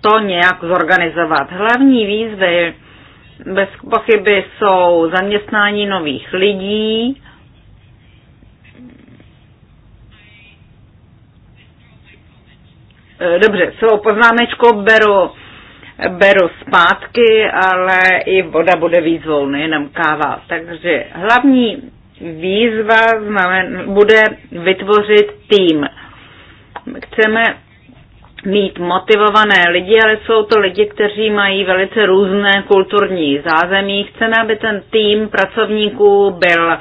to nějak zorganizovat. Hlavní výzvy bez pochyby jsou zaměstnání nových lidí, Dobře, celou poznámečku beru beru zpátky, ale i voda bude výzvou, nejenom káva. Takže hlavní výzva znamen, bude vytvořit tým. Chceme mít motivované lidi, ale jsou to lidi, kteří mají velice různé kulturní zázemí. Chceme, aby ten tým pracovníků byl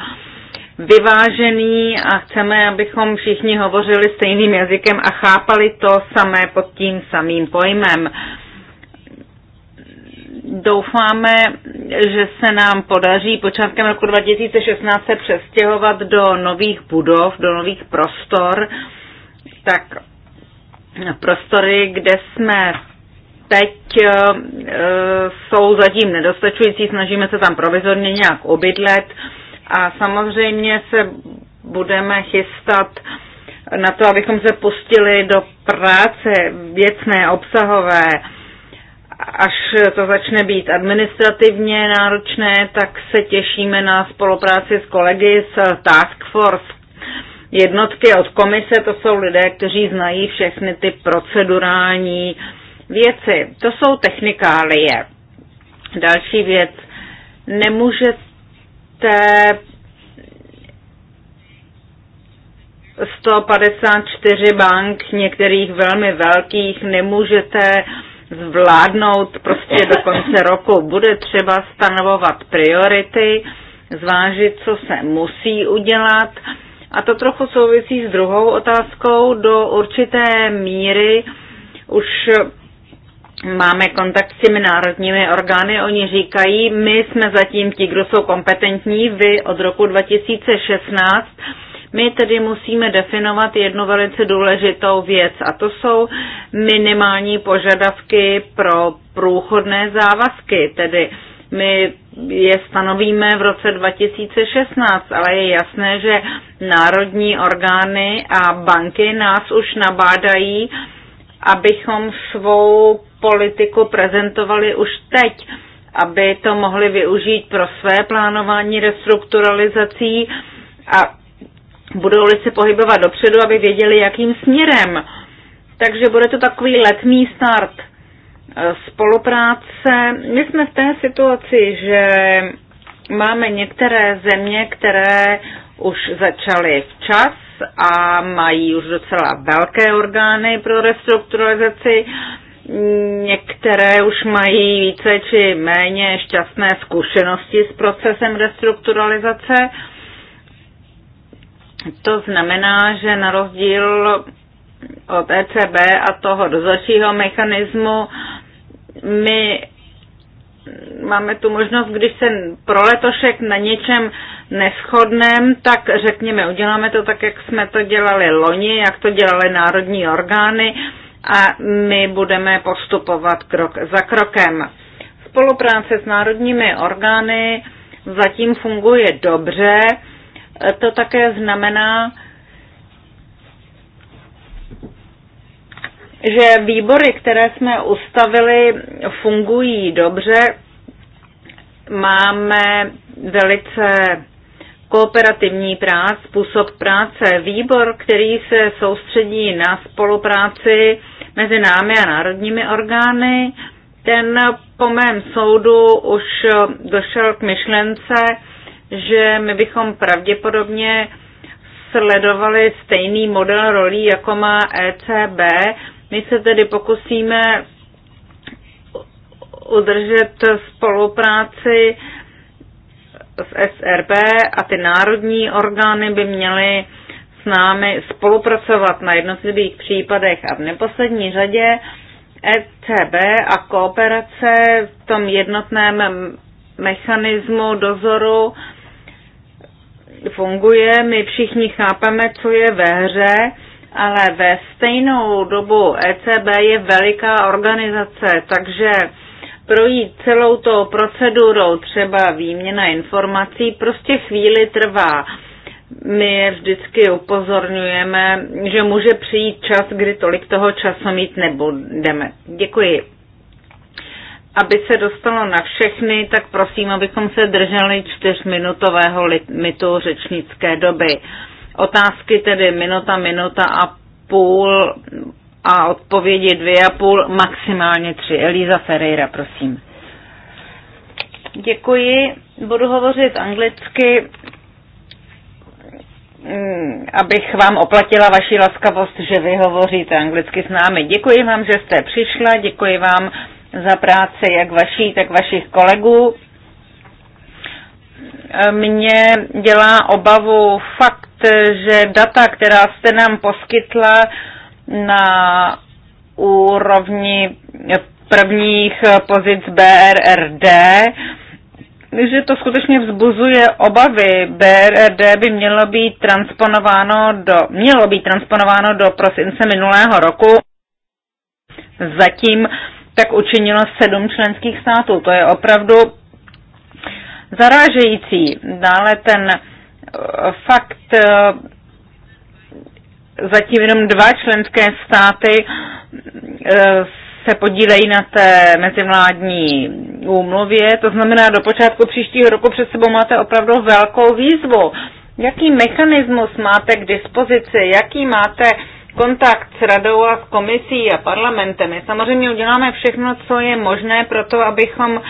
vyvážený a chceme, abychom všichni hovořili stejným jazykem a chápali to samé pod tím samým pojmem. Uh, Doufáme, že se nám podaří počátkem roku 2016 se přestěhovat do nových budov, do nových prostor, tak prostory, kde jsme teď, eh, jsou zatím nedostačující, snažíme se tam provizorně nějak obydlet a samozřejmě se budeme chystat na to, abychom se pustili do práce věcné, obsahové, až to začne být administrativně náročné, tak se těšíme na spolupráci s kolegy z Task Force jednotky od komise, to jsou lidé, kteří znají všechny ty procedurální věci. To jsou technikálie. Další věc. Nemůžete 154 bank, některých velmi velkých, nemůžete uh, zvládnout prostě do konce roku. Bude třeba stanovovat priority, zvážit, co se musí udělat. A to trochu souvisí s druhou otázkou. Do určité míry už máme kontakt s těmi národními orgány. Oni říkají, my jsme zatím ti, kdo jsou kompetentní, vy od roku 2016 my tedy musíme definovat jednu velice důležitou věc a to jsou minimální požadavky pro průchodné závazky, tedy my je stanovíme v roce 2016, ale je jasné, že národní orgány a banky nás už nabádají, abychom svou politiku prezentovali už teď, aby to mohli využít pro své plánování restrukturalizací a budou-li se pohybovat dopředu, aby věděli, jakým směrem. Takže bude to takový letný start eh, spolupráce. My jsme v té situaci, že máme některé země, které už začaly včas a mají už docela velké orgány pro restrukturalizaci. Některé už mají více či méně šťastné zkušenosti s procesem restrukturalizace. To znamená, že na rozdíl od ECB a toho dozorčího mechanismu my máme tu možnost, když se pro letošek na něčem neschodném, tak řekněme, uděláme to tak, jak jsme to dělali loni, jak to dělali národní orgány a my budeme postupovat krok za krokem. Spolupráce s národními orgány zatím funguje dobře to také znamená, že výbory, které jsme ustavili, fungují dobře. Máme velice kooperativní práce, způsob práce. Výbor, který se soustředí na spolupráci mezi námi a národními orgány, ten po mém soudu už došel k myšlence, že my bychom pravděpodobně sledovali stejný model rolí, jako má ECB. My se tedy pokusíme udržet spolupráci s SRB a ty národní orgány by měly s námi spolupracovat na jednotlivých případech a v neposlední řadě ECB a kooperace v tom jednotném mechanismu dozoru funguje, my všichni chápeme, co je ve hře, ale ve stejnou dobu ECB je veliká organizace, takže projít celou tou procedurou, třeba výměna informací, prostě chvíli trvá. My je vždycky upozorňujeme, že může přijít čas, kdy tolik toho času mít nebudeme. Děkuji aby se dostalo na všechny, tak prosím, abychom se drželi čtyřminutového limitu řečnické doby. Otázky tedy minuta, minuta a půl a odpovědi dvě a půl, maximálně tři. Elíza Ferreira, prosím. Děkuji. Budu hovořit anglicky, mm, abych vám oplatila vaši laskavost, že vy hovoříte anglicky s námi. Děkuji vám, že jste přišla, děkuji vám, za práci jak vaší, tak vašich kolegů. Mně dělá obavu fakt, že data, která jste nám poskytla na úrovni prvních pozic BRRD, že to skutečně vzbuzuje obavy. BRD by mělo být transponováno do, mělo být transponováno do prosince minulého roku. Zatím tak učinilo sedm členských států. To je opravdu zarážející. Dále ten eh, fakt eh, zatím jenom dva členské státy eh, se podílejí na té mezivládní úmluvě, to znamená do počátku příštího roku před sebou máte opravdu velkou výzvu. Jaký mechanismus máte k dispozici, jaký máte uh, kontakt s radou a s komisí a parlamentem. My samozřejmě uděláme všechno, co je možné pro to, abychom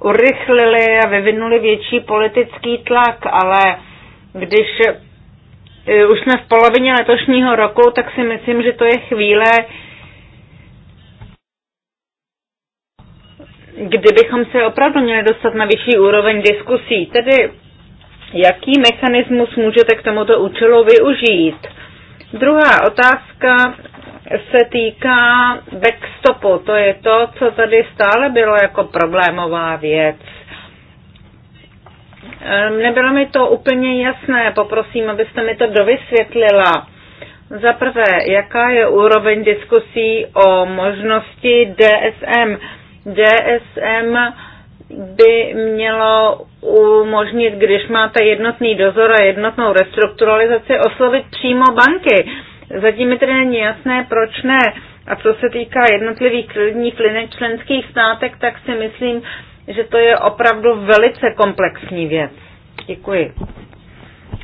urychlili a vyvinuli větší politický tlak, ale když eh, už jsme v polovině letošního roku, tak si myslím, že to je chvíle, kdybychom se opravdu měli dostat na vyšší úroveň diskusí. Tedy jaký mechanismus můžete k tomuto účelu využít? Druhá otázka se týká backstopu. To je to, co tady stále bylo jako problémová věc. Ehm, nebylo mi to úplně jasné, poprosím, abyste mi to dovysvětlila. Za prvé, jaká je úroveň diskusí o možnosti DSM? DSM by mělo umožnit, když máte jednotný dozor a jednotnou restrukturalizaci, oslovit přímo banky. Zatím mi tedy není jasné, proč ne. A co se týká jednotlivých kreditních linek členských státek, tak si myslím, že to je opravdu velice komplexní věc. Děkuji.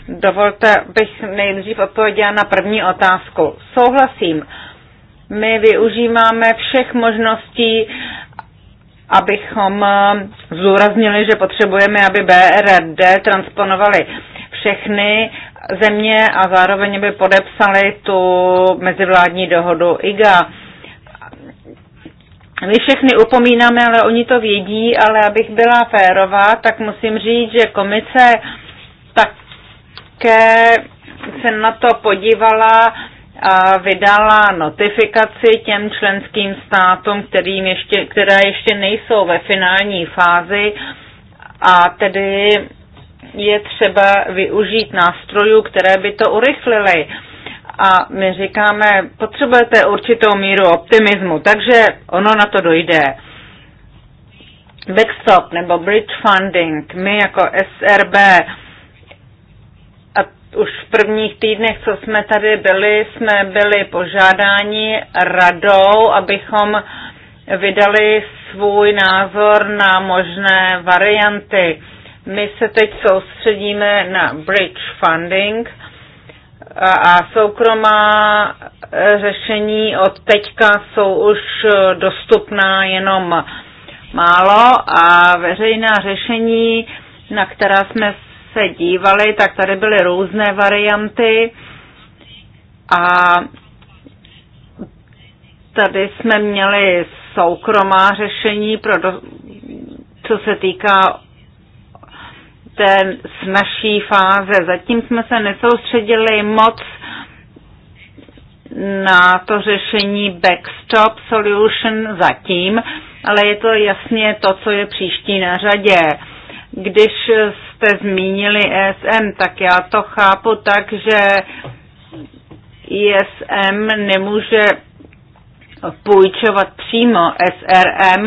Dovolte, bych nejdřív odpověděla na první otázku. Souhlasím. My využíváme všech možností abychom eh, zúraznili, že potřebujeme, aby BRD transponovali všechny země a zároveň by podepsali tu mezivládní dohodu IGA. My všechny upomínáme, ale oni to vědí, ale abych byla férová, tak musím říct, že komise také se na to podívala vydala notifikaci těm členským státům, kterým ještě, které ještě nejsou ve finální fázi a tedy je třeba využít nástrojů, které by to urychlily. A my říkáme, potřebujete určitou míru optimismu, takže ono na to dojde. Backstop nebo bridge funding, my jako SRB už v prvních týdnech, co jsme tady byli, jsme byli požádáni radou, abychom vydali svůj názor na možné varianty. My se teď soustředíme na bridge funding a soukromá řešení od teďka jsou už dostupná jenom málo a veřejná řešení, na která jsme se dívali, tak tady byly různé varianty a tady jsme měli soukromá řešení, pro do, co se týká té snažší fáze. Zatím jsme se nesoustředili moc na to řešení backstop solution zatím, ale je to jasně to, co je příští na řadě. Když jste zmínili ESM, tak já to chápu tak, že ISM e nemůže půjčovat přímo SRM,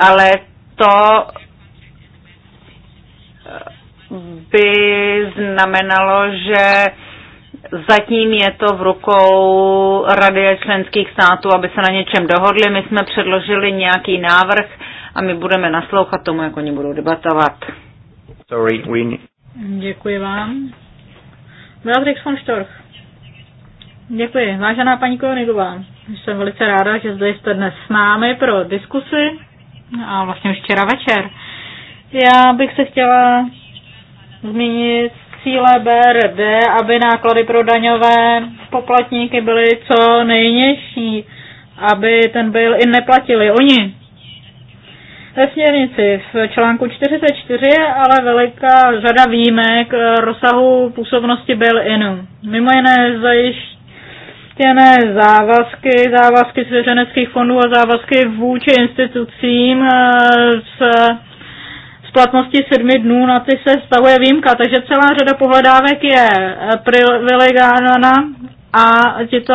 ale to by znamenalo, že zatím je to v rukou Rady členských států, aby se na něčem dohodli. My jsme předložili nějaký návrh a my budeme naslouchat tomu, jak oni budou debatovat. Sorry, we... Děkuji vám. Beatrix von Storch. Děkuji. Vážená paní Kolonigová, jsem velice ráda, že zde jste dnes s námi pro diskusy a vlastně už včera večer. Já bych se chtěla zmínit cíle BRD, aby náklady pro daňové poplatníky byly co nejnižší, aby ten byl i neplatili oni ve směrnici. V článku 44 je ale veliká řada výjimek eh, rozsahu působnosti byl inu. Mimo jiné zajištěné závazky, závazky svěřeneckých fondů a závazky vůči institucím eh, s platnosti sedmi dnů na ty se stahuje výjimka, takže celá řada pohledávek je eh, privilegována a tyto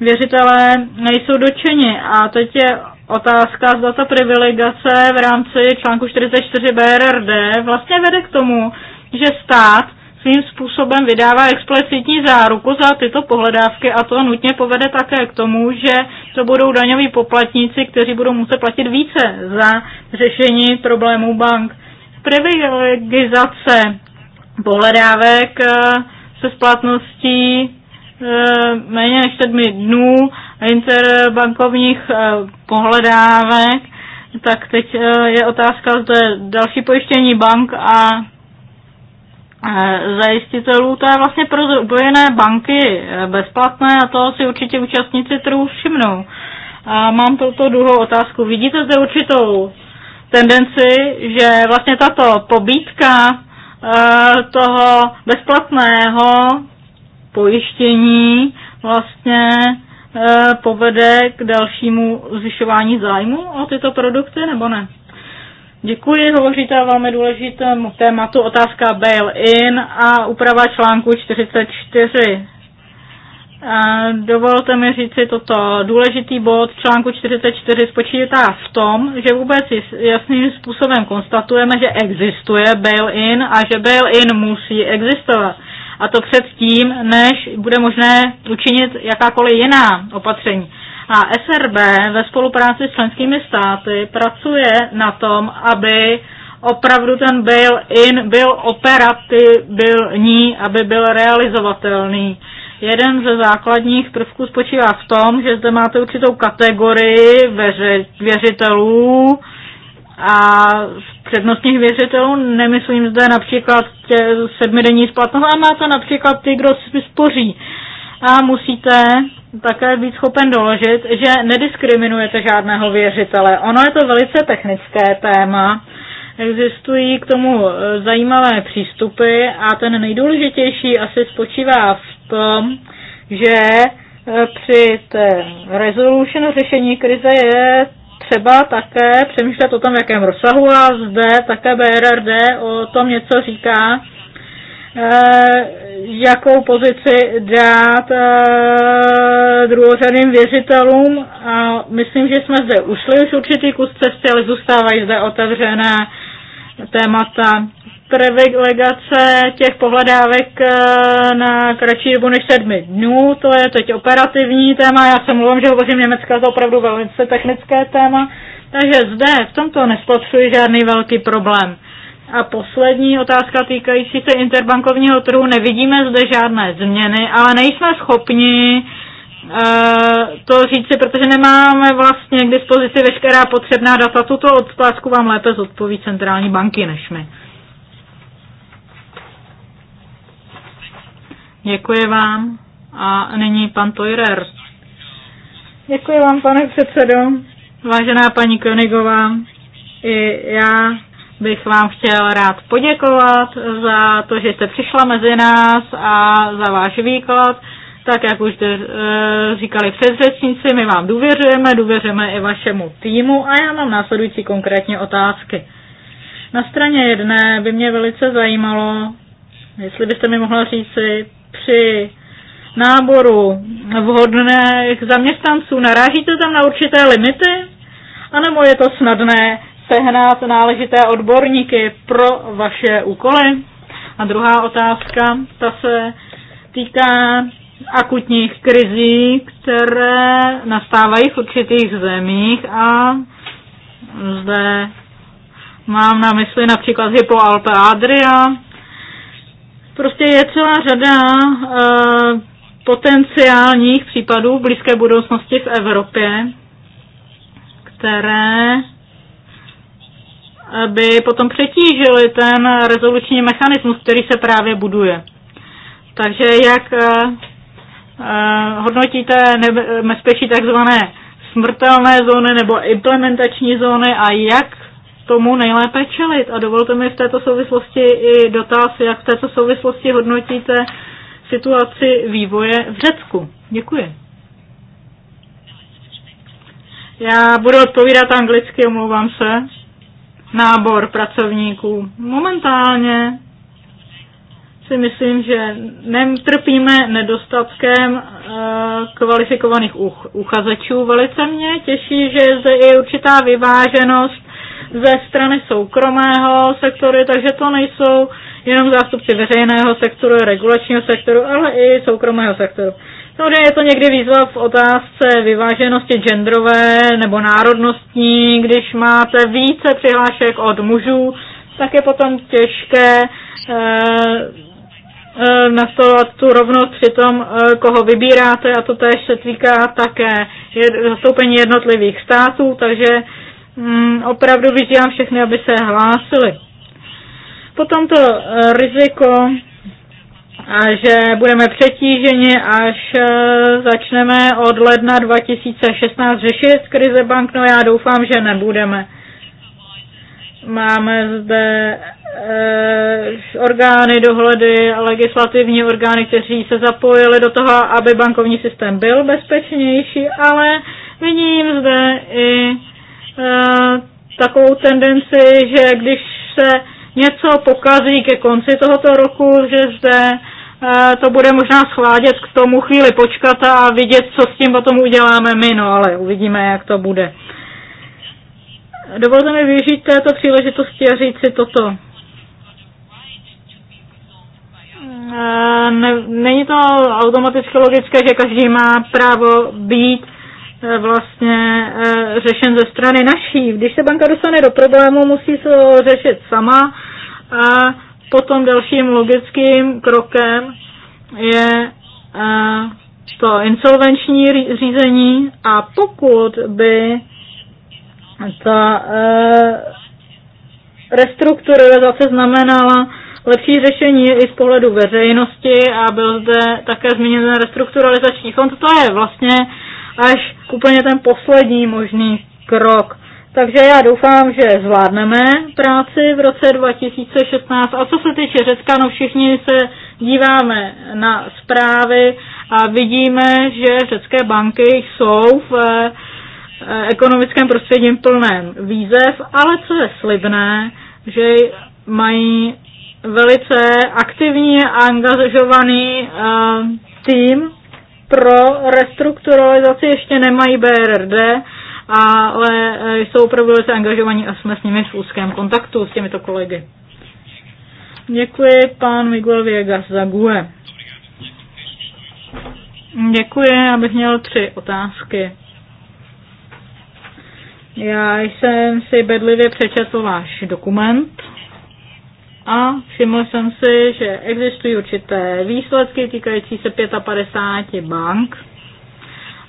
věřitelé nejsou dočeni. A teď je otázka, zda ta privilegace v rámci článku 44 BRD vlastně vede k tomu, že stát svým způsobem vydává explicitní záruku za tyto pohledávky a to nutně povede také k tomu, že to budou daňoví poplatníci, kteří budou muset platit více za řešení problémů bank. Privilegizace pohledávek eh, se splatností eh, méně než 7 dnů interbankovních eh, pohledávek, tak teď eh, je otázka, zda je další pojištění bank a eh, zajistitelů, to je vlastně pro zbrojené banky bezplatné a to si určitě účastníci trhu všimnou. A mám tuto druhou otázku. Vidíte zde určitou tendenci, že vlastně tato pobítka toho bezplatného pojištění vlastně Eh, povede k dalšímu zvyšování zájmu o tyto produkty nebo ne? Děkuji, hovoříte o velmi důležitém tématu otázka bail-in a úprava článku 44. Eh, dovolte mi říci toto. Důležitý bod článku 44 spočítá v tom, že vůbec jasným způsobem konstatujeme, že existuje bail-in a že bail-in musí existovat. A to předtím, než bude možné učinit jakákoliv jiná opatření. A SRB ve spolupráci s členskými státy pracuje na tom, aby opravdu ten bail-in byl operativní, aby byl realizovatelný. Jeden ze základních prvků spočívá v tom, že zde máte určitou kategorii věřitelů a přednostních věřitelů, nemyslím zde například tě sedmidenní splatnost, ale máte například ty, kdo spoří. A musíte také být schopen doložit, že nediskriminujete žádného věřitele. Ono je to velice technické téma, existují k tomu e, zajímavé přístupy a ten nejdůležitější asi spočívá v tom, že e, při té resolution řešení krize je třeba také přemýšlet o tom, v jakém rozsahu a zde také BRRD o tom něco říká, eh, jakou pozici dát eh, druhořadným věřitelům a myslím, že jsme zde ušli už určitý kus cesty, ale zůstávají zde otevřené témata privilegace těch pohledávek eh, na kratší dobu než sedmi dnů, to je teď operativní téma, já se mluvím, že hovořím Německa, to opravdu velice technické téma, takže zde v tomto nespatřuji žádný velký problém. A poslední otázka týkající se interbankovního trhu, nevidíme zde žádné změny, ale nejsme schopni eh, to říci, protože nemáme vlastně k dispozici veškerá potřebná data. Tuto otázku vám lépe zodpoví centrální banky než my. Děkuji vám. A nyní pan Tojrer. Děkuji vám, pane předsedo. Vážená paní Königová, i já bych vám chtěl rád poděkovat za to, že jste přišla mezi nás a za váš výklad. Tak, jak už jste, eh, říkali předřečníci, my vám důvěřujeme, důvěřujeme i vašemu týmu a já mám následující konkrétně otázky. Na straně jedné by mě velice zajímalo, jestli byste mi mohla říci, při náboru vhodných zaměstnanců? Narážíte tam na určité limity? A nebo je to snadné sehnat náležité odborníky pro vaše úkoly? A druhá otázka, ta se týká akutních krizí, které nastávají v určitých zemích a zde mám na mysli například Hypo Alpe Adria, Prostě je celá řada eh, potenciálních případů v blízké budoucnosti v Evropě, které eh, by potom přetížily ten rezoluční mechanismus, který se právě buduje. Takže jak eh, hodnotíte nebezpečí takzvané smrtelné zóny nebo implementační zóny a jak tomu nejlépe čelit. A dovolte mi v této souvislosti i dotaz, jak v této souvislosti hodnotíte situaci vývoje v Řecku. Děkuji. Já budu odpovídat anglicky, omlouvám se. Nábor pracovníků. Momentálně si myslím, že netrpíme nedostatkem eh, kvalifikovaných uchazečů. Velice mě těší, že je zde i určitá vyváženost ze strany soukromého sektoru, takže to nejsou jenom zástupci veřejného sektoru, regulačního sektoru, ale i soukromého sektoru. Samozřejmě je to někdy výzva v otázce vyváženosti genderové nebo národnostní, když máte více přihlášek od mužů, tak je potom těžké e, nastolovat tu rovnost při tom, eh, koho vybíráte a to též se týká také zastoupení jednotlivých států, takže mm, opravdu vyzývám všechny, aby se hlásili. Potom to eh, riziko, že budeme přetíženi, až eh, začneme od ledna 2016 řešit krize bank, no já doufám, že nebudeme. Máme zde eh, orgány dohledy, legislativní orgány, kteří se zapojili do toho, aby bankovní systém byl bezpečnější, ale vidím zde i Eh, takovou tendenci, že když se něco pokazí ke konci tohoto roku, že zde eh, to bude možná schvádět k tomu chvíli počkat a vidět, co s tím potom uděláme my, no ale uvidíme, jak to bude. Dovolte mi využít této příležitosti a říct si toto. Eh, ne, není to automaticky logické, že každý má právo být Eh, vlastně eh, řešen ze strany naší. Když se banka dostane do problému, musí se to řešit sama a potom dalším logickým krokem je eh, to insolvenční řízení a pokud by ta restrukturalizace znamenala lepší řešení i z pohledu veřejnosti a byl zde také zmíněn restrukturalizační fond, to je vlastně až úplně ten poslední možný krok. Takže já doufám, že zvládneme práci v roce 2016. A co se týče Řecka, no všichni se díváme na zprávy a vidíme, že řecké banky jsou v eh, ekonomickém prostředí plném výzev, ale co je slibné, že mají velice aktivní a angažovaný eh, tým pro restrukturalizaci ještě nemají BRD, ale jsou opravdu velice angažovaní a jsme s nimi v úzkém kontaktu, s těmito kolegy. Děkuji pán Miguel Viegas za GUE. Děkuji, abych měl tři otázky. Já jsem si bedlivě přečetl váš dokument a všiml jsem si, že existují určité výsledky týkající se 55 bank.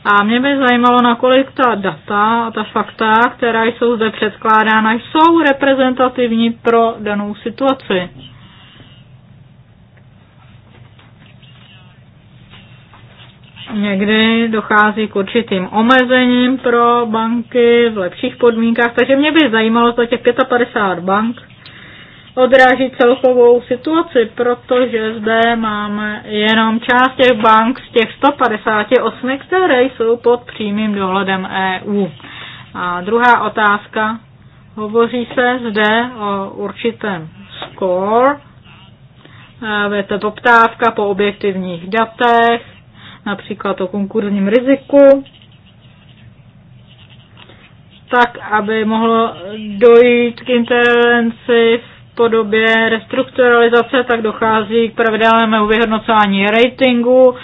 A mě by zajímalo, nakolik ta data a ta fakta, která jsou zde předkládána, jsou reprezentativní pro danou situaci. Někdy dochází k určitým omezením pro banky v lepších podmínkách, takže mě by zajímalo, za těch 55 bank odráží celkovou situaci, protože zde máme jenom část těch bank z těch 158, které jsou pod přímým dohledem EU. A druhá otázka. Hovoří se zde o určitém score, je to poptávka po objektivních datech, například o konkurzním riziku, tak, aby mohlo dojít k intervenci v podobě restrukturalizace, tak dochází k pravidelnému vyhodnocování ratingu.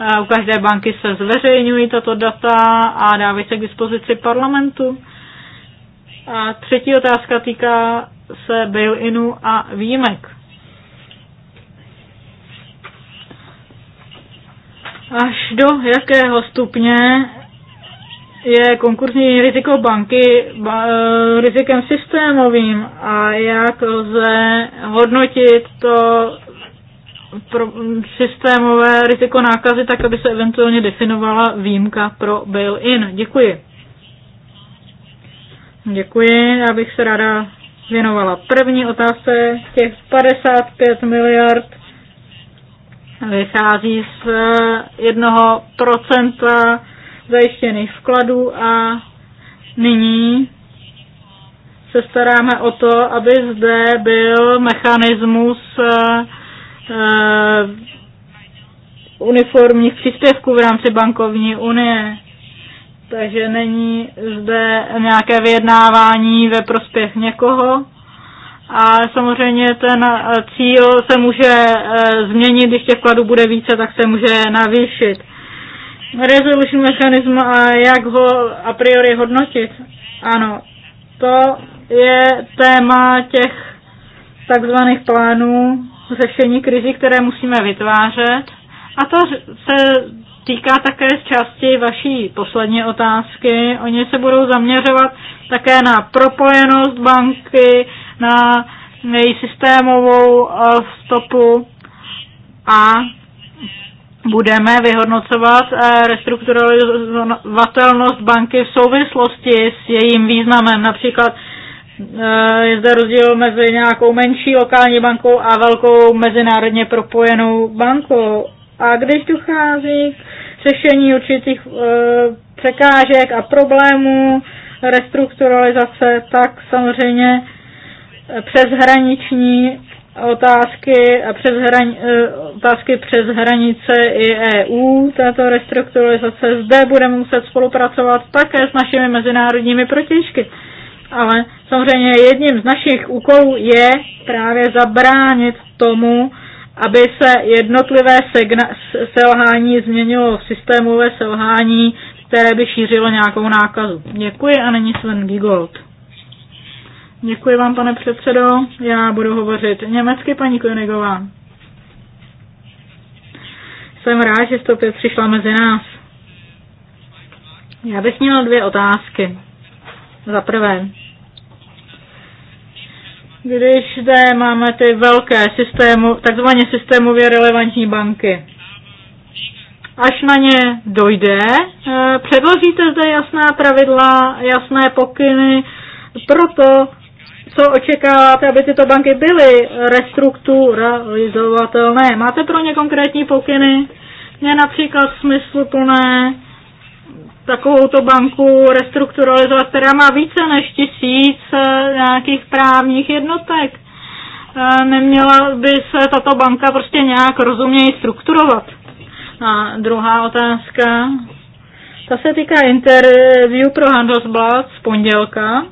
Eh, u každé banky se zveřejňují tato data a dávají se k dispozici parlamentu. A třetí otázka týká se bail-inu a výjimek. Až do jakého stupně je konkurzní riziko banky ba, eh, rizikem systémovým a jak lze hodnotit to pro, systémové riziko nákazy tak, aby se eventuálně definovala výjimka pro bail-in. Děkuji. Děkuji, já bych se ráda věnovala první otázce. Těch 55 miliard vychází z jednoho procenta zajištěných vkladů a nyní se staráme o to, aby zde byl mechanismus eh, eh, uniformních příspěvků v rámci bankovní unie. Takže není zde nějaké vyjednávání ve prospěch někoho. A samozřejmě ten eh, cíl se může změnit, když těch vkladů bude více, tak se může navýšit resolution mechanismu a jak ho a priori hodnotit. Ano, to je téma těch takzvaných plánů řešení krizi, které musíme vytvářet. A to se týká také z části vaší poslední otázky. Oni se budou zaměřovat také na propojenost banky, na její systémovou eh, stopu a budeme vyhodnocovat eh, restrukturalizovatelnost banky v souvislosti s jejím významem. Například eh, je zde rozdíl mezi nějakou menší lokální bankou a velkou mezinárodně propojenou bankou. A když dochází k řešení určitých eh, překážek a problémů restrukturalizace, tak samozřejmě přeshraniční otázky, přes hran, eh, otázky přes hranice i EU této restrukturalizace. Zde budeme muset spolupracovat také s našimi mezinárodními protěžky. Ale samozřejmě jedním z našich úkolů je právě zabránit tomu, aby se jednotlivé selhání změnilo v systémové selhání, které by šířilo nějakou nákazu. Děkuji a není Sven Gigold. Děkuji vám, pane předsedo. Já budu hovořit německy, paní Königová. Jsem rád, že jste opět přišla mezi nás. Já bych měla dvě otázky. Za prvé, když zde máme ty velké systému, takzvaně systémově relevantní banky, až na ně dojde, eh, předložíte zde jasná pravidla, jasné pokyny, proto co očekáváte, aby tyto banky byly restrukturalizovatelné? Máte pro ně konkrétní pokyny? Mě například smysluplné takovouto banku restrukturalizovat, která má více než tisíc eh, nějakých právních jednotek. Eh, neměla by se tato banka prostě nějak rozuměji strukturovat? A druhá otázka, ta se týká interview pro Handelsblad z pondělka.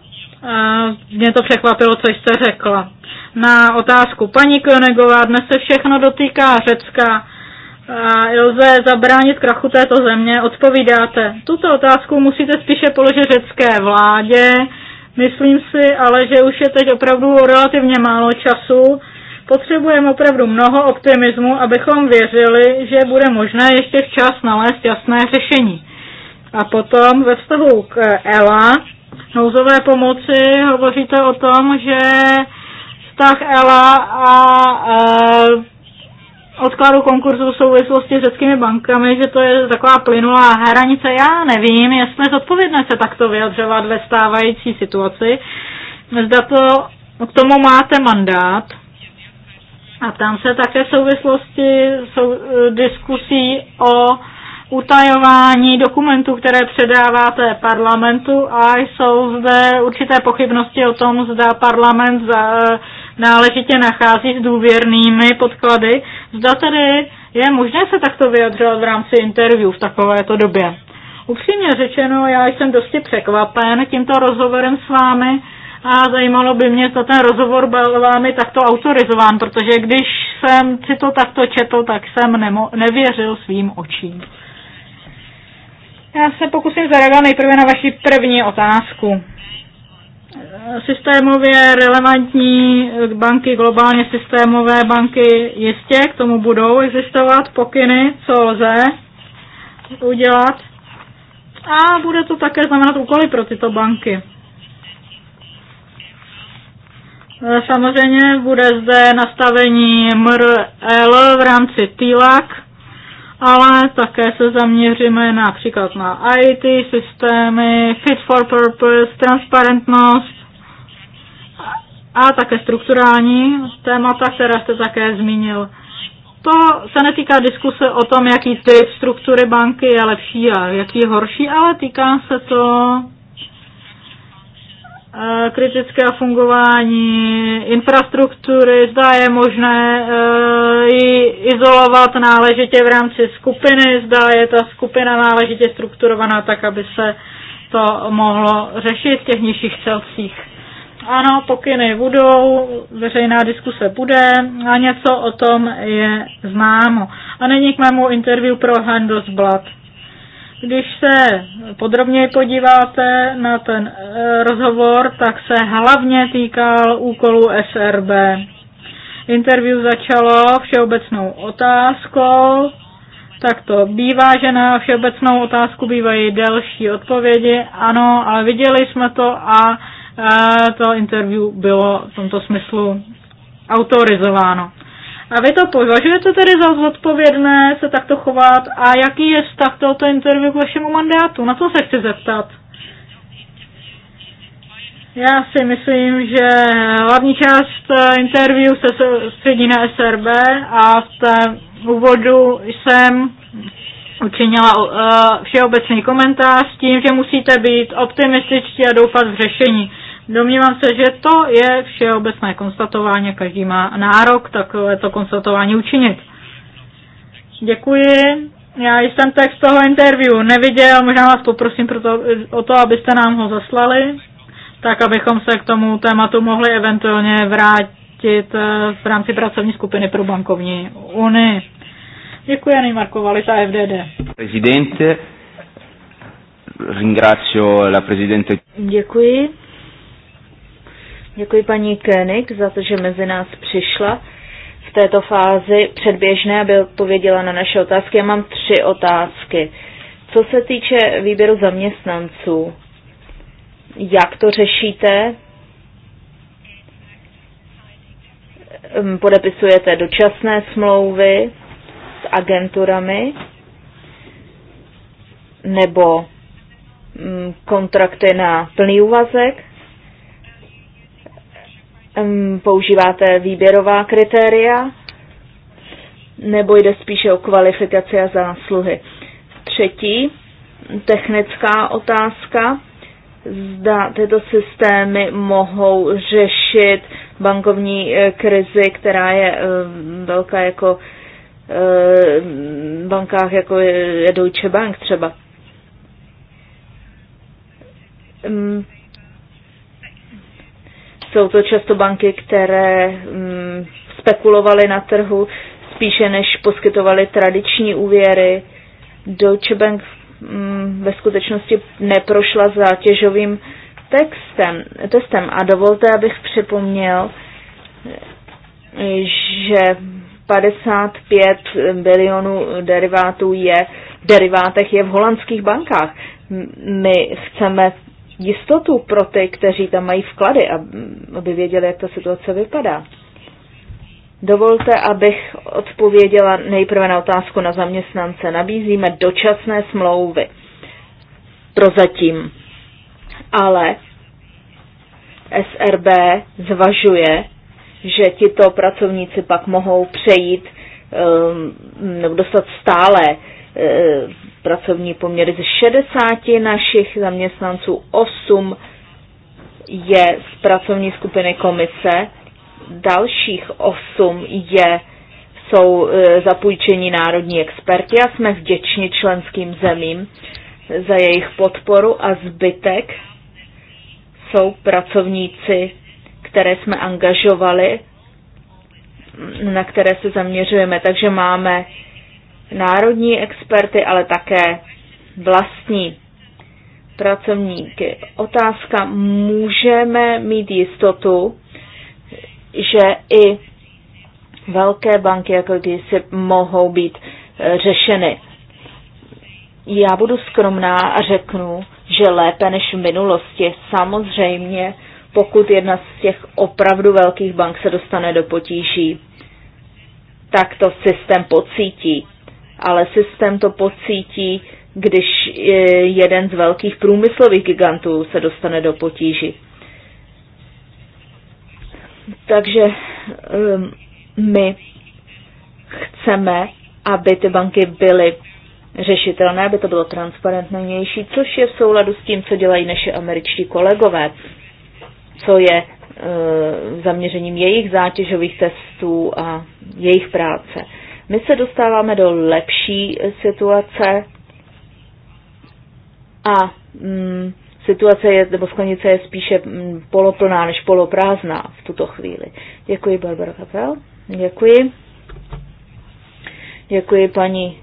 Mě to překvapilo, co jste řekla. Na otázku paní Königová, dnes se všechno dotýká Řecka. Lze zabránit krachu této země? Odpovídáte. Tuto otázku musíte spíše položit řecké vládě. Myslím si ale, že už je teď opravdu relativně málo času. Potřebujeme opravdu mnoho optimismu, abychom věřili, že bude možné ještě včas nalézt jasné řešení. A potom ve vztahu k ELA nouzové pomoci. Hovoříte o tom, že vztah ELA a e, odkladu konkurzu v souvislosti s řeckými bankami, že to je taková plynulá hranice. Já nevím, jestli zodpovědné se takto vyjadřovat ve stávající situaci. Zda to, k tomu máte mandát. A tam se také v souvislosti sou, diskusí o utajování dokumentů, které předáváte parlamentu a jsou zde určité pochybnosti o tom, zda parlament za, e, náležitě nachází s důvěrnými podklady. Zda tedy je možné se takto vyjadřovat v rámci interview v takovéto době. Upřímně řečeno, já jsem dosti překvapen tímto rozhovorem s vámi a zajímalo by mě, co ten rozhovor byl vámi takto autorizován, protože když jsem si to takto četl, tak jsem nemo- nevěřil svým očím. Já se pokusím zareagovat nejprve na vaši první otázku. Systémově relevantní banky, globálně systémové banky, jistě k tomu budou existovat pokyny, co lze udělat. A bude to také znamenat úkoly pro tyto banky. E, samozřejmě bude zde nastavení MRL v rámci TILAC, ale také se zaměříme například na IT systémy, fit for purpose, transparentnost a také strukturální témata, která jste také zmínil. To se netýká diskuse o tom, jaký typ struktury banky je lepší a jaký je horší, ale týká se to Eh, kritického fungování infrastruktury, zda je možné eh, ji izolovat náležitě v rámci skupiny, zda je ta skupina náležitě strukturovaná tak, aby se to mohlo řešit v těch nižších celcích. Ano, pokyny budou, veřejná diskuse bude a něco o tom je známo. A není k mému interview pro Handelsblatt. Když se podrobně podíváte na ten eh, rozhovor, tak se hlavně týkal úkolu SRB. Interview začalo všeobecnou otázkou, tak to bývá, že na všeobecnou otázku bývají delší odpovědi, ano, ale viděli jsme to a eh, to interview bylo v tomto smyslu autorizováno. A vy to považujete tedy za zodpovědné se takto chovat a jaký je vztah tohoto interview k vašemu mandátu? Na to se chci zeptat. Já si myslím, že hlavní část eh, interview se středí na SRB a v té úvodu jsem učinila eh, všeobecný komentář s tím, že musíte být optimističtí a doufat v řešení. Domnívám se, že to je všeobecné konstatování, každý má nárok takovéto konstatování učinit. Děkuji. Já jsem text toho interview neviděl, možná vás poprosím proto, o to, abyste nám ho zaslali, tak abychom se k tomu tématu mohli eventuálně vrátit eh, v rámci pracovní skupiny pro bankovní unii. Děkuji, Jany Marko, Valita FDD. Prezidente, ringrazio la prezidente. Děkuji. Děkuji paní Koenig za to, že mezi nás přišla v této fázi předběžné, aby odpověděla na naše otázky. Já mám tři otázky. Co se týče výběru zaměstnanců, jak to řešíte? Hm, podepisujete dočasné smlouvy s agenturami nebo hm, kontrakty na plný úvazek? Používáte výběrová kritéria nebo jde spíše o kvalifikaci a zásluhy? Třetí technická otázka. Zda tyto systémy mohou řešit bankovní eh, krizi, která je eh, velká jako eh, bankách, jako je Deutsche Bank třeba jsou to často banky, které mm, spekulovaly na trhu spíše než poskytovaly tradiční úvěry. Deutsche Bank mm, ve skutečnosti neprošla zátěžovým textem, testem. A dovolte, abych připomněl, že 55 bilionů derivátů je v derivátech je v holandských bankách. My chceme jistotu pro ty, kteří tam mají vklady, aby věděli, jak ta situace vypadá. Dovolte, abych odpověděla nejprve na otázku na zaměstnance. Nabízíme dočasné smlouvy. Prozatím. Ale SRB zvažuje, že tito pracovníci pak mohou přejít um, nebo dostat stále E, pracovní poměry. Z 60 našich zaměstnanců 8 je z pracovní skupiny komise, dalších 8 je jsou e, zapůjčení národní experti a jsme vděční členským zemím za jejich podporu a zbytek jsou pracovníci, které jsme angažovali, na které se zaměřujeme. Takže máme národní experty, ale také vlastní pracovníky. Otázka, můžeme mít jistotu, že i velké banky jako si mohou být e, řešeny. Já budu skromná a řeknu, že lépe než v minulosti. Samozřejmě, pokud jedna z těch opravdu velkých bank se dostane do potíží, tak to systém pocítí ale systém to pocítí, když eh, jeden z velkých průmyslových gigantů se dostane do potíží. Takže ehm, my chceme, aby ty banky byly řešitelné, aby to bylo transparentnější, což je v souladu s tím, co dělají naše američtí kolegové, co je eh, zaměřením jejich zátěžových testů a jejich práce. My se dostáváme do lepší situace a mm, situace je, nebo sklenice je spíše mm, poloplná než poloprázdná v tuto chvíli. Děkuji, Barbara Kapel. Děkuji. Děkuji paní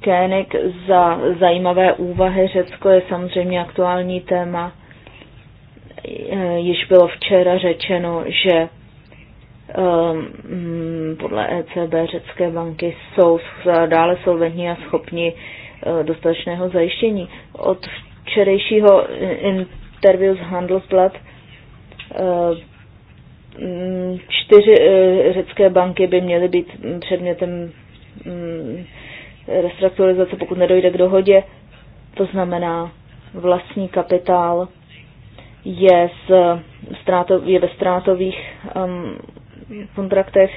Kénik za zajímavé úvahy. Řecko je samozřejmě aktuální téma. E, již bylo včera řečeno, že Ehm, mm, podle ECB řecké banky jsou dále solventní a schopni eh, dostatečného zajištění. Od včerejšího interview z Handelsblatt ehm, čtyři eh, řecké banky by měly být předmětem mm, restrukturalizace, pokud nedojde k dohodě. To znamená, vlastní kapitál je, z, je ve ztrátových ehm, kontraktech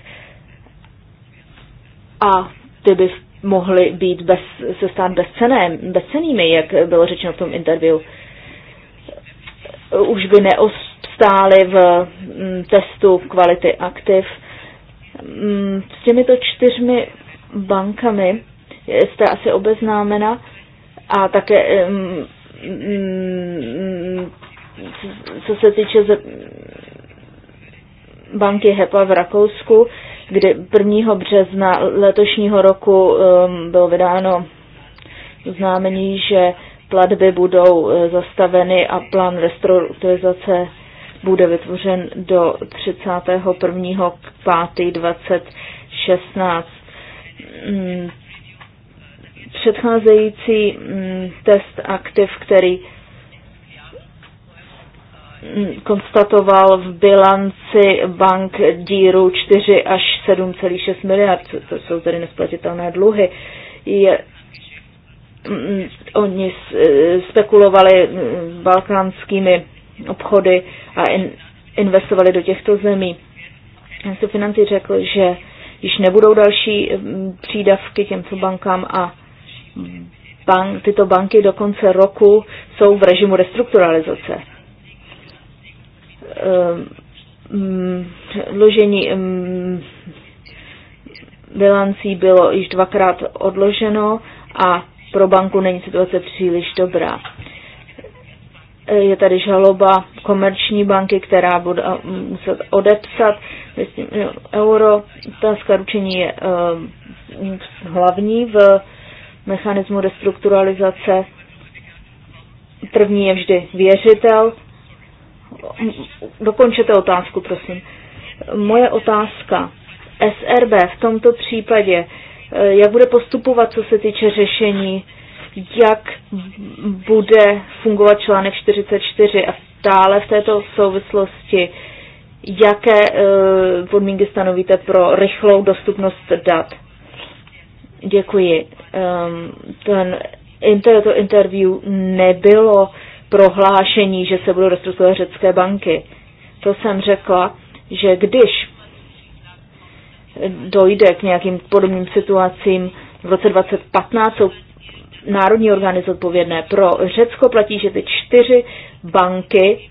a ty by mohly být bez, se stát bezcené, bezcenými, jak bylo řečeno v tom interview. Už by neostály v mm, testu kvality aktiv. Mm, s těmito čtyřmi bankami jste asi obeznámena a také mm, co se týče banky HEPA v Rakousku, kdy 1. března letošního roku um, bylo vydáno oznámení, že platby budou eh, zastaveny a plán restrukturizace bude vytvořen do 31.5.2016. 2016. Mm, předcházející mm, test aktiv, který konstatoval v bilanci bank díru 4 až 7,6 miliard, to jsou tedy nesplatitelné dluhy. Je, mm, oni e, spekulovali balkánskými obchody a in, investovali do těchto zemí. Ministr financí řekl, že již nebudou další mm, přídavky těmto bankám a bank, tyto banky do konce roku jsou v režimu restrukturalizace odložení eh, mm, mm, bilancí bylo již dvakrát odloženo a pro banku není situace příliš dobrá. Eh, je tady žaloba komerční banky, která bude eh, muset odepsat euro. Ta ručení je hlavní v mechanismu restrukturalizace. První je vždy věřitel, dokončete otázku, prosím. Moje otázka. SRB v tomto případě, eh, jak bude postupovat, co se týče řešení, jak bude fungovat článek 44 a dále v této souvislosti, jaké eh, podmínky stanovíte pro rychlou dostupnost dat. Děkuji. Ehm, ten, inter, to interview nebylo prohlášení, že se budou restrukturovat řecké banky. To jsem řekla, že když dojde k nějakým podobným situacím v roce 2015, jsou národní orgány zodpovědné. Pro Řecko platí, že ty čtyři banky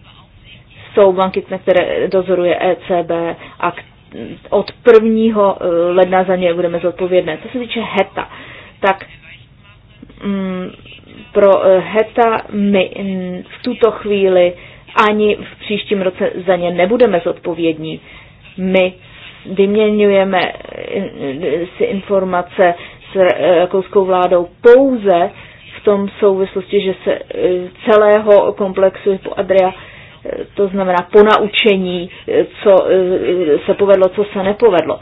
jsou banky, na které dozoruje ECB a od 1. Eh, ledna za ně budeme zodpovědné. Co se týče HETA, tak Mm, pro eh, HETA my mm, v tuto chvíli ani v příštím roce za ně nebudeme zodpovědní. My vyměňujeme eh, eh, si informace s rakouskou vládou pouze v tom souvislosti, že se celého komplexu po Adria, to znamená po naučení, co se povedlo, co se nepovedlo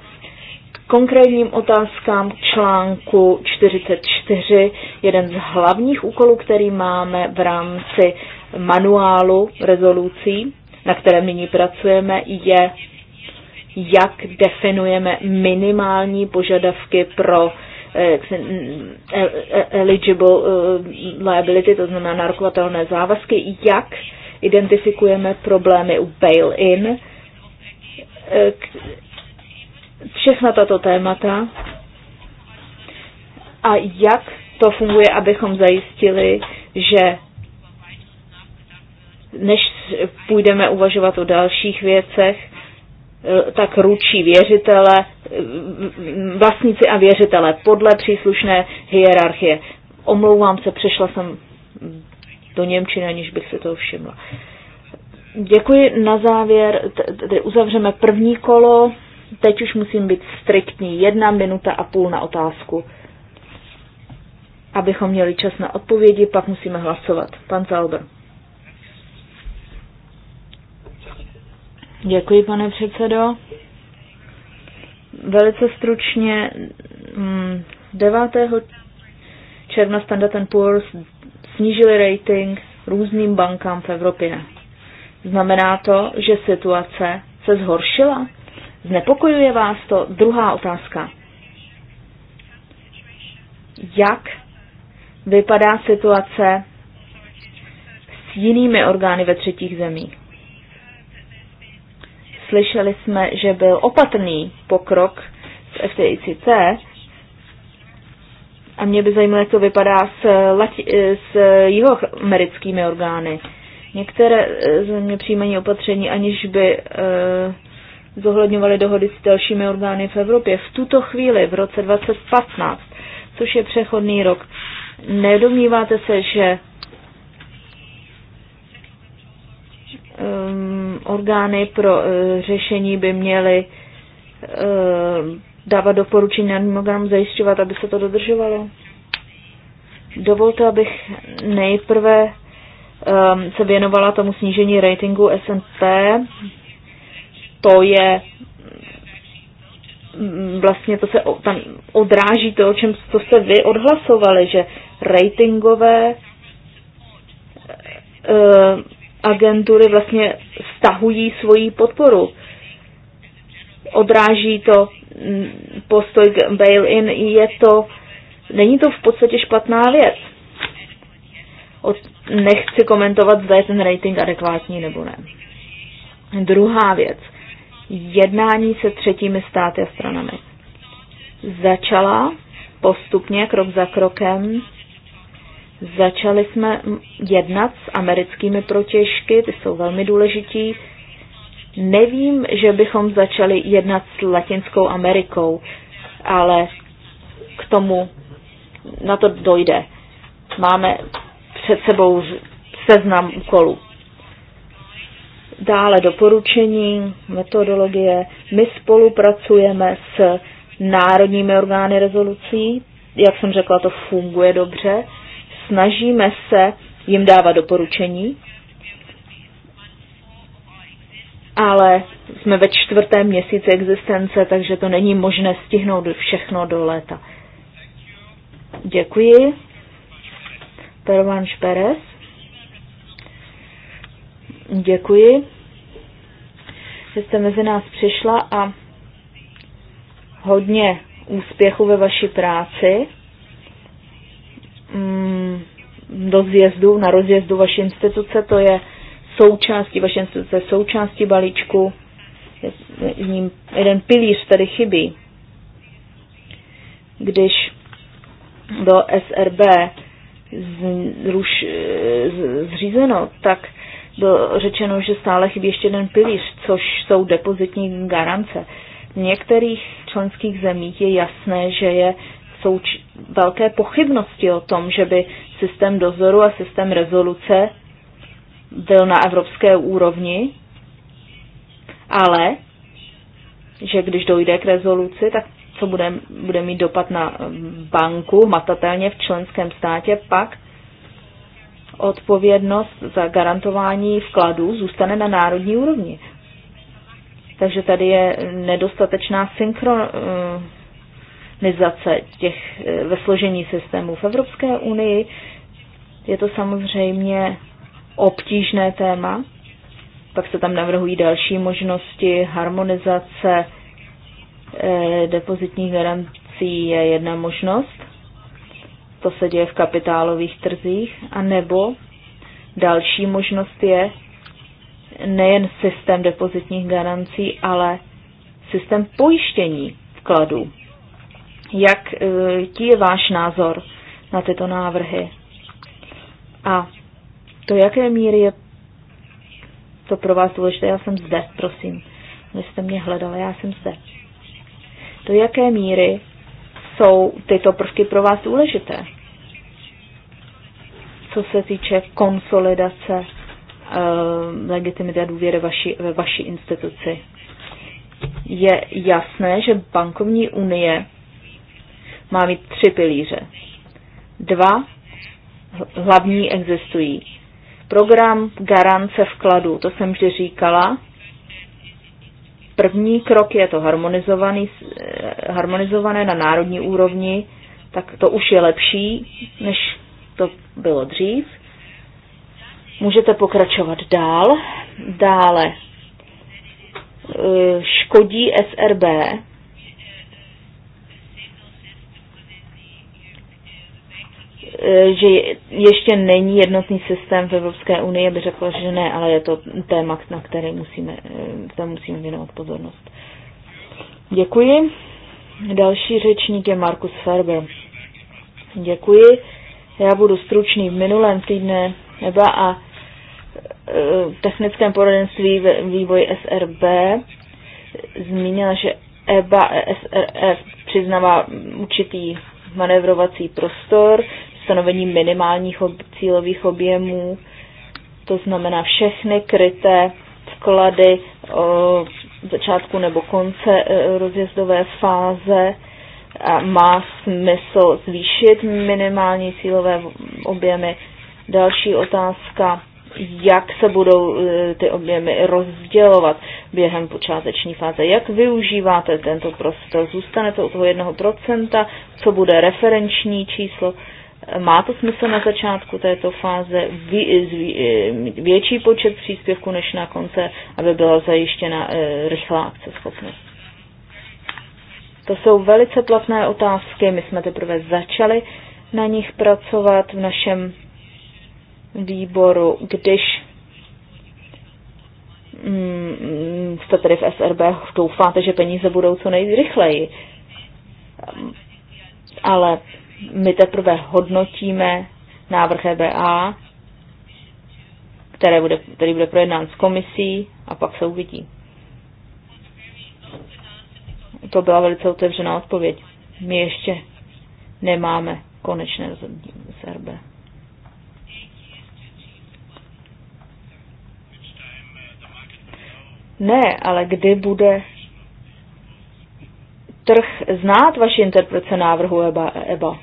konkrétním otázkám k článku 44. Jeden z hlavních úkolů, který máme v rámci manuálu rezolucí, na kterém nyní pracujeme, je, jak definujeme minimální požadavky pro eh, mm, eh, eh, eligible liability, to znamená nárokovatelné závazky, jak identifikujeme problémy u bail-in, všechna tato témata a jak to funguje, abychom zajistili, že než půjdeme uvažovat o dalších věcech, eh, tak ručí věřitele, eh, vlastníci a věřitele podle příslušné hierarchie. Omlouvám se, přešla jsem do Němčiny, aniž bych se toho všimla. Děkuji. Na závěr tedy uzavřeme první kolo. Teď už musím být striktní. Jedna minuta a půl na otázku. Abychom měli čas na odpovědi, pak musíme hlasovat. Pan Zalber. Děkuji, pane předsedo. Velice stručně 9. Mm, června Standard Poor's snížili rating různým bankám v Evropě. Znamená to, že situace se zhoršila? Znepokojuje vás to? Druhá otázka. Jak vypadá situace s jinými orgány ve třetích zemích? Slyšeli jsme, že byl opatrný pokrok s FTICC a mě by zajímalo, jak to vypadá s, lati- s jihoamerickými orgány. Některé země přijímají opatření, aniž by eh, zohledňovaly dohody s dalšími orgány v Evropě. V tuto chvíli, v roce 2015, což je přechodný rok, nedomníváte se, že um, orgány pro uh, řešení by měly uh, dávat doporučení harmonogram, zajišťovat, aby se to dodržovalo? Dovolte, abych nejprve um, se věnovala tomu snížení ratingu S&P to je mm, vlastně to se tam odráží to, o čem to se vy odhlasovali, že ratingové eh, agentury vlastně stahují svoji podporu. Odráží to mm, postoj bail-in, je to, není to v podstatě špatná věc. Od, nechci komentovat, zda je ten rating adekvátní nebo ne. Druhá věc – jednání se třetími státy a stranami. Začala postupně, krok za krokem. Začali jsme jednat s americkými protěžky, ty jsou velmi důležití. Nevím, že bychom začali jednat s Latinskou Amerikou, ale k tomu na to dojde. Máme před sebou seznam úkolů. Dále doporučení, metodologie. My spolupracujeme s národními orgány rezolucí. Jak jsem řekla, to funguje dobře. Snažíme se jim dávat doporučení, ale jsme ve čtvrtém měsíci existence, takže to není možné stihnout všechno do léta. Děkuji. Pervanš Perez. Děkuji, že jste mezi nás přišla a hodně úspěchu ve vaší práci. Mm, do zjezdu, na rozjezdu vaší instituce, to je součástí vaší instituce, součástí balíčku, ním jeden pilíř tady chybí. Když do SRB zruš, zřízeno, tak bylo řečeno, že stále chybí ještě jeden pilíř, což jsou depozitní garance. V některých členských zemích je jasné, že je, jsou velké pochybnosti o tom, že by systém dozoru a systém rezoluce byl na evropské úrovni, ale že když dojde k rezoluci, tak co bude, bude mít dopad na eh, banku matatelně v členském státě, pak odpovědnost za garantování vkladů zůstane na národní úrovni. Takže tady je nedostatečná synchronizace těch eh, ve složení systémů. V Evropské unii je to samozřejmě obtížné téma, pak se tam navrhují další možnosti, harmonizace eh, depozitních garancí je jedna možnost to se děje v kapitálových trzích, a nebo další možnost je nejen systém depozitních garancí, ale systém pojištění vkladů. Jak e, ti je váš názor na tyto návrhy? A do jaké míry je to pro vás důležité? Já jsem zde, prosím. Vy jste mě hledala, já jsem zde. Do jaké míry jsou tyto prvky pro vás důležité? Co se týče konsolidace eh, legitimity a důvěry vaši, ve vaší instituci. Je jasné, že bankovní unie má mít tři pilíře. Dva hlavní existují. Program garance vkladů, to jsem vždy říkala, První krok je to harmonizovaný, eh, harmonizované na národní úrovni, tak to už je lepší, než to bylo dřív. Můžete pokračovat dál. Dále eh, škodí SRB Eh, že ještě není jednotný systém v Evropské unii, aby řekla, že ne, ale je to téma, na které musíme, eh, tam musíme věnovat pozornost. Děkuji. Další řečník je Markus Ferber. Děkuji. Já budu stručný. V minulém týdne EBA a v eh, technickém poradenství vývoj vývoji SRB zmínila, že EBA a SRF přiznává určitý manevrovací prostor stanovení minimálních ob- cílových objemů, to znamená všechny kryté vklady o začátku nebo konce e, rozjezdové fáze. A má smysl zvýšit minimální cílové objemy. Další otázka, jak se budou e, ty objemy rozdělovat během počáteční fáze. Jak využíváte tento prostor? Zůstane to u toho jednoho procenta, co bude referenční číslo? Má to smysl na začátku této fáze e, větší počet příspěvků než na konce, aby byla zajištěna e, rychlá akceschopnost? To jsou velice platné otázky, my jsme teprve začali na nich pracovat v našem výboru, když mm, jste tady v SRB, doufáte, že peníze budou co nejrychleji. Ale my teprve hodnotíme návrh EBA, které bude, který bude projednán s komisí a pak se uvidí. To byla velice otevřená odpověď. My ještě nemáme konečné rozhodnutí z RB. Ne, ale kdy bude trh znát vaši interpretace návrhu EBA? EBA?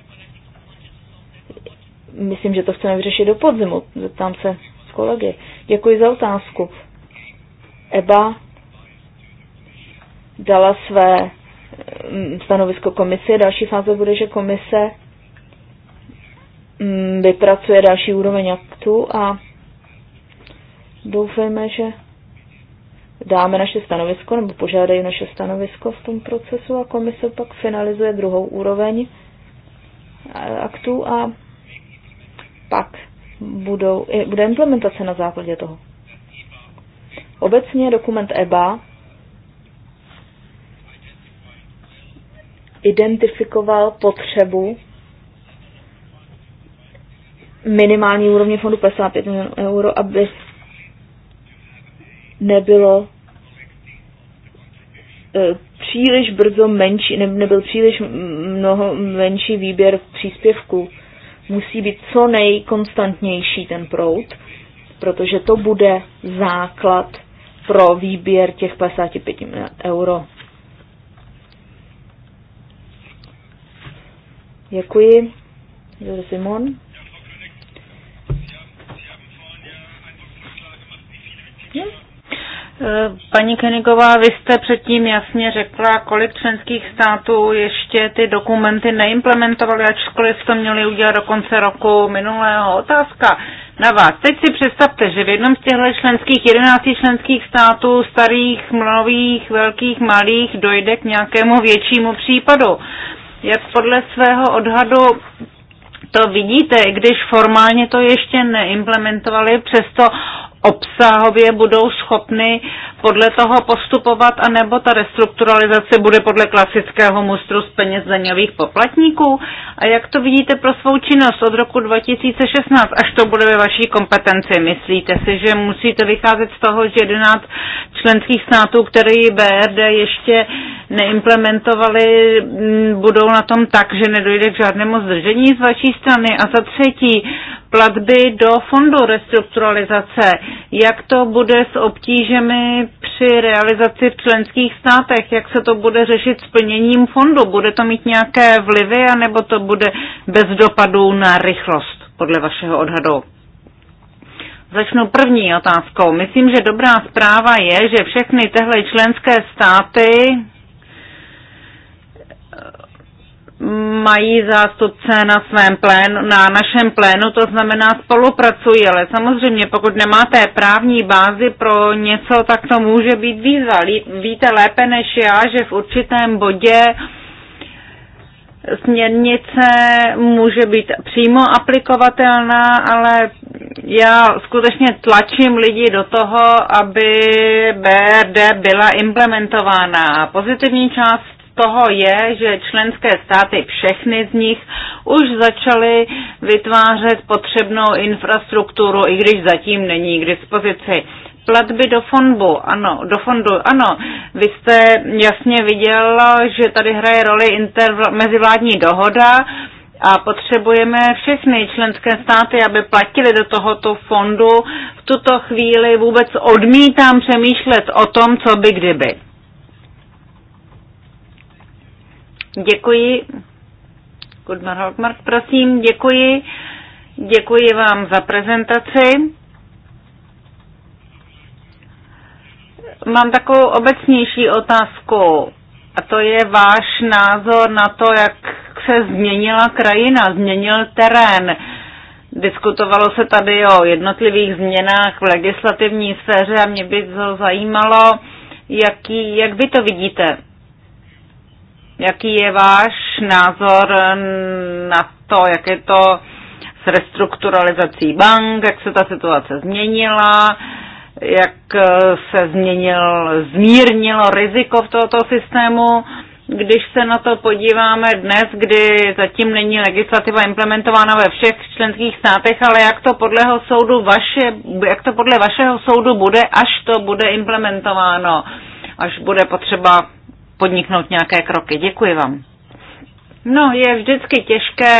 myslím, že to chceme vyřešit do podzimu. Zeptám se kolegy. Děkuji za otázku. EBA dala své mm, stanovisko komise. Další fáze bude, že komise mm, vypracuje další úroveň aktu a doufejme, že dáme naše stanovisko nebo požádají naše stanovisko v tom procesu a komise pak finalizuje druhou úroveň aktu a pak budou, bude implementace na základě toho. Obecně dokument EBA identifikoval potřebu minimální úrovně fondu 55 milionů euro, aby nebylo e, příliš brzo menší, nebyl příliš mnoho menší výběr příspěvků musí být co nejkonstantnější ten proud, protože to bude základ pro výběr těch 55 euro. Děkuji. Josef Simon. Eh, paní Keniková, vy jste předtím jasně řekla, kolik členských států ještě ty dokumenty neimplementovaly, ačkoliv to měli udělat do konce roku minulého. Otázka na vás. Teď si představte, že v jednom z těchto členských, 11 členských států, starých, mladých, velkých, malých, dojde k nějakému většímu případu. Jak podle svého odhadu to vidíte, i když formálně to ještě neimplementovali, přesto obsahově budou schopny podle toho postupovat, anebo ta restrukturalizace bude podle klasického mustru z peněz daňových poplatníků? A jak to vidíte pro svou činnost od roku 2016, až to bude ve vaší kompetenci? Myslíte si, že musíte vycházet z toho, že 11 členských států, které BRD ještě neimplementovali, budou na tom tak, že nedojde k žádnému zdržení z vaší strany? A za třetí, platby do fondu restrukturalizace. Jak to bude s obtížemi při realizaci v členských státech? Jak se to bude řešit s plněním fondu? Bude to mít nějaké vlivy, anebo to bude bez dopadů na rychlost, podle vašeho odhadu? Začnu první otázkou. Myslím, že dobrá zpráva je, že všechny tehle členské státy mají zástupce na svém plénu, na našem plénu, to znamená spolupracují, ale samozřejmě pokud nemáte právní bázi pro něco, tak to může být výzva. Víte lépe než já, že v určitém bodě směrnice může být přímo aplikovatelná, ale já skutečně tlačím lidi do toho, aby BRD byla implementována. Pozitivní část toho je, že členské státy, všechny z nich, už začaly vytvářet potřebnou infrastrukturu, i když zatím není k dispozici. Platby do fondu, ano, do fondu, ano. Vy jste jasně viděl, že tady hraje roli mezivládní dohoda, a potřebujeme všechny členské státy, aby platili do tohoto fondu. V tuto chvíli vůbec odmítám přemýšlet o tom, co by kdyby. Děkuji. Goodman Holkmark, prosím, děkuji. Děkuji vám za prezentaci. Mám takovou obecnější otázku a to je váš názor na to, jak se změnila krajina, změnil terén. Diskutovalo se tady o jednotlivých změnách v legislativní sféře a mě by to zajímalo, jaký, jak vy to vidíte. Jaký je váš názor na to, jak je to s restrukturalizací bank, jak se ta situace změnila, jak se změnil, zmírnilo riziko v tohoto systému. Když se na to podíváme dnes, kdy zatím není legislativa implementována ve všech členských státech, ale jak to podle, soudu vaše, jak to podle vašeho soudu bude, až to bude implementováno, až bude potřeba podniknout nějaké kroky. Děkuji vám. No, je vždycky těžké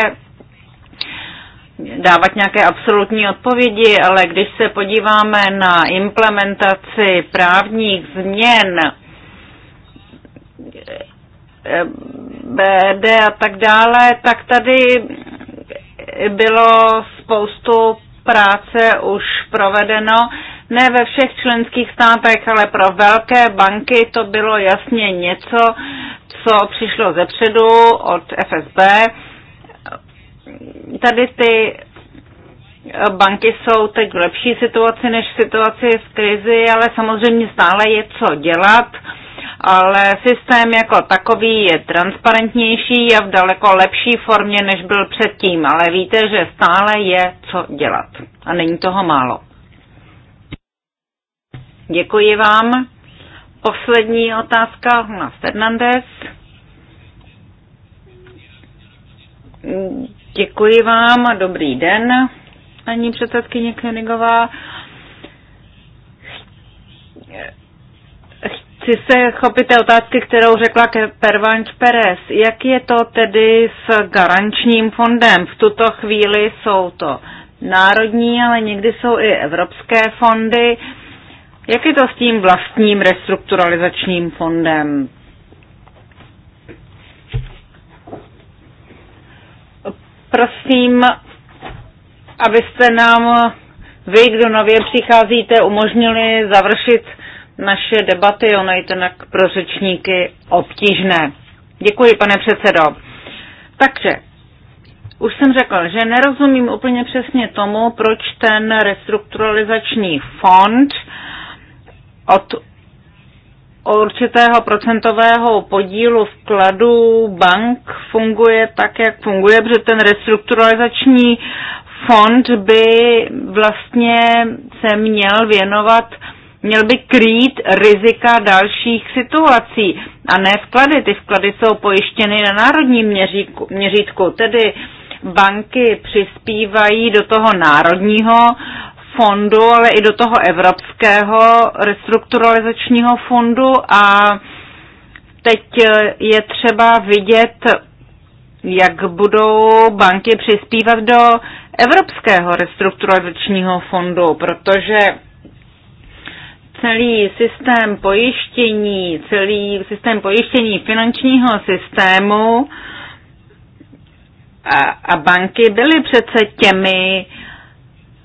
dávat nějaké absolutní odpovědi, ale když se podíváme na implementaci právních změn, BD a tak dále, tak tady bylo spoustu práce už provedeno ne ve všech členských státech, ale pro velké banky to bylo jasně něco, co přišlo ze předu od FSB. Tady ty banky jsou teď v lepší situaci než v situaci v krizi, ale samozřejmě stále je co dělat ale systém jako takový je transparentnější a v daleko lepší formě, než byl předtím, ale víte, že stále je co dělat a není toho málo. Děkuji vám. Poslední otázka, na Fernandez. Děkuji vám a dobrý den, paní předsedkyně Königová. Chci se chopit té otázky, kterou řekla Pervanč Perez. Jak je to tedy s garančním fondem? V tuto chvíli jsou to národní, ale někdy jsou i evropské fondy. Jak je to s tím vlastním restrukturalizačním fondem? Prosím, abyste nám, vy, kdo nově přicházíte, umožnili završit naše debaty, ono je to pro řečníky obtížné. Děkuji, pane předsedo. Takže, už jsem řekl, že nerozumím úplně přesně tomu, proč ten restrukturalizační fond od určitého procentového podílu vkladů bank funguje tak, jak funguje, protože ten restrukturalizační fond by vlastně se měl věnovat, měl by krýt rizika dalších situací a ne vklady. Ty vklady jsou pojištěny na národním měřítku, tedy banky přispívají do toho národního fondu, ale i do toho Evropského restrukturalizačního fondu a teď je třeba vidět, jak budou banky přispívat do Evropského restrukturalizačního fondu, protože celý systém pojištění, celý systém pojištění finančního systému a, a banky byly přece těmi,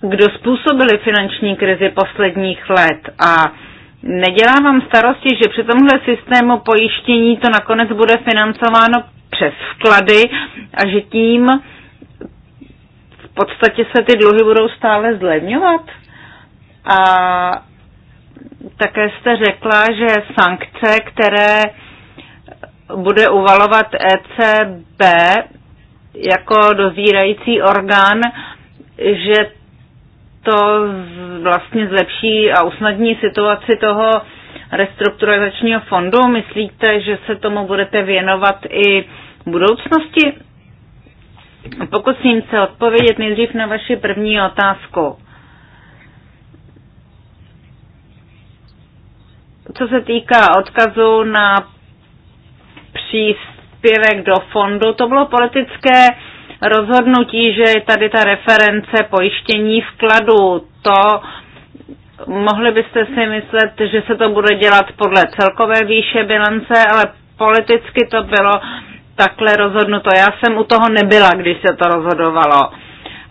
kdo způsobili finanční krizi posledních let a nedělá vám starosti, že při tomhle systému pojištění to nakonec bude financováno přes vklady a že tím v podstatě se ty dluhy budou stále zlevňovat? A také jste řekla, že sankce, které bude uvalovat ECB jako dozírající orgán, že to vlastně zlepší a usnadní situaci toho restrukturalizačního fondu? Myslíte, že se tomu budete věnovat i v budoucnosti? Pokud s ním chce odpovědět nejdřív na vaši první otázku. Co se týká odkazu na příspěvek do fondu, to bylo politické rozhodnutí, že je tady ta reference pojištění vkladu. To mohli byste si myslet, že se to bude dělat podle celkové výše bilance, ale politicky to bylo takhle rozhodnuto. Já jsem u toho nebyla, když se to rozhodovalo.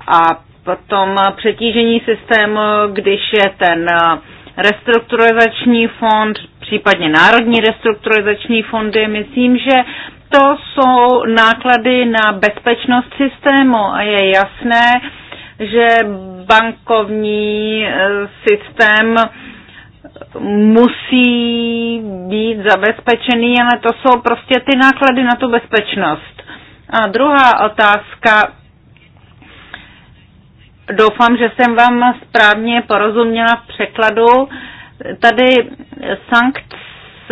A potom přetížení systému, když je ten eh, restrukturalizační fond, případně národní restrukturalizační fondy, myslím, že to jsou náklady na bezpečnost systému a je jasné, že bankovní eh, systém eh, musí být zabezpečený, ale to jsou prostě ty náklady na tu bezpečnost. A druhá otázka. Doufám, že jsem vám správně porozuměla v překladu. Tady sankce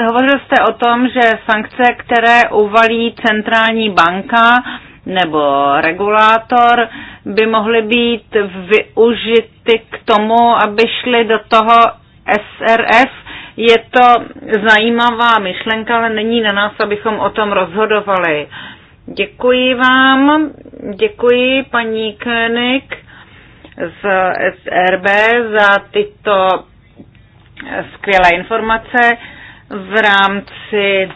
Hovořil jste o tom, že sankce, které uvalí centrální banka nebo regulátor, by mohly být využity k tomu, aby šly do toho SRF. Je to zajímavá myšlenka, ale není na nás, abychom o tom rozhodovali. Děkuji vám, děkuji paní König z SRB za tyto skvělé informace v rámci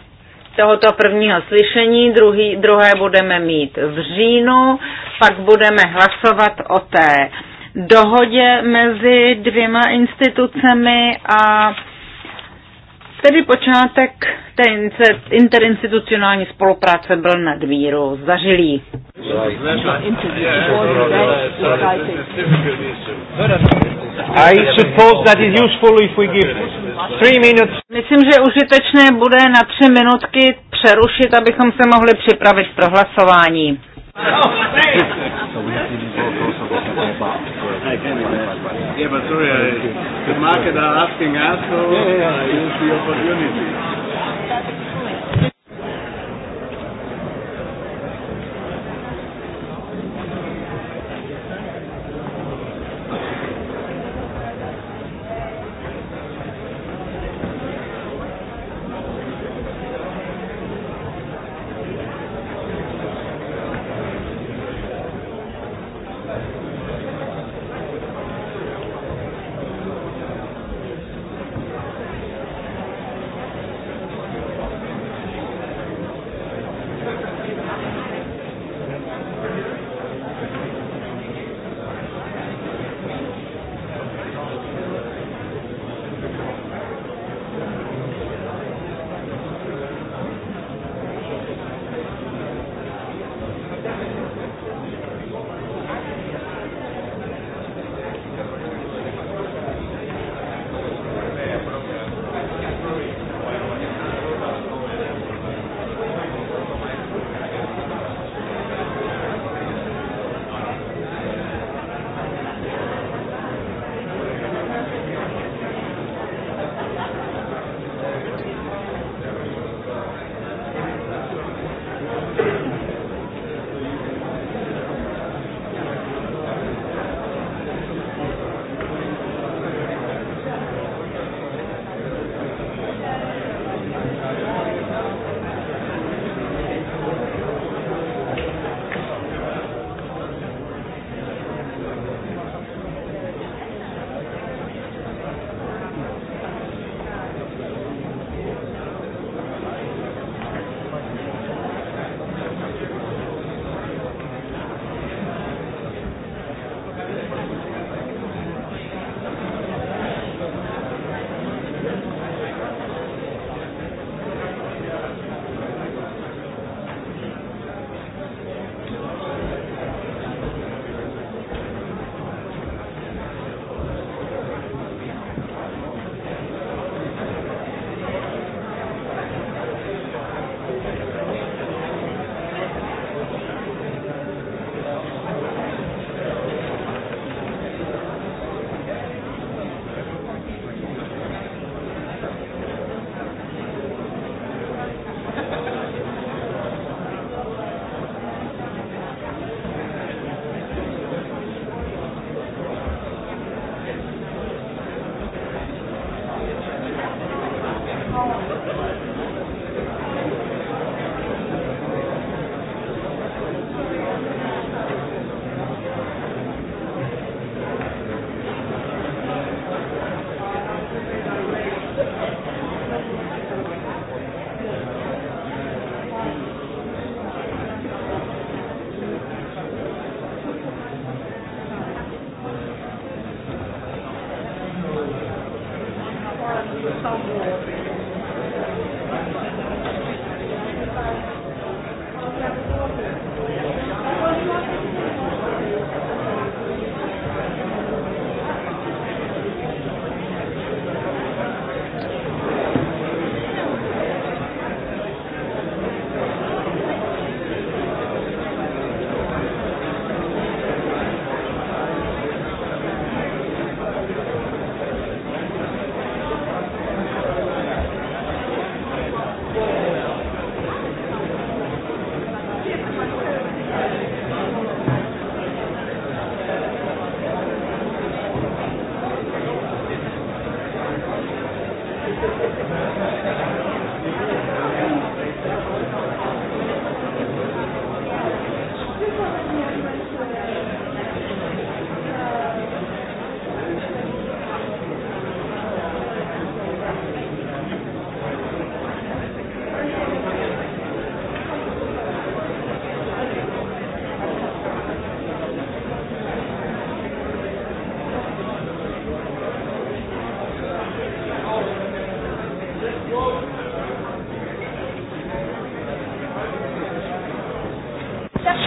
tohoto prvního slyšení, druhý, druhé budeme mít v říjnu, pak budeme hlasovat o té dohodě mezi dvěma institucemi a Tedy počátek té interinstitucionální spolupráce byl víru zažilý. Myslím, že užitečné bude na tři minutky přerušit, abychom se mohli připravit pro hlasování. Yeah, but sorry, I, the market are asking us, so yeah, yeah, yeah. I use the opportunity.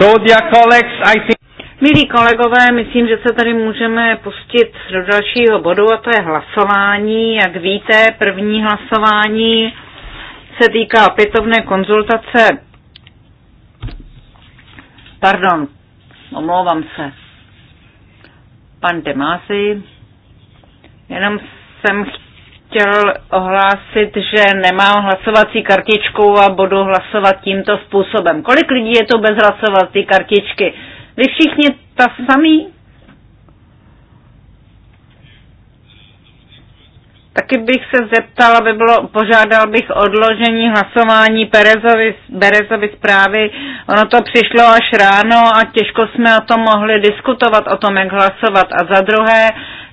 So, dear colleagues, I think... Milí kolegové, myslím, že se tady můžeme pustit do dalšího bodu a to je hlasování. Jak víte, první hlasování se týká opětovné konzultace. Pardon, omlouvám se. Pan Demasi, jenom jsem chtěl chtěl ohlásit, že nemám hlasovací kartičku a budu hlasovat tímto způsobem. Kolik lidí je to bez hlasovací kartičky? Vy všichni ta samý? Taky bych se zeptal, aby bylo, požádal bych odložení hlasování Berezovy, Berezovi zprávy. Ono to přišlo až ráno a těžko jsme o tom mohli diskutovat, o tom, jak hlasovat. A za druhé,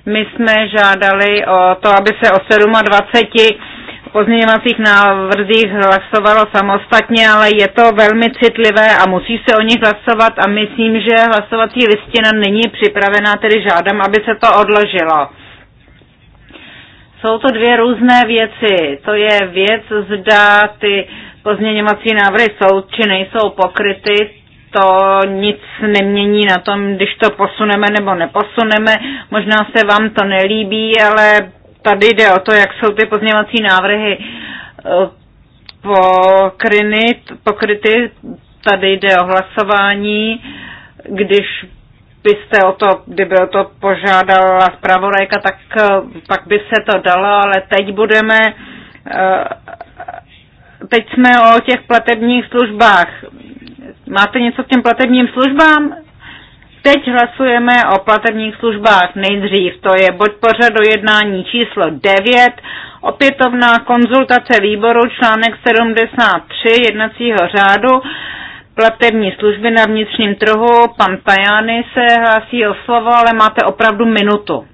my jsme žádali o to, aby se o 27 pozměňovacích návrzích hlasovalo samostatně, ale je to velmi citlivé a musí se o nich hlasovat a myslím, že hlasovací listina není připravená, tedy žádám, aby se to odložilo. Jsou to dvě různé věci. To je věc, zda ty pozměňovací návrhy jsou či nejsou pokryty. To nic nemění na tom, když to posuneme nebo neposuneme. Možná se vám to nelíbí, ale tady jde o to, jak jsou ty pozměňovací návrhy eh, pokryny, pokryty. Tady jde o hlasování. Když byste o to, kdyby o to požádala zpravodajka, tak eh, pak by se to dalo, ale teď budeme, eh, teď jsme o těch platebních službách. Máte něco k těm platebním službám? Teď hlasujeme o platebních službách nejdřív. To je bod pořadu jednání číslo 9, opětovná konzultace výboru článek 73 jednacího řádu platební služby na vnitřním trhu. Pan Tajany se hlásí o slovo, ale máte opravdu minutu.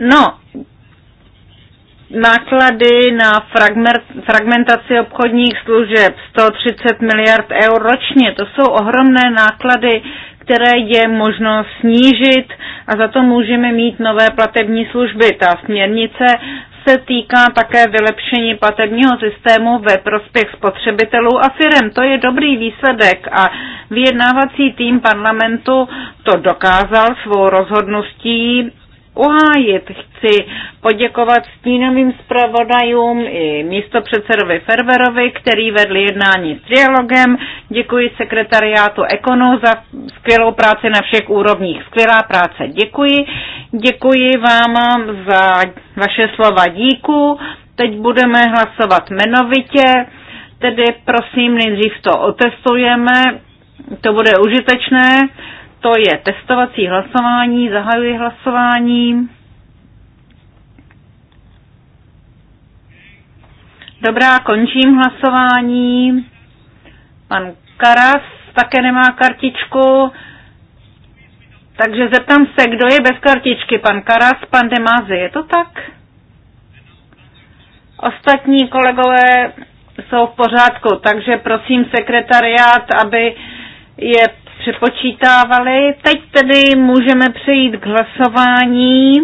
No, náklady na fragmentaci obchodních služeb 130 miliard eur ročně, to jsou ohromné náklady, které je možno snížit a za to můžeme mít nové platební služby. Ta směrnice se týká také vylepšení platebního systému ve prospěch spotřebitelů a firem. To je dobrý výsledek a vyjednávací tým parlamentu to dokázal svou rozhodností uhájit. Chci poděkovat stínovým zpravodajům i místopředsedovi Ferberovi, který vedl jednání s dialogem. Děkuji sekretariátu Ekono za skvělou práci na všech úrovních. Skvělá práce, děkuji. Děkuji vám za vaše slova díku. Teď budeme hlasovat jmenovitě, tedy prosím nejdřív to otestujeme, to bude užitečné. To je testovací hlasování, zahajuji hlasování. Dobrá, končím hlasování. Pan Karas také nemá kartičku. Takže zeptám se, kdo je bez kartičky, pan Karas, pan Demáze, je to tak? Ostatní kolegové jsou v pořádku, takže prosím sekretariát, aby je přepočítávali. Teď tedy můžeme přejít k hlasování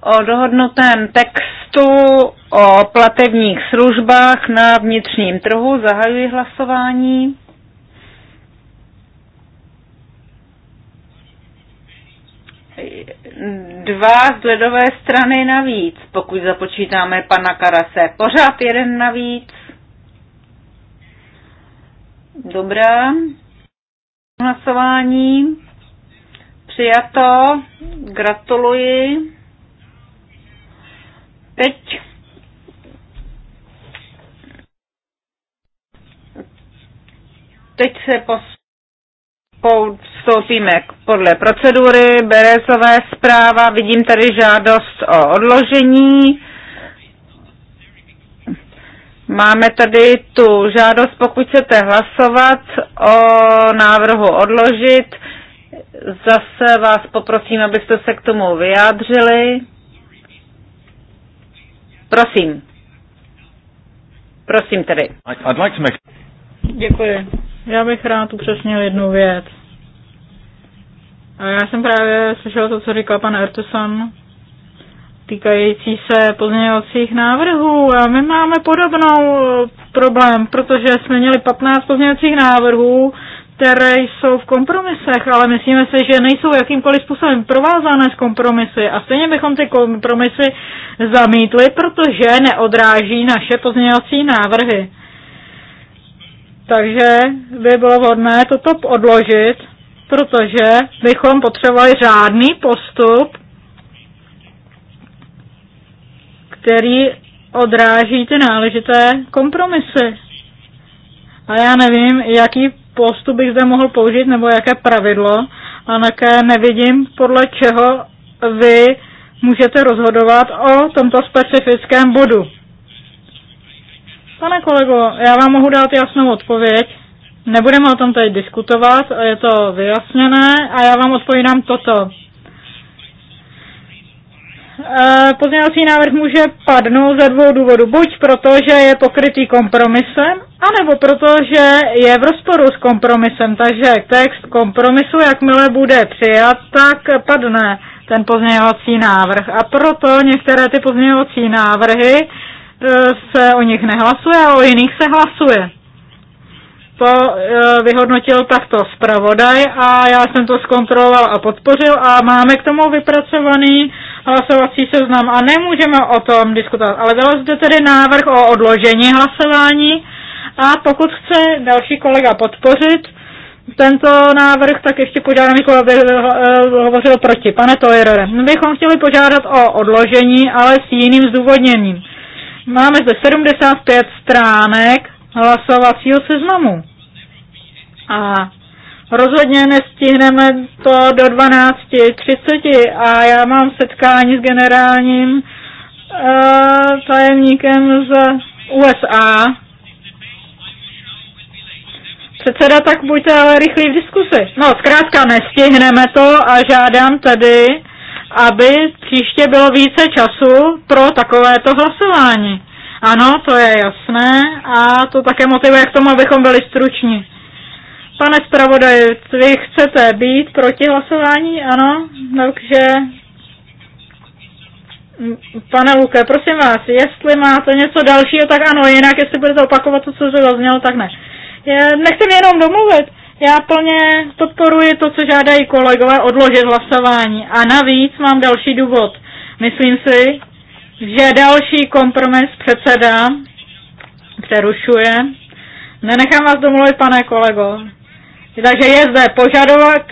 o dohodnutém textu o platebních službách na vnitřním trhu. Zahajuji hlasování. Dva z ledové strany navíc, pokud započítáme pana Karase. Pořád jeden navíc. Dobrá. Hlasování. Přijato. Gratuluji. Teď teď se postoupíme podle procedury Berezové zpráva. Vidím tady žádost o odložení. Máme tady tu žádost, pokud chcete hlasovat o návrhu odložit, zase vás poprosím, abyste se k tomu vyjádřili. Prosím. Prosím tedy. Děkuji. Já bych rád upřesnil jednu věc. Já jsem právě slyšel to, co říkal pan Ertusan týkající se pozměňovacích návrhů. A my máme podobnou eh, problém, protože jsme měli 15 pozměňovacích návrhů, které jsou v kompromisech, ale myslíme si, že nejsou jakýmkoliv způsobem provázané s kompromisy. A stejně bychom ty kompromisy zamítli, protože neodráží naše pozměňovací návrhy. Takže by bylo vhodné toto odložit, protože bychom potřebovali řádný postup který odráží ty náležité kompromisy. A já nevím, jaký postup bych zde mohl použít, nebo jaké pravidlo, a také nevidím, podle čeho vy můžete rozhodovat o tomto specifickém bodu. Pane kolego, já vám mohu dát jasnou odpověď. Nebudeme o tom tady diskutovat, je to vyjasněné a já vám odpovídám toto. Eh, pozměňovací návrh může padnout ze dvou důvodů. Buď proto, že je pokrytý kompromisem, anebo proto, že je v rozporu s kompromisem. Takže text kompromisu, jakmile bude přijat, tak padne ten pozměňovací návrh. A proto některé ty pozměňovací návrhy eh, se o nich nehlasuje a o jiných se hlasuje. To eh, vyhodnotil takto zpravodaj a já jsem to zkontroloval a podpořil a máme k tomu vypracovaný hlasovací seznam a nemůžeme o tom diskutovat. Ale dalo zde tedy návrh o odložení hlasování a pokud chce další kolega podpořit tento návrh, tak ještě požádám kolega, aby eh, eh, hovořil proti. Pane Tojere, my bychom chtěli požádat o odložení, ale s jiným zdůvodněním. Máme zde 75 stránek hlasovacího seznamu. A Rozhodně nestihneme to do 12.30 a já mám setkání s generálním uh, tajemníkem z USA. Předseda, tak buďte ale rychlí v diskusi. No, zkrátka nestihneme to a žádám tedy, aby příště bylo více času pro takovéto hlasování. Ano, to je jasné a to také motivuje k tomu, abychom byli struční. Pane zpravodaj, vy chcete být proti hlasování? Ano, takže... Pane Luke, prosím vás, jestli máte něco dalšího, tak ano, jinak jestli budete opakovat to, co zaznělo, tak ne. Nechci mě jenom domluvit. Já plně podporuji to, co žádají kolegové odložit hlasování. A navíc mám další důvod. Myslím si, že další kompromis předseda přerušuje. Nenechám vás domluvit, pane kolego. Takže je zde požadovat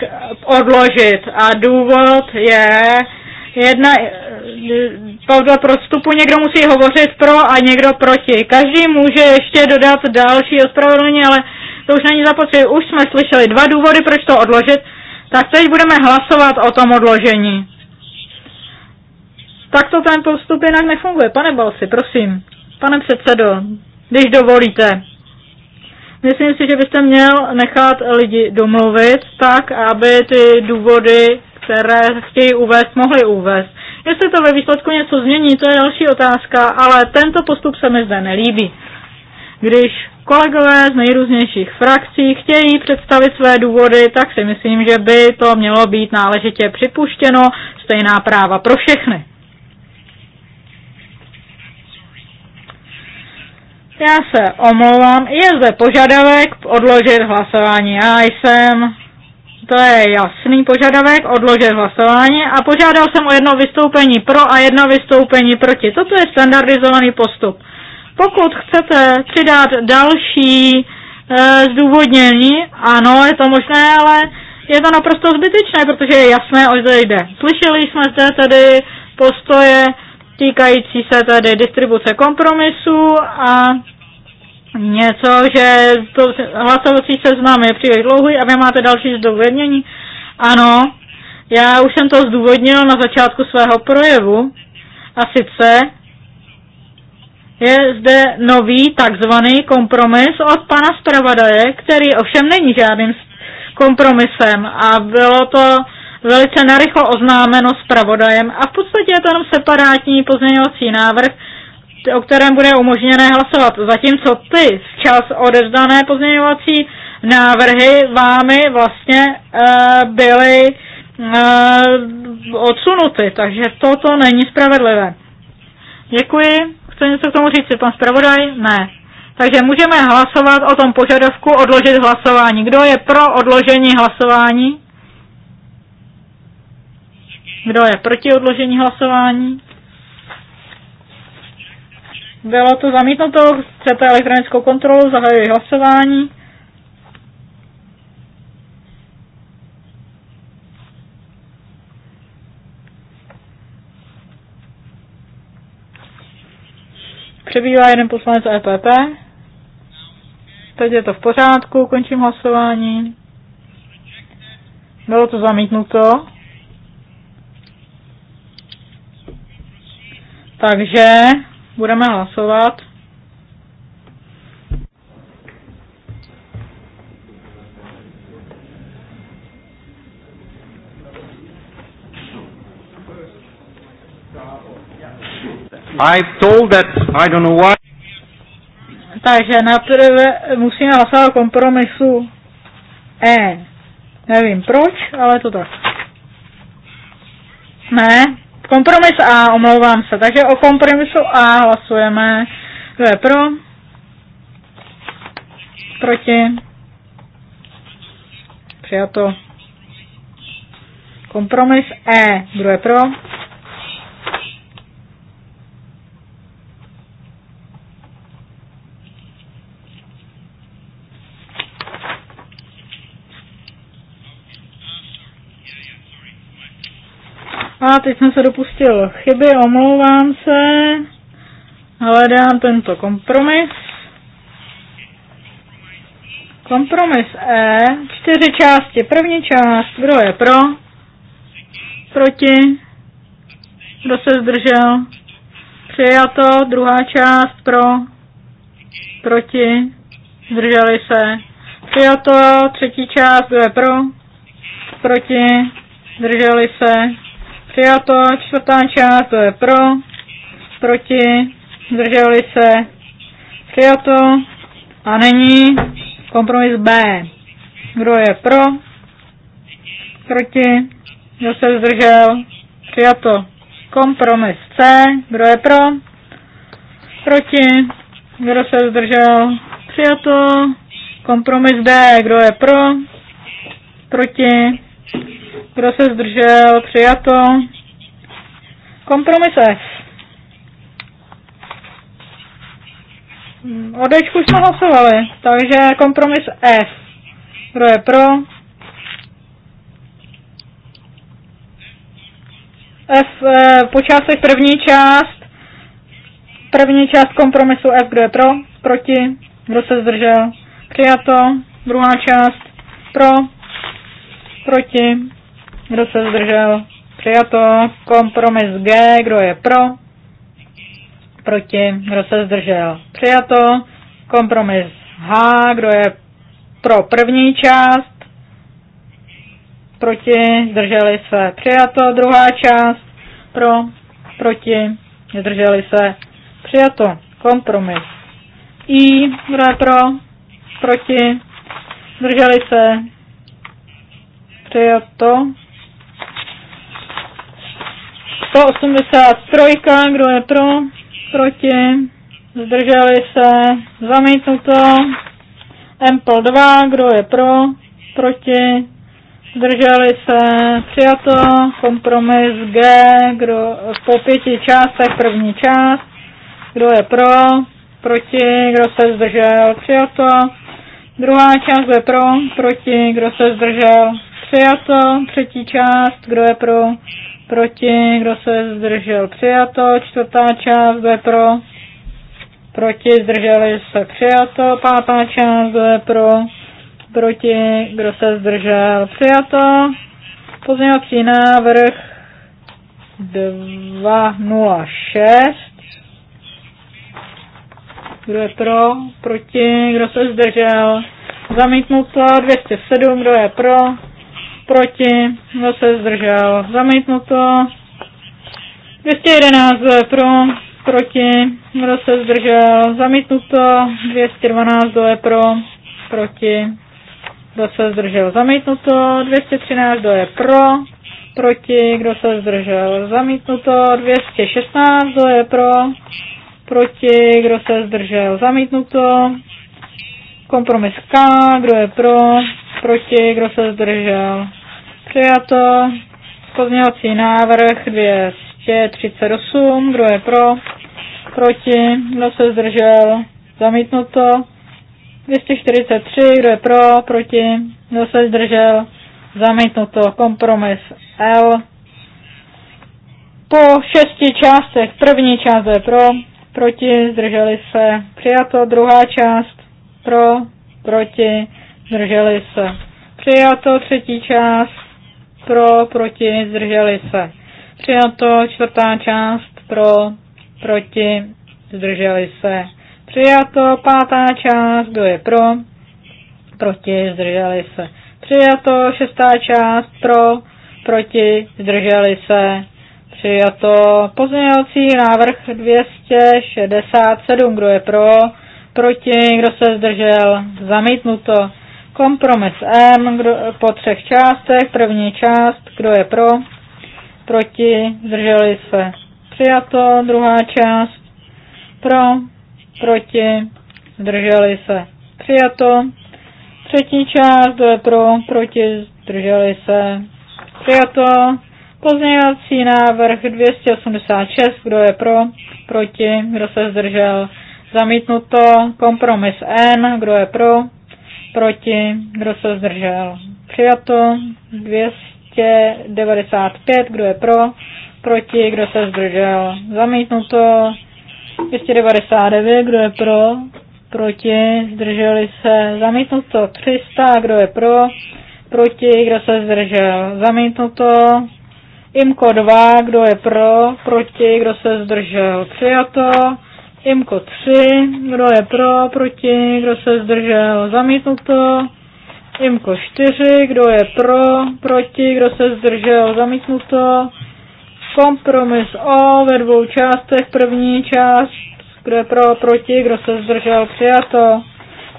odložit a důvod je jedna, podle prostupu někdo musí hovořit pro a někdo proti. Každý může ještě dodat další ospravedlnění, ale to už není zapotřebí. Už jsme slyšeli dva důvody, proč to odložit, tak teď budeme hlasovat o tom odložení. Tak to ten postup jinak nefunguje. Pane Balsi, prosím. Pane předsedo, když dovolíte. Myslím si, že byste měl nechat lidi domluvit tak, aby ty důvody, které chtějí uvést, mohly uvést. Jestli to ve výsledku něco změní, to je další otázka, ale tento postup se mi zde nelíbí. Když kolegové z nejrůznějších frakcí chtějí představit své důvody, tak si myslím, že by to mělo být náležitě připuštěno, stejná práva pro všechny. Já se omlouvám, je zde požadavek odložit hlasování. Já jsem, to je jasný požadavek, odložit hlasování a požádal jsem o jedno vystoupení pro a jedno vystoupení proti. Toto je standardizovaný postup. Pokud chcete přidat další e, zdůvodnění, ano, je to možné, ale je to naprosto zbytečné, protože je jasné, o co jde. Slyšeli jsme zde tady postoje týkající se tedy distribuce kompromisu a něco, že to hlasovací seznam je příliš dlouhý a vy máte další zdůvodnění. Ano, já už jsem to zdůvodnil na začátku svého projevu a sice je zde nový takzvaný kompromis od pana zpravodaje, který ovšem není žádným kompromisem a bylo to velice narychlo oznámeno pravodajem a v podstatě je to jenom separátní pozměňovací návrh, o kterém bude umožněné hlasovat. Zatímco ty včas odezdané pozměňovací návrhy vámi vlastně e, byly e, odsunuty, takže toto není spravedlivé. Děkuji. Chce něco k tomu říct pan zpravodaj? Ne. Takže můžeme hlasovat o tom požadavku odložit hlasování. Kdo je pro odložení hlasování? Kdo je proti odložení hlasování? Bylo to zamítnuto, chcete elektronickou kontrolu, zahajuji hlasování. Přebývá jeden poslanec EPP. Teď je to v pořádku, končím hlasování. Bylo to zamítnuto. Takže budeme hlasovat. I told that I don't know why. Takže nejprve musíme hlasovat kompromisu E. Nevím proč, ale to tak. Ne, Kompromis A, omlouvám se. Takže o kompromisu A hlasujeme. Kdo je pro? Proti? Přijato. Kompromis E. Kdo je pro? A teď jsem se dopustil chyby, omlouvám se. Hledám tento kompromis. Kompromis E, čtyři části. První část, kdo je pro? Proti? Kdo se zdržel? Přijato. Druhá část, pro? Proti? Zdrželi se. Přijato. Třetí část, kdo je pro? Proti? Zdrželi se přijato. Čtvrtá část, to je pro, proti, zdrželi se, přijato. A není kompromis B. Kdo je pro, proti, kdo se zdržel, přijato. Kompromis C, kdo je pro, proti, kdo se zdržel, přijato. Kompromis D, kdo je pro, proti, kdo se zdržel? Přijato. Kompromis F. Hm, o Dčku jsme hlasovali, takže kompromis F. Kdo je pro? F eh, po částech první část. První část kompromisu F, kdo je pro? Proti? Kdo se zdržel? Přijato. Druhá část. Pro? Proti? Kdo se zdržel? Přijato. Kompromis G. Kdo je pro? Proti. Kdo se zdržel? Přijato. Kompromis H. Kdo je pro první část? Proti. Zdrželi se. Přijato. Druhá část. Pro. Proti. Zdrželi se. Přijato. Kompromis. I. Kdo je pro? Proti. Zdrželi se. Přijato 183, kdo je pro, proti, zdrželi se, zamítnuto. Ample 2, kdo je pro, proti, zdrželi se, přijato. Kompromis G, kdo, po pěti částech, první část, kdo je pro, proti, kdo se zdržel, přijato. Druhá část, kdo je pro, proti, kdo se zdržel, přijato. Třetí část, kdo je pro, proti, kdo se zdržel přijato, čtvrtá část kdo je pro, proti, zdrželi se přijato, pátá část kdo je pro, proti, kdo se zdržel přijato, pozměňovací návrh 206, kdo je pro, proti, kdo se zdržel, zamítnuto 207, kdo je pro, proti, kdo se zdržel, zamítnuto. 211 pro, proti, kdo se zdržel, zamítnuto. 212 je pro, proti, kdo se zdržel, zamítnuto. 213 je pro, proti, kdo se zdržel, zamítnuto. 216 je pro, proti, kdo se zdržel, zamítnuto. Kompromis K, kdo je pro, proti, kdo se zdržel. Přijato. Pozměňovací návrh 238, kdo je pro, proti, kdo se zdržel. Zamítnuto. 243, kdo je pro, proti, kdo se zdržel. Zamítnuto. Kompromis L. Po šesti částech, první část je pro, proti, zdrželi se, přijato, druhá část, pro, proti, zdrželi se. Přijato třetí část, pro, proti, zdrželi se. Přijato čtvrtá část, pro, proti, zdrželi se. Přijato pátá část, kdo je pro, proti, zdrželi se. Přijato šestá část, pro, proti, zdrželi se. Přijato pozměňovací návrh 267, kdo je pro, proti, kdo se zdržel, zamítnuto. Kompromis M kdo, po třech částech. První část, kdo je pro, proti, zdrželi se. Přijato, druhá část, pro, proti, zdrželi se. Přijato, třetí část, kdo je pro, proti, zdrželi se. Přijato, pozměňovací návrh 286, kdo je pro, proti, kdo se zdržel. Zamítnuto, kompromis N, kdo je pro, proti, kdo se zdržel. Přijato 295, kdo je pro, proti, kdo se zdržel. Zamítnuto 299, kdo je pro, proti, zdrželi se. Zamítnuto 300, kdo je pro, proti, kdo se zdržel. Zamítnuto IMKO 2, kdo je pro, proti, kdo se zdržel. Přijato Imko 3, kdo je pro, proti, kdo se zdržel, zamítnuto. Imko 4, kdo je pro, proti, kdo se zdržel, zamítnuto. Kompromis O ve dvou částech, první část, kdo je pro, proti, kdo se zdržel, přijato.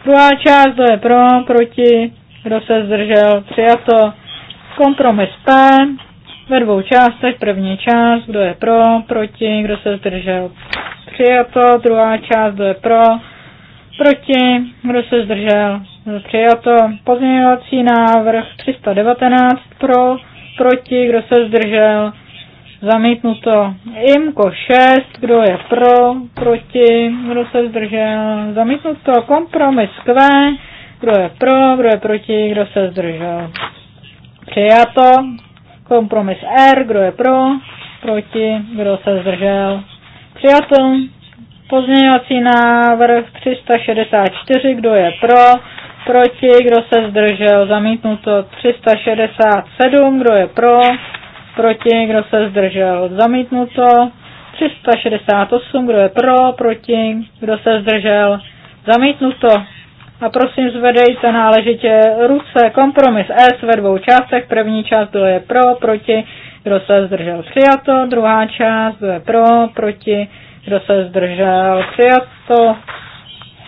Druhá část, kdo je pro, proti, kdo se zdržel, přijato. Kompromis P, ve dvou částech. První část, kdo je pro, proti, kdo se zdržel. Přijato. Druhá část, kdo je pro, proti, kdo se zdržel. Přijato. Pozměňovací návrh 319 pro, proti, kdo se zdržel. Zamítnuto. Imko 6, kdo je pro, proti, kdo se zdržel. Zamítnuto. Kompromis Q, kdo je pro, kdo je proti, kdo se zdržel. Přijato. Kompromis R, kdo je pro, proti, kdo se zdržel. Přijato. Pozměňovací návrh 364, kdo je pro, proti, kdo se zdržel. Zamítnuto 367, kdo je pro, proti, kdo se zdržel. Zamítnuto 368, kdo je pro, proti, kdo se zdržel. Zamítnuto a prosím, zvedejte náležitě ruce. Kompromis S ve dvou částech. První část, kdo je pro, proti, kdo se zdržel přijato. Druhá část, kdo je pro, proti, kdo se zdržel přijato.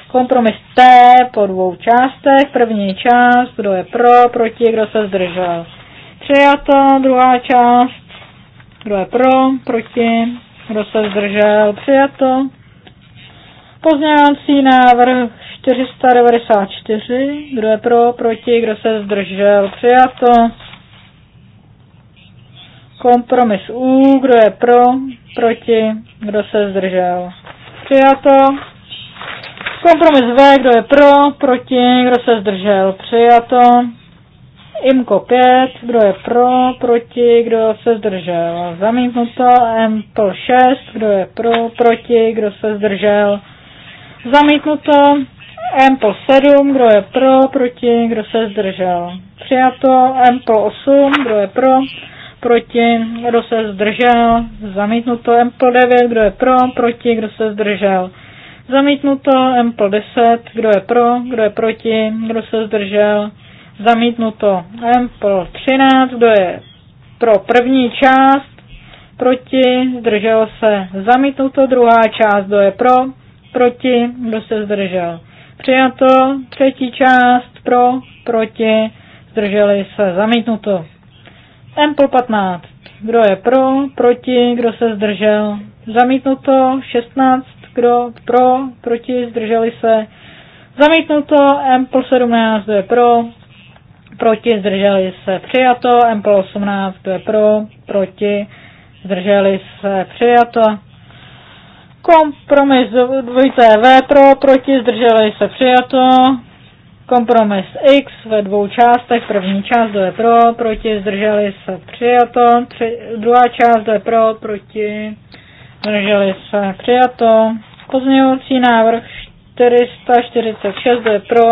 Kompromis T po dvou částech. První část, kdo je pro, proti, kdo se zdržel přijato. Druhá část, kdo je pro, proti, kdo se zdržel přijato. Pozměňovací návrh 494, kdo je pro, proti, kdo se zdržel, přijato. Kompromis U, kdo je pro, proti, kdo se zdržel, přijato. Kompromis V, kdo je pro, proti, kdo se zdržel, přijato. IMKO 5, kdo je pro, proti, kdo se zdržel, zamítnuto. MPL 6, kdo je pro, proti, kdo se zdržel, zamítnuto. M po 7, kdo je pro, proti, kdo se zdržel. Přijato M po 8, kdo je pro, proti, kdo se zdržel. Zamítnuto po 9, kdo je pro, proti, kdo se zdržel. Zamítnuto po 10, kdo je pro, kdo je proti, kdo se zdržel. Zamítnuto po 13, kdo je pro první část, proti, zdržel se. Zamítnuto druhá část, kdo je pro, proti, kdo se zdržel přijato, třetí část pro, proti, zdrželi se, zamítnuto. Ample 15, kdo je pro, proti, kdo se zdržel, zamítnuto, 16, kdo pro, proti, zdrželi se, zamítnuto, Ample 17, kdo je pro, proti, zdrželi se, přijato, Ample 18, kdo je pro, proti, zdrželi se, přijato. Kompromis dvojité V pro, proti, zdrželi se přijato. Kompromis X ve dvou částech. První část do je pro, proti, zdrželi se přijato. Tři, druhá část do je pro, proti, zdrželi se přijato. Pozměňovací návrh 446 do je pro,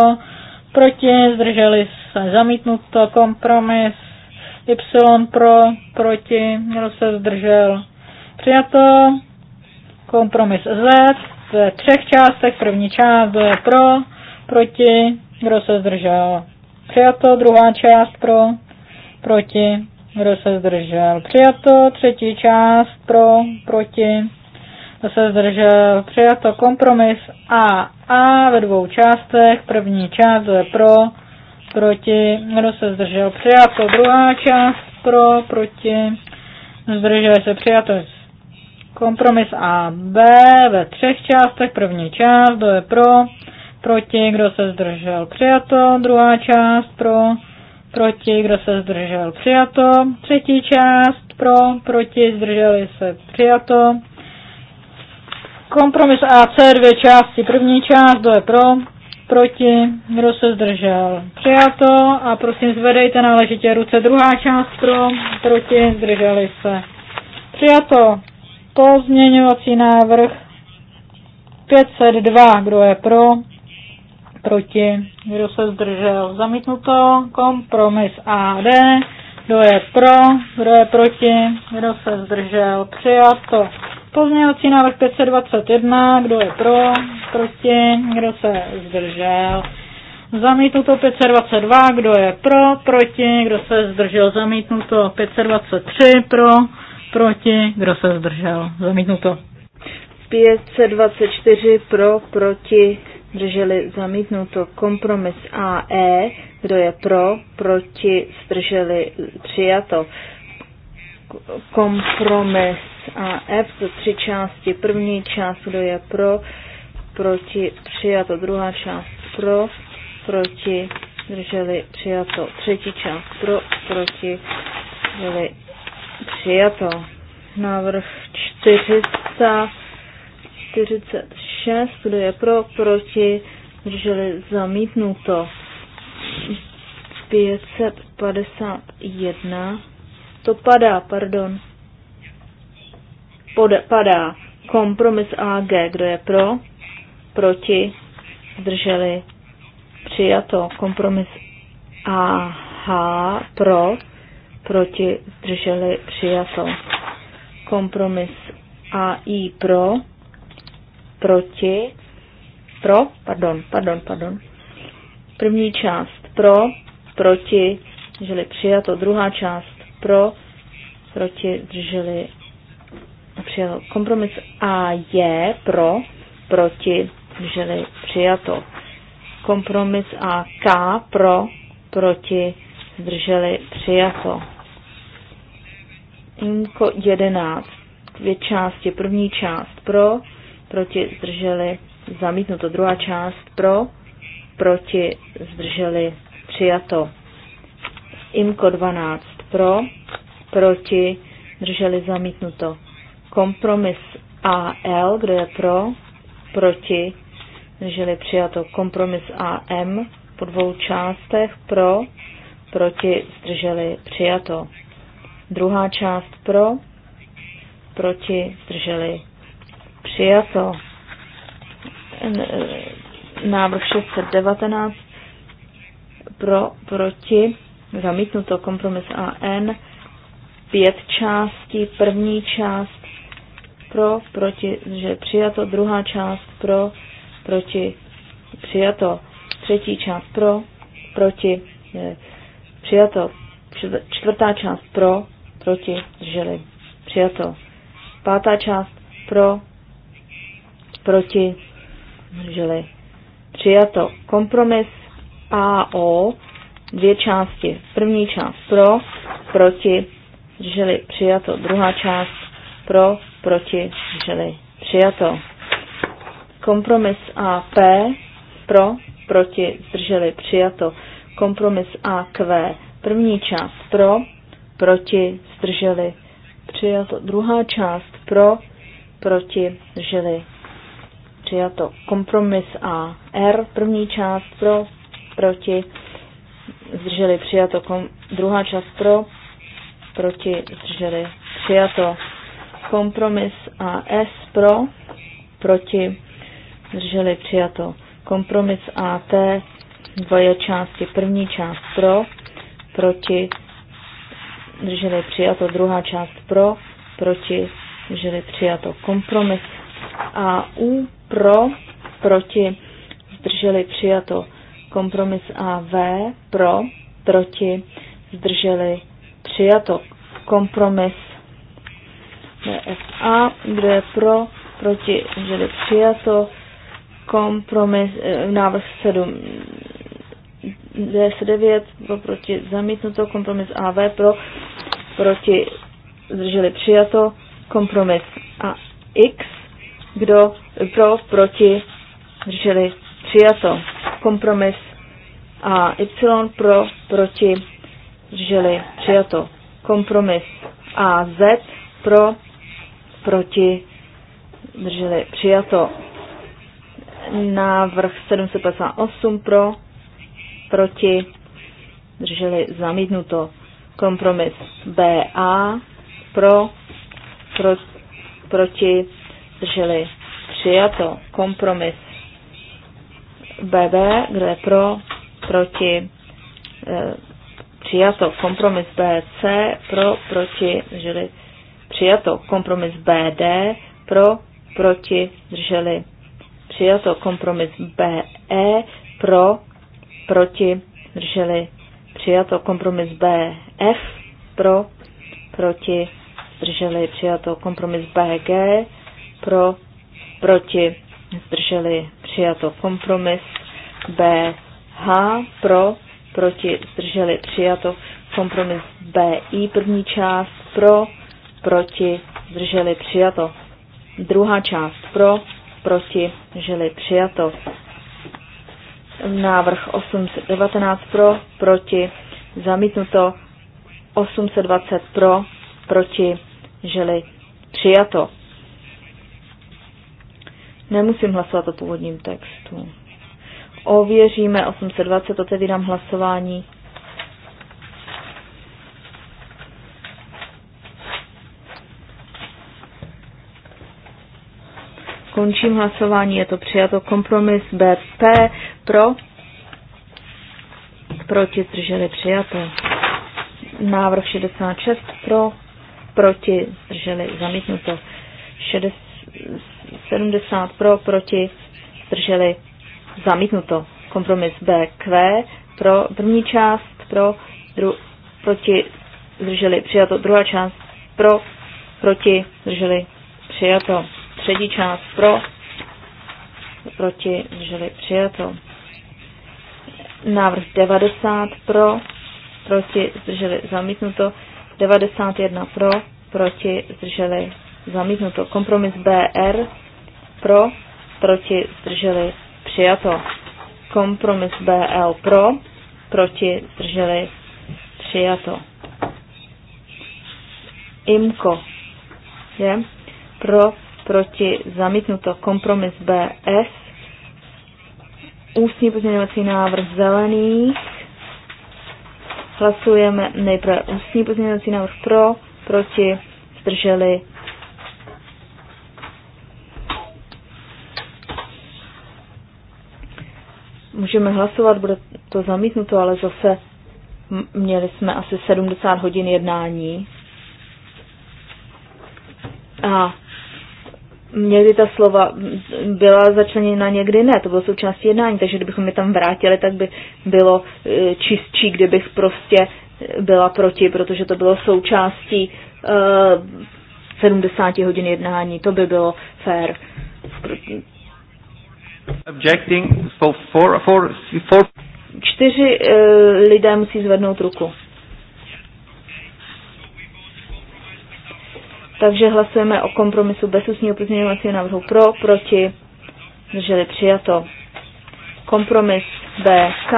proti, zdrželi se zamítnuto. Kompromis Y pro, proti, měl se zdržel přijato. Kompromis Z ve třech částech. První část je pro, proti, kdo se zdržel. Přijato, druhá část pro, proti, kdo se zdržel. Přijato, třetí část pro, proti, kdo se zdržel. Přijato, kompromis A a ve dvou částech. První část je pro, proti, kdo se zdržel. Přijato, druhá část pro, proti, zdržel se přijato Kompromis A, B ve třech částech. První část, kdo je pro, proti, kdo se zdržel, přijato. Druhá část, pro, proti, kdo se zdržel, přijato. Třetí část, pro, proti, zdrželi se, přijato. Kompromis AC, dvě části. První část, kdo je pro, proti, kdo se zdržel, přijato. A prosím, zvedejte náležitě ruce. Druhá část, pro, proti, zdrželi se, přijato. Pozměňovací návrh 502, kdo je pro, proti, kdo se zdržel, zamítnuto, kompromis AD, kdo je pro, kdo je proti, kdo se zdržel, přijato. Pozměňovací návrh 521, kdo je pro, proti, kdo se zdržel. Zamítnuto 522, kdo je pro, proti, kdo se zdržel, zamítnuto 523, pro, proti, kdo se zdržel, zamítnuto. 524 pro, proti, drželi zamítnuto. Kompromis AE, kdo je pro, proti, zdrželi, přijato. Kompromis AF, to tři části. První část, kdo je pro, proti, přijato. Druhá část pro, proti, drželi, přijato. Třetí část pro, proti, drželi Přijato. Návrh 446, kdo je pro, proti, drželi zamítnuto. 551, to padá, pardon. Pod, padá. Kompromis AG, kdo je pro, proti, zdrželi přijato. Kompromis AH pro, proti, zdrželi, přijato. Kompromis a i pro, proti, pro, pardon, pardon, pardon. První část pro, proti, zdrželi, přijato. Druhá část pro, proti, zdrželi, přijato. Kompromis A je pro, proti, zdrželi, přijato. Kompromis A K pro, proti, zdrželi, přijato. Inko 11, dvě části. První část pro, proti zdrželi zamítnuto. Druhá část pro, proti zdrželi přijato. Imko 12 pro, proti zdrželi zamítnuto. Kompromis AL, kde je pro, proti zdrželi přijato. Kompromis AM po dvou částech pro, proti zdrželi přijato. Druhá část pro, proti, zdrželi, přijato. E, návrh 619 pro, proti, zamítnuto kompromis AN, pět částí, první část pro, proti, že přijato, druhá část pro, proti, přijato, třetí část pro, proti, je, přijato, čtvrtá část pro, proti, drželi přijato. Pátá část pro, proti, drželi přijato. Kompromis AO, dvě části. První část pro, proti, drželi přijato. Druhá část pro, proti, drželi přijato. Kompromis AP, pro, proti, zdrželi, přijato. Kompromis AQ, první část pro, proti, zdrželi, přijato. Druhá část pro, proti, zdrželi, přijato. Kompromis A, R, první část pro, proti, zdrželi, přijato. Kom, druhá část pro, proti, zdrželi, přijato. Kompromis A, S, pro, proti, zdrželi, přijato. Kompromis A, T, dvoje části. První část pro, proti, drželi přijato, druhá část pro, proti, drželi přijato, kompromis a U pro, proti, zdrželi přijato, kompromis a V pro, proti, zdrželi přijato, kompromis a kde je pro, proti, zdrželi přijato, kompromis, eh, návrh 7 DS9 pro proti zamítnuto, kompromis AV pro proti zdrželi přijato, kompromis a X, kdo pro proti zdrželi přijato, kompromis a Y pro proti zdrželi přijato, kompromis a Z pro proti zdrželi přijato, návrh 758 pro proti, drželi zamítnuto. Kompromis BA pro, pro proti, drželi přijato. Kompromis BB, kde je pro, proti, e, přijato. Kompromis BC pro, proti, drželi přijato. Kompromis BD pro, proti, drželi přijato. Kompromis BE pro, proti, zdrželi přijato. Kompromis B, F, pro, proti, zdrželi přijato. Kompromis B, G, pro, proti, zdrželi přijato. Kompromis B, H, pro, proti, zdrželi přijato. Kompromis B, I, první část, pro, proti, zdrželi přijato. Druhá část pro, proti, zdrželi přijato. Návrh 819 pro, proti, zamítnuto. 820 pro, proti, žili přijato. Nemusím hlasovat o původním textu. Ověříme 820, otevírám hlasování. Končím hlasování, je to přijato kompromis BP pro, proti zdrželi přijato. Návrh 66 pro, proti zdrželi zamítnuto. 70 pro, proti zdrželi zamítnuto. Kompromis BQ pro první část, pro, dru, proti zdrželi přijato. Druhá část pro, proti zdrželi přijato. Přední část pro, proti, zdrželi přijato. Návrh 90 pro, proti, zdrželi zamítnuto. 91 pro, proti, zdrželi zamítnuto. Kompromis BR pro, proti, zdrželi přijato. Kompromis BL pro, proti, zdrželi přijato. IMKO je pro, proti zamítnuto kompromis BS, ústní pozměňovací návrh zelených, hlasujeme nejprve ústní pozměňovací návrh pro, proti, zdrželi můžeme hlasovat, bude to zamítnuto, ale zase měli jsme asi 70 hodin jednání. A někdy ta slova byla začleněna, někdy ne, to bylo součástí jednání, takže kdybychom je tam vrátili, tak by bylo e, čistší, kdybych prostě byla proti, protože to bylo součástí uh, e, 70 hodin jednání, to by bylo fair. Objecting for, for, for, Čtyři uh, lidé musí zvednout ruku. Takže hlasujeme o kompromisu bez ústního pozměňovacího návrhu pro, proti, zdrželi přijato. Kompromis BK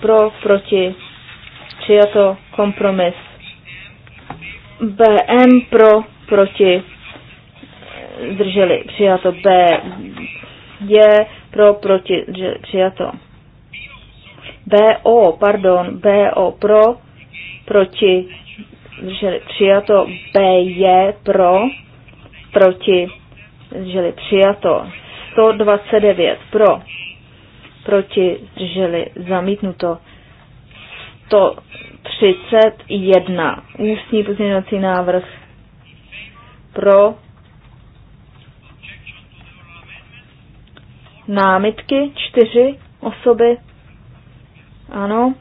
pro, proti, přijato. Kompromis BM pro, proti, zdrželi přijato. B je pro, proti, drželi přijato. BO, pardon, BO pro, proti, zdrželi přijato, B je pro, proti, zdrželi přijato, 129 pro, proti, zdrželi zamítnuto, 131 ústní pozměňovací návrh pro námitky, čtyři osoby, ano,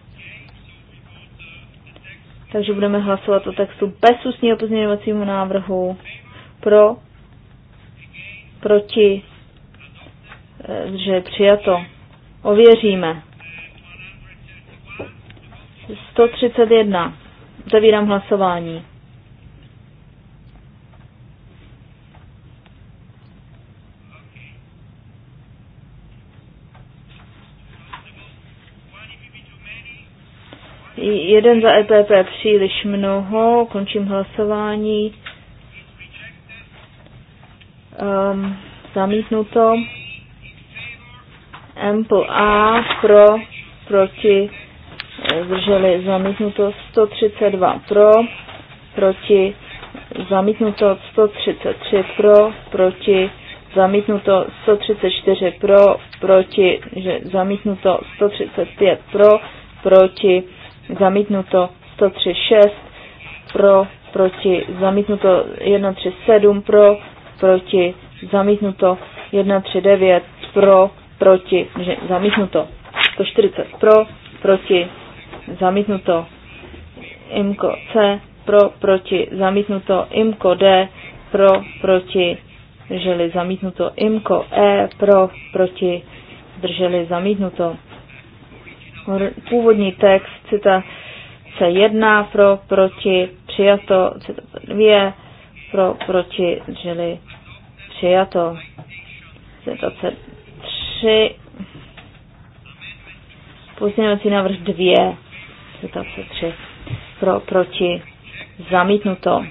takže budeme hlasovat o textu bez ústního pozměňovacího návrhu pro, proti, eh, že je přijato. Ověříme. 131. Zavírám hlasování. Jeden za EPP příliš mnoho, končím hlasování. Um, zamítnuto. Ample A pro, proti, zdrželi zamítnuto 132 pro, proti, zamítnuto 133 pro, proti, zamítnuto 134 pro, proti, že zamítnuto 135 pro, proti, zamítnuto 136 pro, proti zamítnuto 137 pro, proti zamítnuto 139 pro, proti zamítnuto 140 pro, proti zamítnuto IMKO C pro, proti zamítnuto IMKO D pro, proti drželi zamítnuto IMKO E pro, proti drželi zamítnuto Původní text cita c 1 pro, proti, přijato, citace 2 pro, proti, žili přijato. cita c 3, pozměňovací návrh 2, cita c 3 pro, proti, zamítnuto.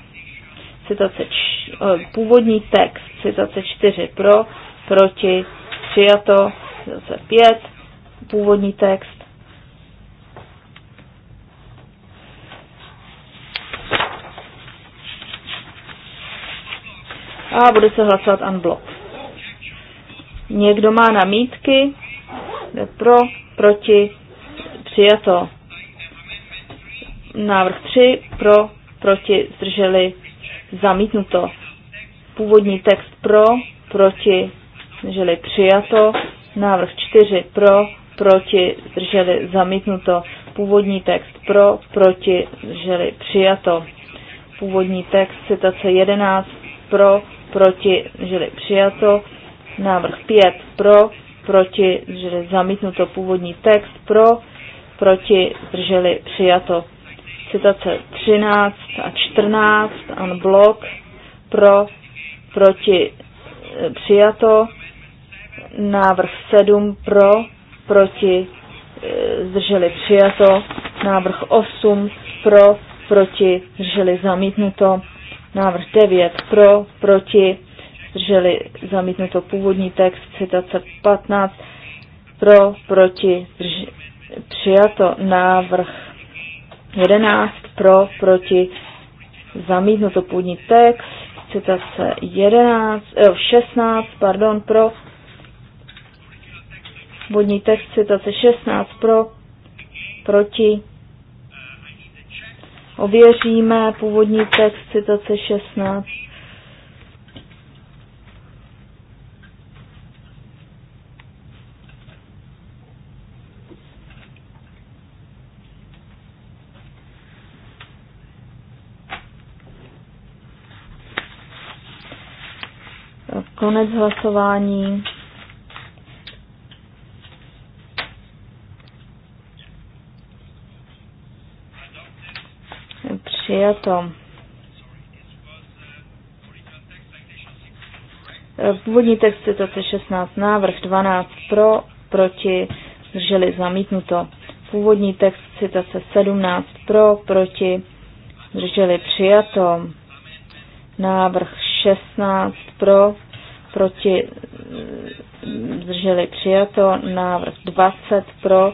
Citace č, eh, původní text, citace 4 pro, proti, přijato, citace 5, původní text, a bude se hlasovat unblock. Někdo má namítky? Pro, proti, přijato. Návrh 3, pro, proti, zdrželi, zamítnuto. Původní text pro, proti, zdrželi, přijato. Návrh 4, pro, proti, zdrželi, zamítnuto. Původní text pro, proti, zdrželi, přijato. Původní text, citace 11, pro, proti, žili přijato, návrh 5 pro, proti, žili zamítnuto původní text pro, proti, drželi přijato. Citace 13 a 14 an blok pro, proti, e, přijato, návrh 7 e, pro, proti, zdrželi přijato, návrh 8 pro, proti, drželi zamítnuto, Návrh 9 pro, proti, zdrželi zamítnuto původní text, citace 15 pro, proti, zdrži, přijato návrh 11 pro, proti, zamítnuto původní text, citace 11, eh, 16, pardon, pro, původní text, citace 16 pro, proti, Ověříme původní text citace 16. Konec hlasování. přijato. Původní text citace 16, návrh 12 pro, proti, zdrželi zamítnuto. Původní text citace 17 pro, proti, zdrželi přijato. Návrh 16 pro, proti, zdrželi přijato. Návrh 20 pro,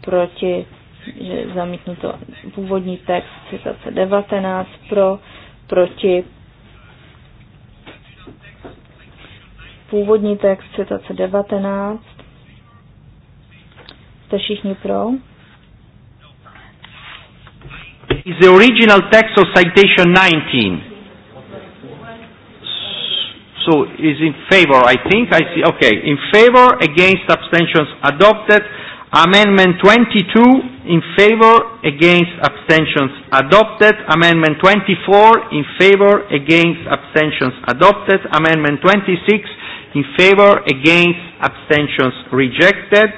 proti, že zamítnuto původní text, citace 19 pro, proti původní text, citace 19. Jste všichni pro? Is the original text of citation 19. So is in favor, I think. I see. Okay, in favor, against abstentions adopted. Amendment 22 in favor, against abstentions adopted. Amendment 24 in favor, against abstentions adopted. Amendment 26 in favor, against abstentions rejected.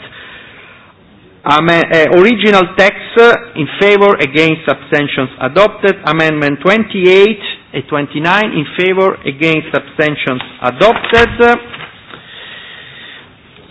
Amen, uh, eh, original text uh, in favor, against abstentions adopted. Amendment 28 and 29 in favor, against abstentions adopted.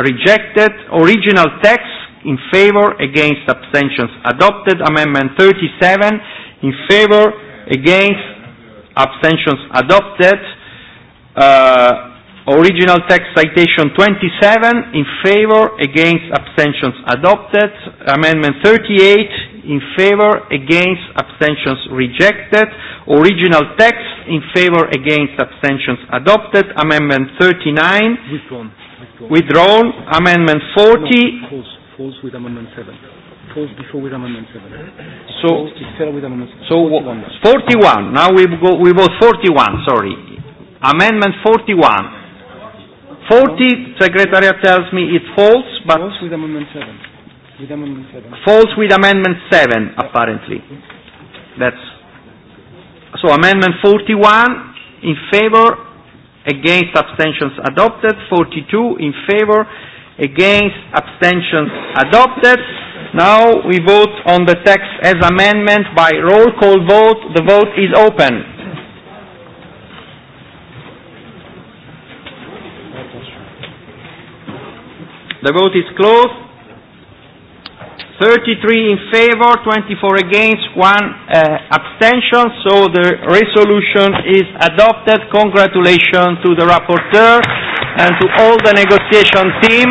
rejected. Original text in favor, against abstentions adopted. Amendment 37 in favor, against abstentions adopted. Uh, original text citation 27 in favor, against abstentions adopted. Amendment 38 in favor, against abstentions rejected. Original text in favor, against abstentions adopted. Amendment 39. Which one? Withdrawn. Amendment 40. No, false, false with Amendment 7. False before with Amendment 7. So, false with amendment 7. so 41. 41. Now we, go, we vote 41, sorry. Amendment 41. 40, Secretariat tells me it's false, but... False with Amendment 7. With Amendment 7. False with Amendment 7, yeah. apparently. That's... So Amendment 41, in favor, against abstentions adopted 42 in favor against abstentions adopted now we vote on the text as amendment by roll call vote the vote is open the vote is closed 33 in favor, 24 against, one uh, abstention. So the resolution is adopted. Congratulations to the rapporteur and to all the negotiation team.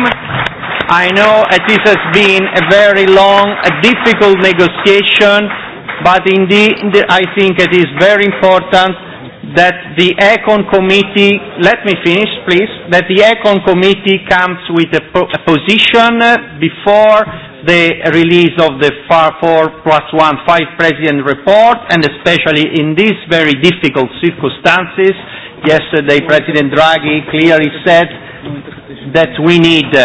I know that this has been a very long, a difficult negotiation, but indeed I think it is very important that the ECON committee, let me finish please, that the ECON committee comes with a, po a position before the release of the FAR 4 plus 1 5 President report, and especially in these very difficult circumstances, yesterday President Draghi clearly said that we need uh,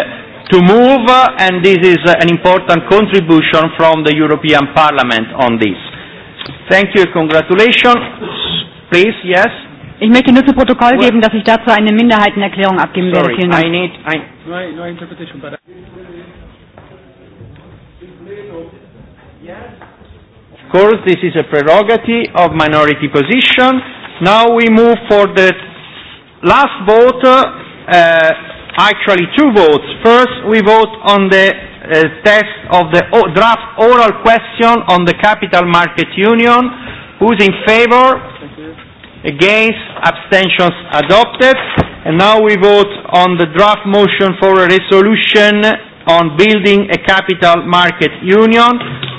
to move, uh, and this is uh, an important contribution from the European Parliament on this. Thank you, congratulations. Please, yes. Ich möchte nur zu Protokoll well, geben, dass ich dazu eine Minderheitenerklärung abgeben sorry, werde. Vielen Dank. I need, I, no, no interpretation, but Of course, this is a prerogative of minority position. Now we move for the last vote, uh, actually two votes. First, we vote on the uh, text of the o- draft oral question on the Capital Market Union. Who's in favor? Against? Abstentions adopted. And now we vote on the draft motion for a resolution on building a capital market union.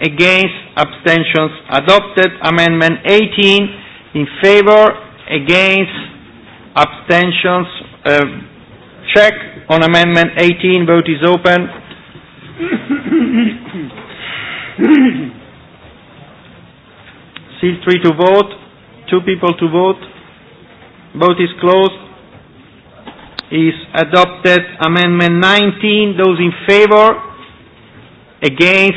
against, abstentions adopted. Amendment 18 in favor, against, abstentions. Uh, check on Amendment 18. Vote is open. Seal three to vote. Two people to vote. Vote is closed. Is adopted. Amendment 19. Those in favor, against,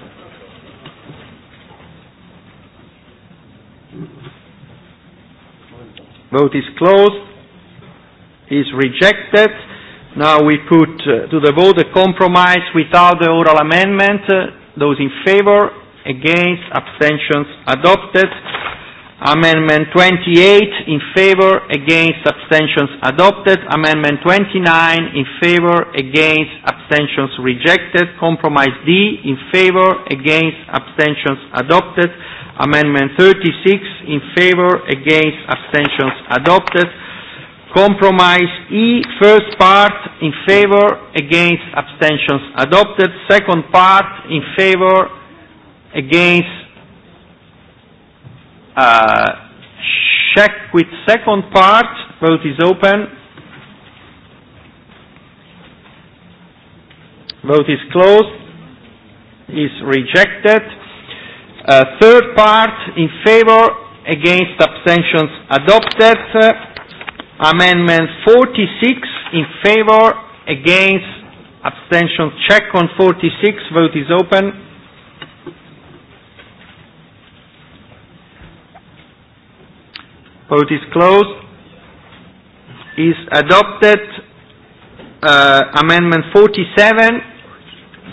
Vote is closed. Is rejected. Now we put uh, to the vote a compromise without the oral amendment. Uh, those in favor, against, abstentions adopted. Amendment 28 in favor, against, abstentions adopted. Amendment 29 in favor, against, abstentions rejected. Compromise D in favor, against, abstentions adopted. Amendment 36 in favor, against, abstentions adopted. Compromise E, first part in favor, against, abstentions adopted. Second part in favor, against, uh, check with second part, vote is open. Vote is closed, is rejected. Uh, third part, in favor, against abstentions adopted. Uh, amendment 46, in favor, against abstentions. Check on 46, vote is open. Vote is closed. Is adopted. Uh, amendment 47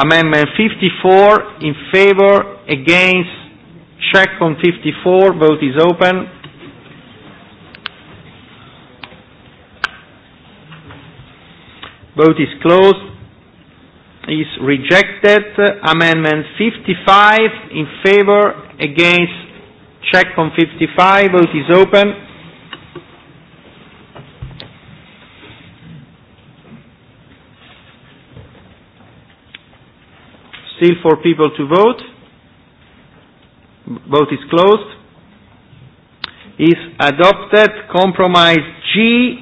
Amendment 54 in favor, against, check on 54, vote is open. Vote is closed. Is rejected. Amendment 55 in favor, against, check on 55, vote is open. Still for people to vote. Vote is closed. Is adopted compromise G,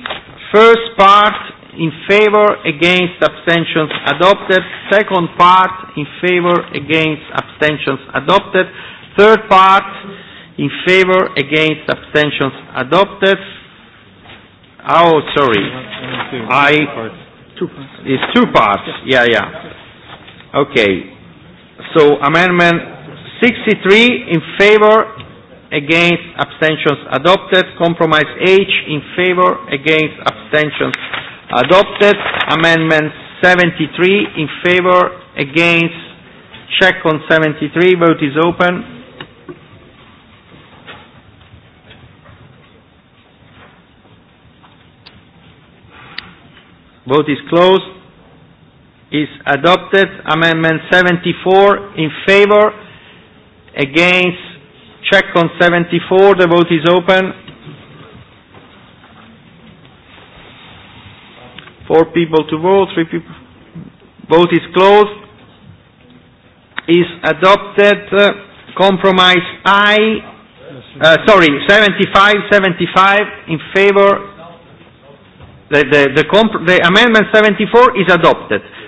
first part in favor against abstentions adopted. Second part in favor against abstentions adopted. Third part in favor against abstentions adopted. Oh, sorry. I. It's two parts. Yeah, yeah. Okay. So amendment 63 in favor, against abstentions adopted. Compromise H in favor, against abstentions adopted. Amendment 73 in favor, against. Check on 73. Vote is open. Vote is closed is adopted. Amendment 74 in favor, against, check on 74, the vote is open. Four people to vote, three people. Vote is closed. Is adopted. Uh, compromise I. Uh, sorry, 75, 75 in favor. The, the, the, comp- the amendment 74 is adopted.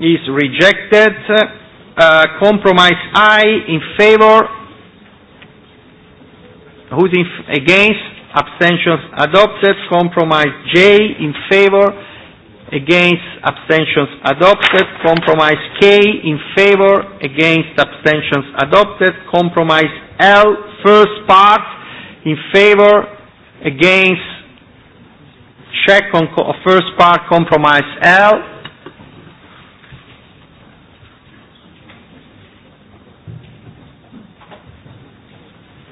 is rejected. Uh, compromise I in favor. Who's in f- against? Abstentions adopted. Compromise J in favor. Against abstentions adopted. Compromise K in favor. Against abstentions adopted. Compromise L first part in favor. Against check on co- first part compromise L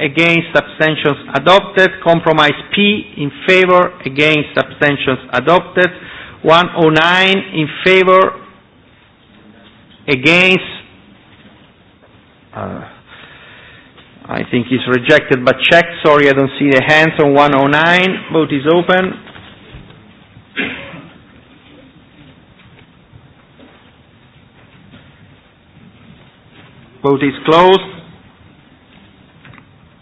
against abstentions adopted. Compromise P in favor against abstentions adopted. 109 in favor against. Uh, I think it's rejected but checked. Sorry, I don't see the hands on 109. Vote is open. Vote is closed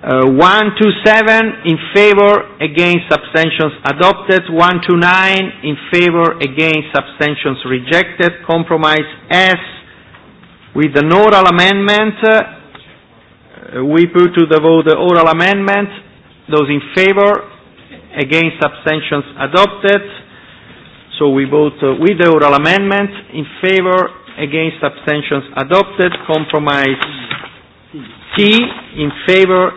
Uh, 127 in favor against abstentions adopted 129 in favor against abstentions rejected compromise S with an oral amendment uh, we put to the vote the oral amendment those in favor against abstentions adopted so we vote uh, with the oral amendment in favor against abstentions adopted compromise T in favor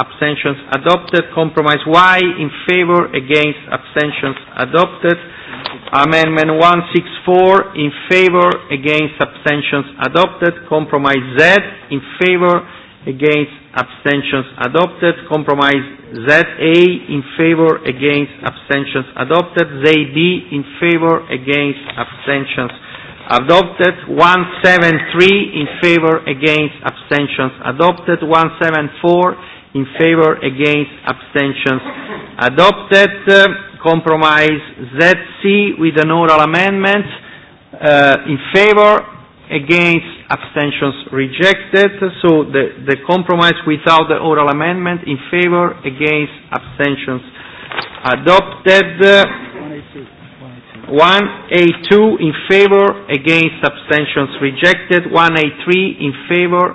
abstentions adopted. Compromise Y in favor, against, abstentions adopted. Amendment 164 in favor, against, abstentions adopted. Compromise Z in favor, against, abstentions adopted. Compromise ZA in favor, against, abstentions adopted. ZD in favor, against, abstentions adopted 173 in favor against abstentions adopted 174 in favor against abstentions adopted uh, compromise ZC with an oral amendment uh, in favor against abstentions rejected so the, the compromise without the oral amendment in favor against abstentions adopted uh, 1A2 in favor against abstentions rejected 1A3 in favor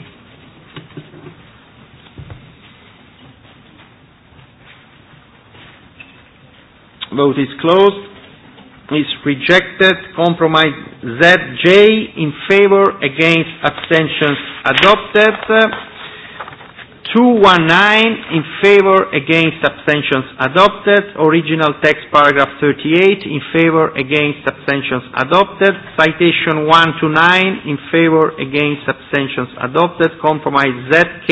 Vote is closed. Is rejected. Compromise ZJ in favor against abstentions adopted. Uh, 219 in favor against abstentions adopted. Original text paragraph 38 in favor against abstentions adopted. Citation 129 in favor against abstentions adopted. Compromise ZK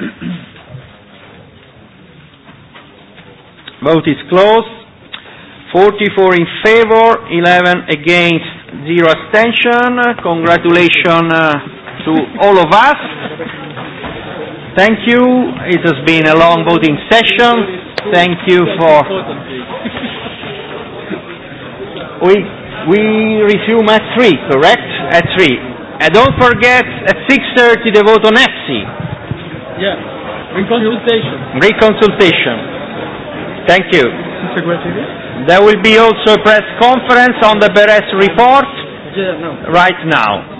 Vote is closed. 44 in favor, 11 against, 0 abstention. Congratulations uh, to all of us. Thank you. It has been a long voting session. Thank you for. We we resume at three, correct? At three. And don't forget at 6:30 the vote on EFSI. Yeah. Reconsultation. Reconsultation. Thank you. There will be also a press conference on the Beres report yeah, no. right now.